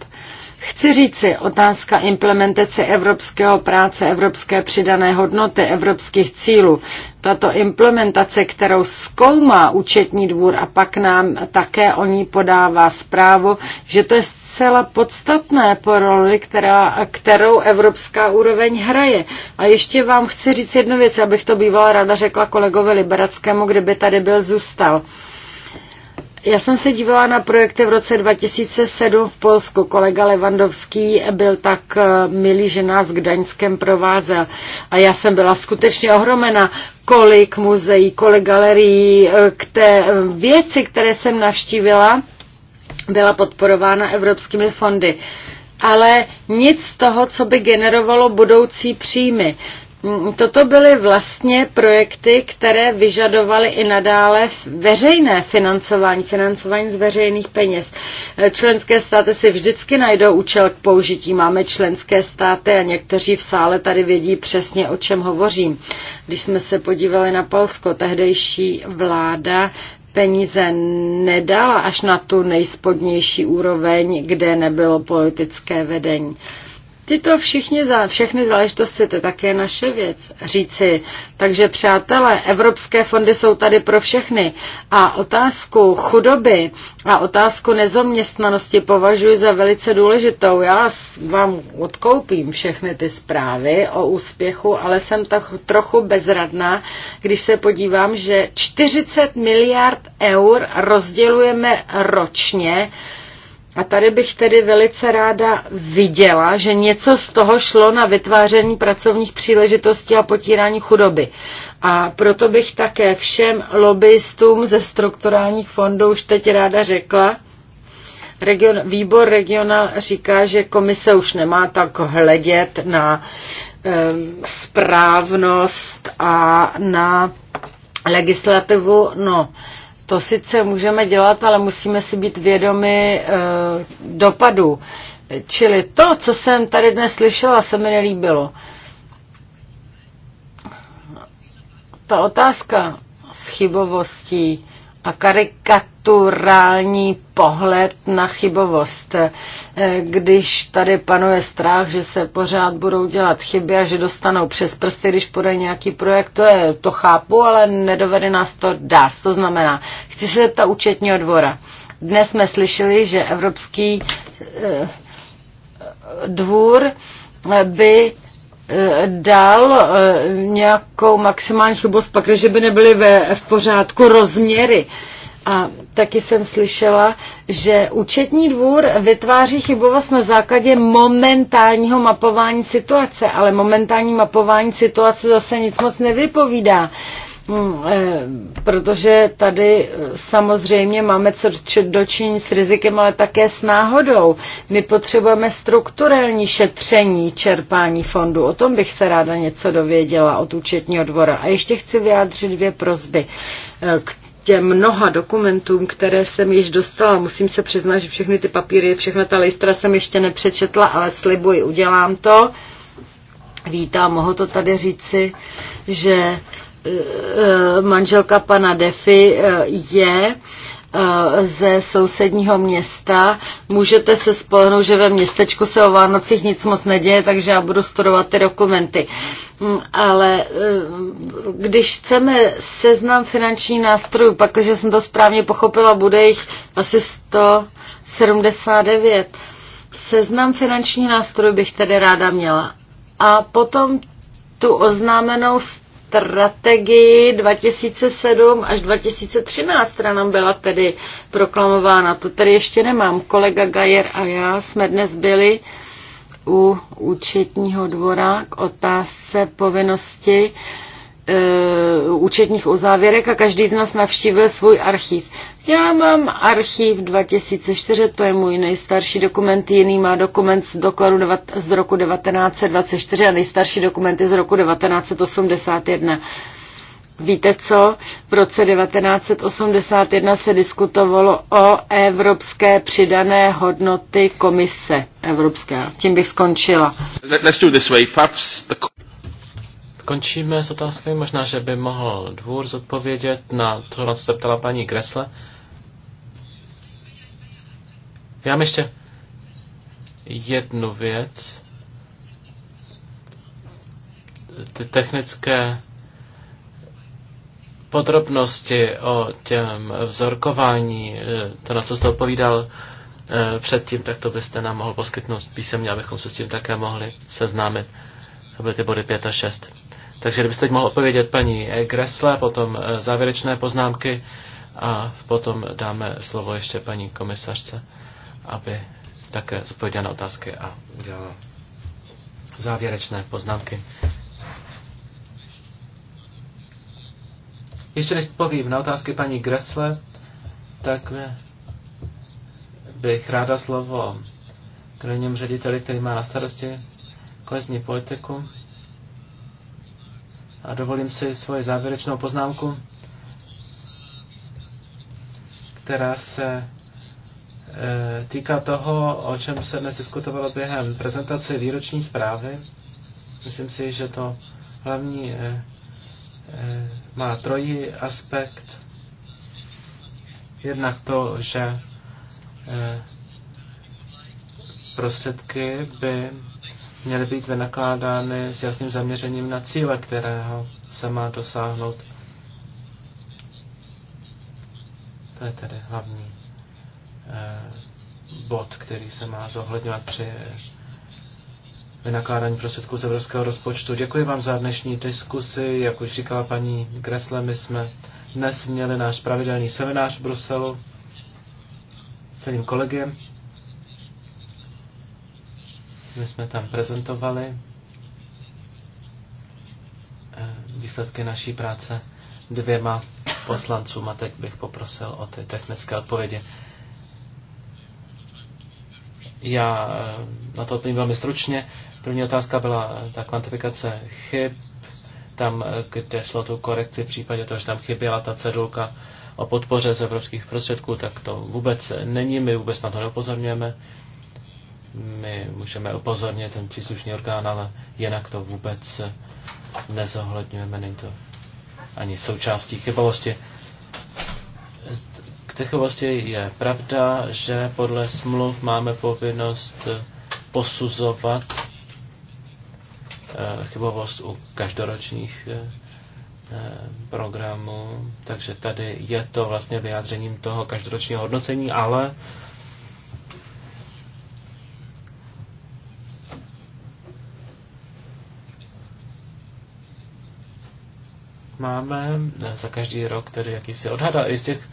Chci říci, otázka implementace evropského práce, evropské přidané hodnoty, evropských cílů. Tato implementace, kterou zkoumá účetní dvůr a pak nám také o ní podává zprávu, že to je zcela podstatné po roli, která, kterou evropská úroveň hraje. A ještě vám chci říct jednu věc, abych to bývala ráda řekla kolegovi Liberackému, kdyby tady byl zůstal. Já jsem se dívala na projekty v roce 2007 v Polsku. Kolega Levandovský byl tak eh, milý, že nás k Daňskem provázel. A já jsem byla skutečně ohromena, kolik muzeí, kolik galerií, eh, té věci, které jsem navštívila, byla podporována evropskými fondy. Ale nic z toho, co by generovalo budoucí příjmy. Uh, Toto byly vlastně projekty, které vyžadovaly i nadále veřejné financování, financování z veřejných peněz. E, členské státy si vždycky najdou účel k použití. Máme členské státy a někteří v sále tady vědí přesně, o čem hovořím. Když jsme se podívali na Polsko, tehdejší vláda peníze nedala až na tu nejspodnější úroveň, kde nebylo politické vedení. Tyto všichni, všechny záležitosti, to je také naše věc říci. Takže přátelé, evropské fondy jsou tady pro všechny. A otázku chudoby a otázku nezaměstnanosti považuji za velice důležitou. Já vám odkoupím všechny ty zprávy o úspěchu, ale jsem tak trochu bezradná, když se podívám, že 40 miliard eur rozdělujeme ročně a tady bych tedy velice ráda viděla, že něco z toho šlo na vytváření pracovních příležitostí a potírání chudoby. A proto bych také všem lobbystům ze strukturálních fondů už teď ráda řekla, region, výbor regiona říká, že komise už nemá tak hledět na um, správnost a na legislativu. No, to sice můžeme dělat, ale musíme si být vědomi e, eh, dopadů. Čili to, co jsem tady dnes slyšela, se mi nelíbilo. Ta otázka s chybovostí a karikaturální pohled na chybovost. Eh, když tady panuje strach, že se pořád budou dělat chyby a že dostanou přes prsty, když půjde nějaký projekt, to, je, to chápu, ale nedovede nás to dás. To znamená, chci se zeptat účetního dvora. Dnes jsme slyšeli, že Evropský eh, dvůr eh, by E, dal e, nějakou maximální chybost, pak, že by nebyly ve, v pořádku rozměry. A taky jsem slyšela, že účetní dvůr vytváří chybovost na základě momentálního mapování situace, ale momentální mapování situace zase nic moc nevypovídá. Uh, Hmm, eh, protože tady eh, samozřejmě máme co dočinit s rizikem, ale také s náhodou. My potřebujeme strukturální šetření čerpání fondu. O tom bych se ráda něco dověděla od účetního dvora. A ještě chci vyjádřit dvě prozby eh, k těm mnoha dokumentům, které jsem již dostala. Musím se přiznat, že všechny ty papíry, všechna ta listra jsem ještě nepřečetla, ale slibuji, udělám to. Vítám, mohu to tady říci, že Eh, manželka pana Defy eh, je eh, ze sousedního města. Můžete se spolehnout, že ve městečku se o Vánocích nic moc neděje, takže já budu studovat ty dokumenty. Mm, ale když chceme seznam finanční nástrojů, pak, když jsem to správně pochopila, bude jich asi 179. Seznam finanční nástrojů bych tedy ráda měla. A potom tu oznámenou strategii 2007 až 2013, která nám byla tedy proklamována. To tedy ještě nemám. Kolega Gajer a já jsme dnes byli u účetního dvora k otázce povinnosti e, účetních uzávěrek a každý z nás navštívil svůj archiv. Já mám archiv 2004, to je můj nejstarší dokument, jiný má dokument z dokladu z roku 1924 a nejstarší dokument je z roku 1981. Víte co? V roce 1981 se diskutovalo o evropské přidané hodnoty komise evropské. Tím bych skončila. Let's do this way. Perhaps the... Končíme s otázkami. Možná, že by mohl dvůr zodpovědět na to, na co se ptala paní Gressle. Já mám ještě jednu věc. Ty technické podrobnosti o těm vzorkování, to, na co jste odpovídal eh, předtím, tak to byste nám mohl poskytnout písemně, abychom se s tím také mohli seznámit. To byly ty body 5 a 6. Takže kdybyste teď mohl odpovědět paní Gressle, potom eh, závěrečné poznámky a potom dáme slovo ještě paní komisařce aby také odpověděla na otázky a udělal závěrečné poznámky. Ještě než povím na otázky paní Gressle, tak bych ráda slovo krajním řediteli, který má na starosti kohezní politiku. A dovolím si svoji závěrečnou poznámku, která se Eh, týká toho, o čem se dnes diskutovalo během prezentace výroční zprávy. Myslím si, že to hlavní eh, eh, má trojí aspekt. Jednak to, že prostředky by měly být vynakládány s jasným zaměřením na cíle, kterého se má dosáhnout. To je tedy hlavní Eh, bod, který se má zohledňovat při vynakládání prostředků z evropského rozpočtu. Děkuji vám za dnešní diskusi. Jak už říkala paní Gresle, my jsme dnes měli náš pravidelný seminář v Bruselu s celým kolegiem. My jsme tam prezentovali eh, výsledky naší práce dvěma poslancům a teď bych poprosil o ty technické odpovědi. Já eh, na to odpovím velmi stručně. První otázka byla eh, ta kvantifikace chyb, tam, eh, kde šlo tu korekci v případě toho, že tam chyběla ta cedulka o podpoře z evropských prostředků, tak to vůbec není, my vůbec na to neupozorňujeme. My můžeme upozornit ten příslušný orgán, ale jinak to vůbec nezohledňujeme, není to ani součástí chybovosti takovosti vlastně je pravda, že podle smluv máme povinnost posuzovat eh, chybovost u každoročních eh, eh, programů, takže tady je to vlastně vyjádřením toho každoročního hodnocení, ale máme za každý rok tedy jakýsi odhad a i z těch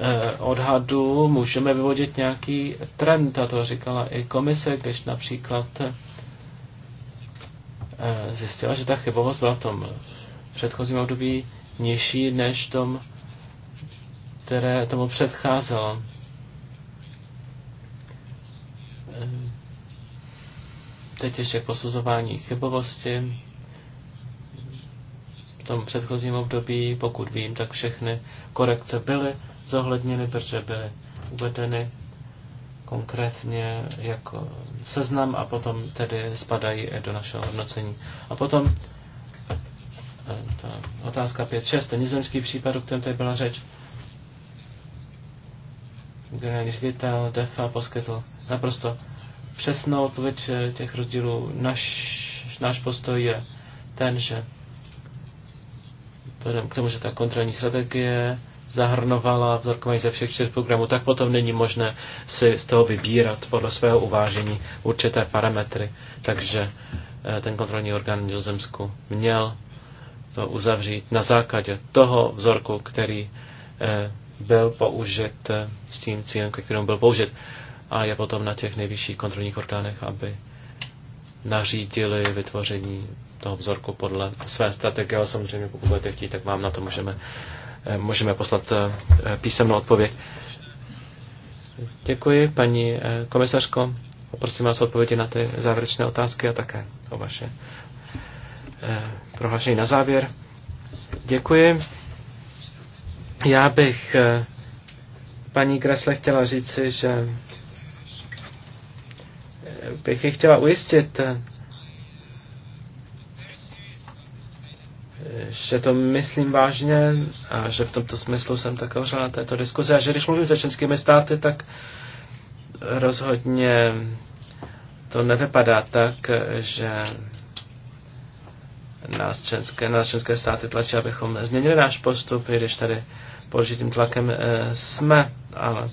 Eh, odhadu můžeme vyvodit nějaký trend, a to říkala i komise, když například eh, zjistila, že ta chybovost byla v tom předchozím období nižší než v tom, které tomu předcházelo. Eh, teď ještě k posuzování chybovosti. V tom předchozím období, pokud vím, tak všechny korekce byly zohledněny, protože byly uvedeny konkrétně jako seznam a potom tedy spadají do našeho hodnocení. A potom eh, ta otázka 5.6, ten nizozemský případ, o kterém tady byla řeč, generální ředitel DEFA poskytl naprosto přesnou odpověď eh, těch rozdílů. Naš, náš postoj je ten, že vzhledem k tomu, že ta kontrolní strategie zahrnovala vzorkování ze všech čtyř programů, tak potom není možné si z toho vybírat podle svého uvážení určité parametry. Takže eh, ten kontrolní orgán v Nizozemsku měl to uzavřít na základě toho vzorku, který eh, byl použit eh, s tím cílem, ke kterému byl použit. A je potom na těch nejvyšších kontrolních orgánech, aby nařídili vytvoření toho vzorku podle své strategie, ale samozřejmě pokud budete chtít, tak vám na to můžeme můžeme poslat eh, písemnou odpověď. Děkuji, paní eh, komisařko. Poprosím vás odpovědi na ty závěrečné otázky a také o vaše eh, prohlášení na závěr. Děkuji. Já bych paní Gresle chtěla říci, že bych ji chtěla ujistit, že to myslím vážně a že v tomto smyslu jsem hořel na této diskuzi a že když mluvím se členskými státy, tak rozhodně to nevypadá tak, že nás české nás české státy tlačí, abychom změnili náš postup, i když tady pod určitým tlakem eh, jsme, ale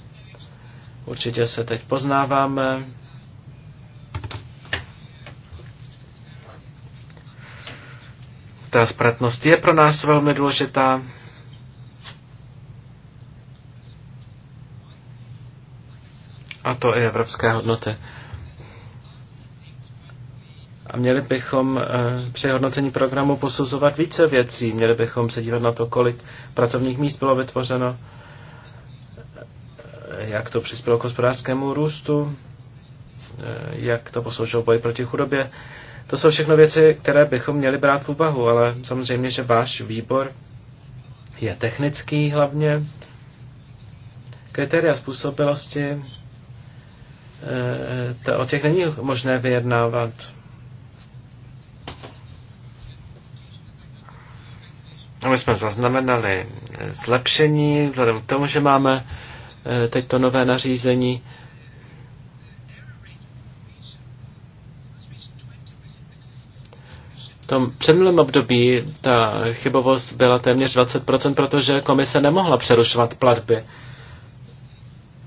určitě se teď poznáváme ta spratnost je pro nás velmi důležitá. A to i evropské hodnoty. A měli bychom eh, při hodnocení programu posuzovat více věcí. Měli bychom se dívat na to, kolik pracovních míst bylo vytvořeno, eh, jak to přispělo k hospodářskému růstu, eh, jak to posloužilo boji proti chudobě. To jsou všechno věci, které bychom měli brát v úvahu, ale samozřejmě, že váš výbor je technický hlavně. Kritéria způsobilosti, eh, to, o těch není možné vyjednávat. My jsme zaznamenali zlepšení vzhledem k tomu, že máme eh, teď to nové nařízení tom předminulém období ta chybovost byla téměř 20%, protože komise nemohla přerušovat platby.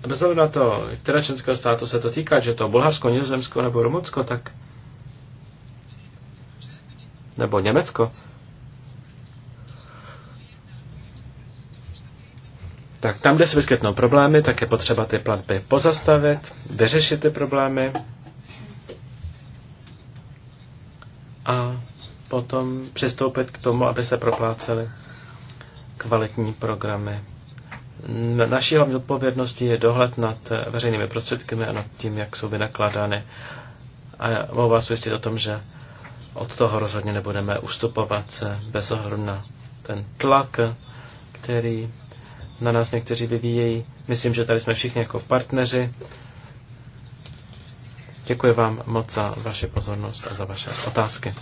Bez na to, které členského státu se to týká, že to Bulharsko, Nizozemsko nebo Rumunsko, tak nebo Německo, Tak tam, kde se vyskytnou problémy, tak je potřeba ty platby pozastavit, vyřešit ty problémy potom přistoupit k tomu, aby se propláceli kvalitní programy. Naší hlavní odpovědností je dohled nad veřejnými prostředky a nad tím, jak jsou vynakládány. A já mohu vás ujistit o tom, že od toho rozhodně nebudeme ustupovat bez ohledu na ten tlak, který na nás někteří vyvíjejí. Myslím, že tady jsme všichni jako partneři. Děkuji vám moc za vaši pozornost a za vaše otázky.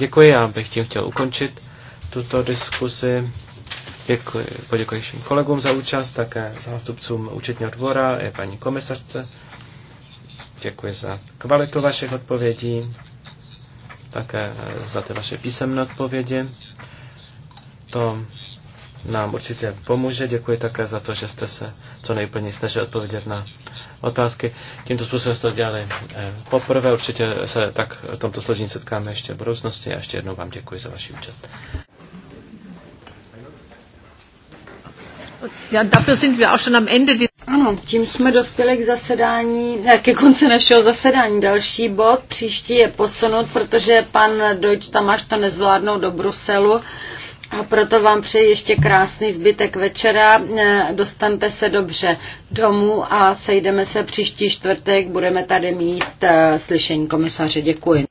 Děkuji, já bych tím chtěl ukončit tuto diskusi. Děkuji, poděkuji všem kolegům za účast, také zástupcům účetního dvora i paní komisařce. Děkuji za kvalitu vašich odpovědí, také za ty vaše písemné odpovědi. To nám určitě pomůže. Děkuji také za to, že jste se co nejplně snažili odpovědět na otázky. Tímto způsobem jsme to dělali eh, poprvé. Určitě se tak v tomto složení setkáme ještě v budoucnosti a ještě jednou vám děkuji za vaši účast. Ja, dafür sind wir auch schon am Ende. Ano, tím jsme dospěli k zasedání, ke konci našeho zasedání. Další bod příští je posunut, protože pan Dojč Tamáš to nezvládnou do Bruselu. A proto vám přeji ještě krásný zbytek večera. E, Dostanete se dobře domů a sejdeme se příští čtvrtek. Budeme tady mít e, slyšení komisaře. Děkuji.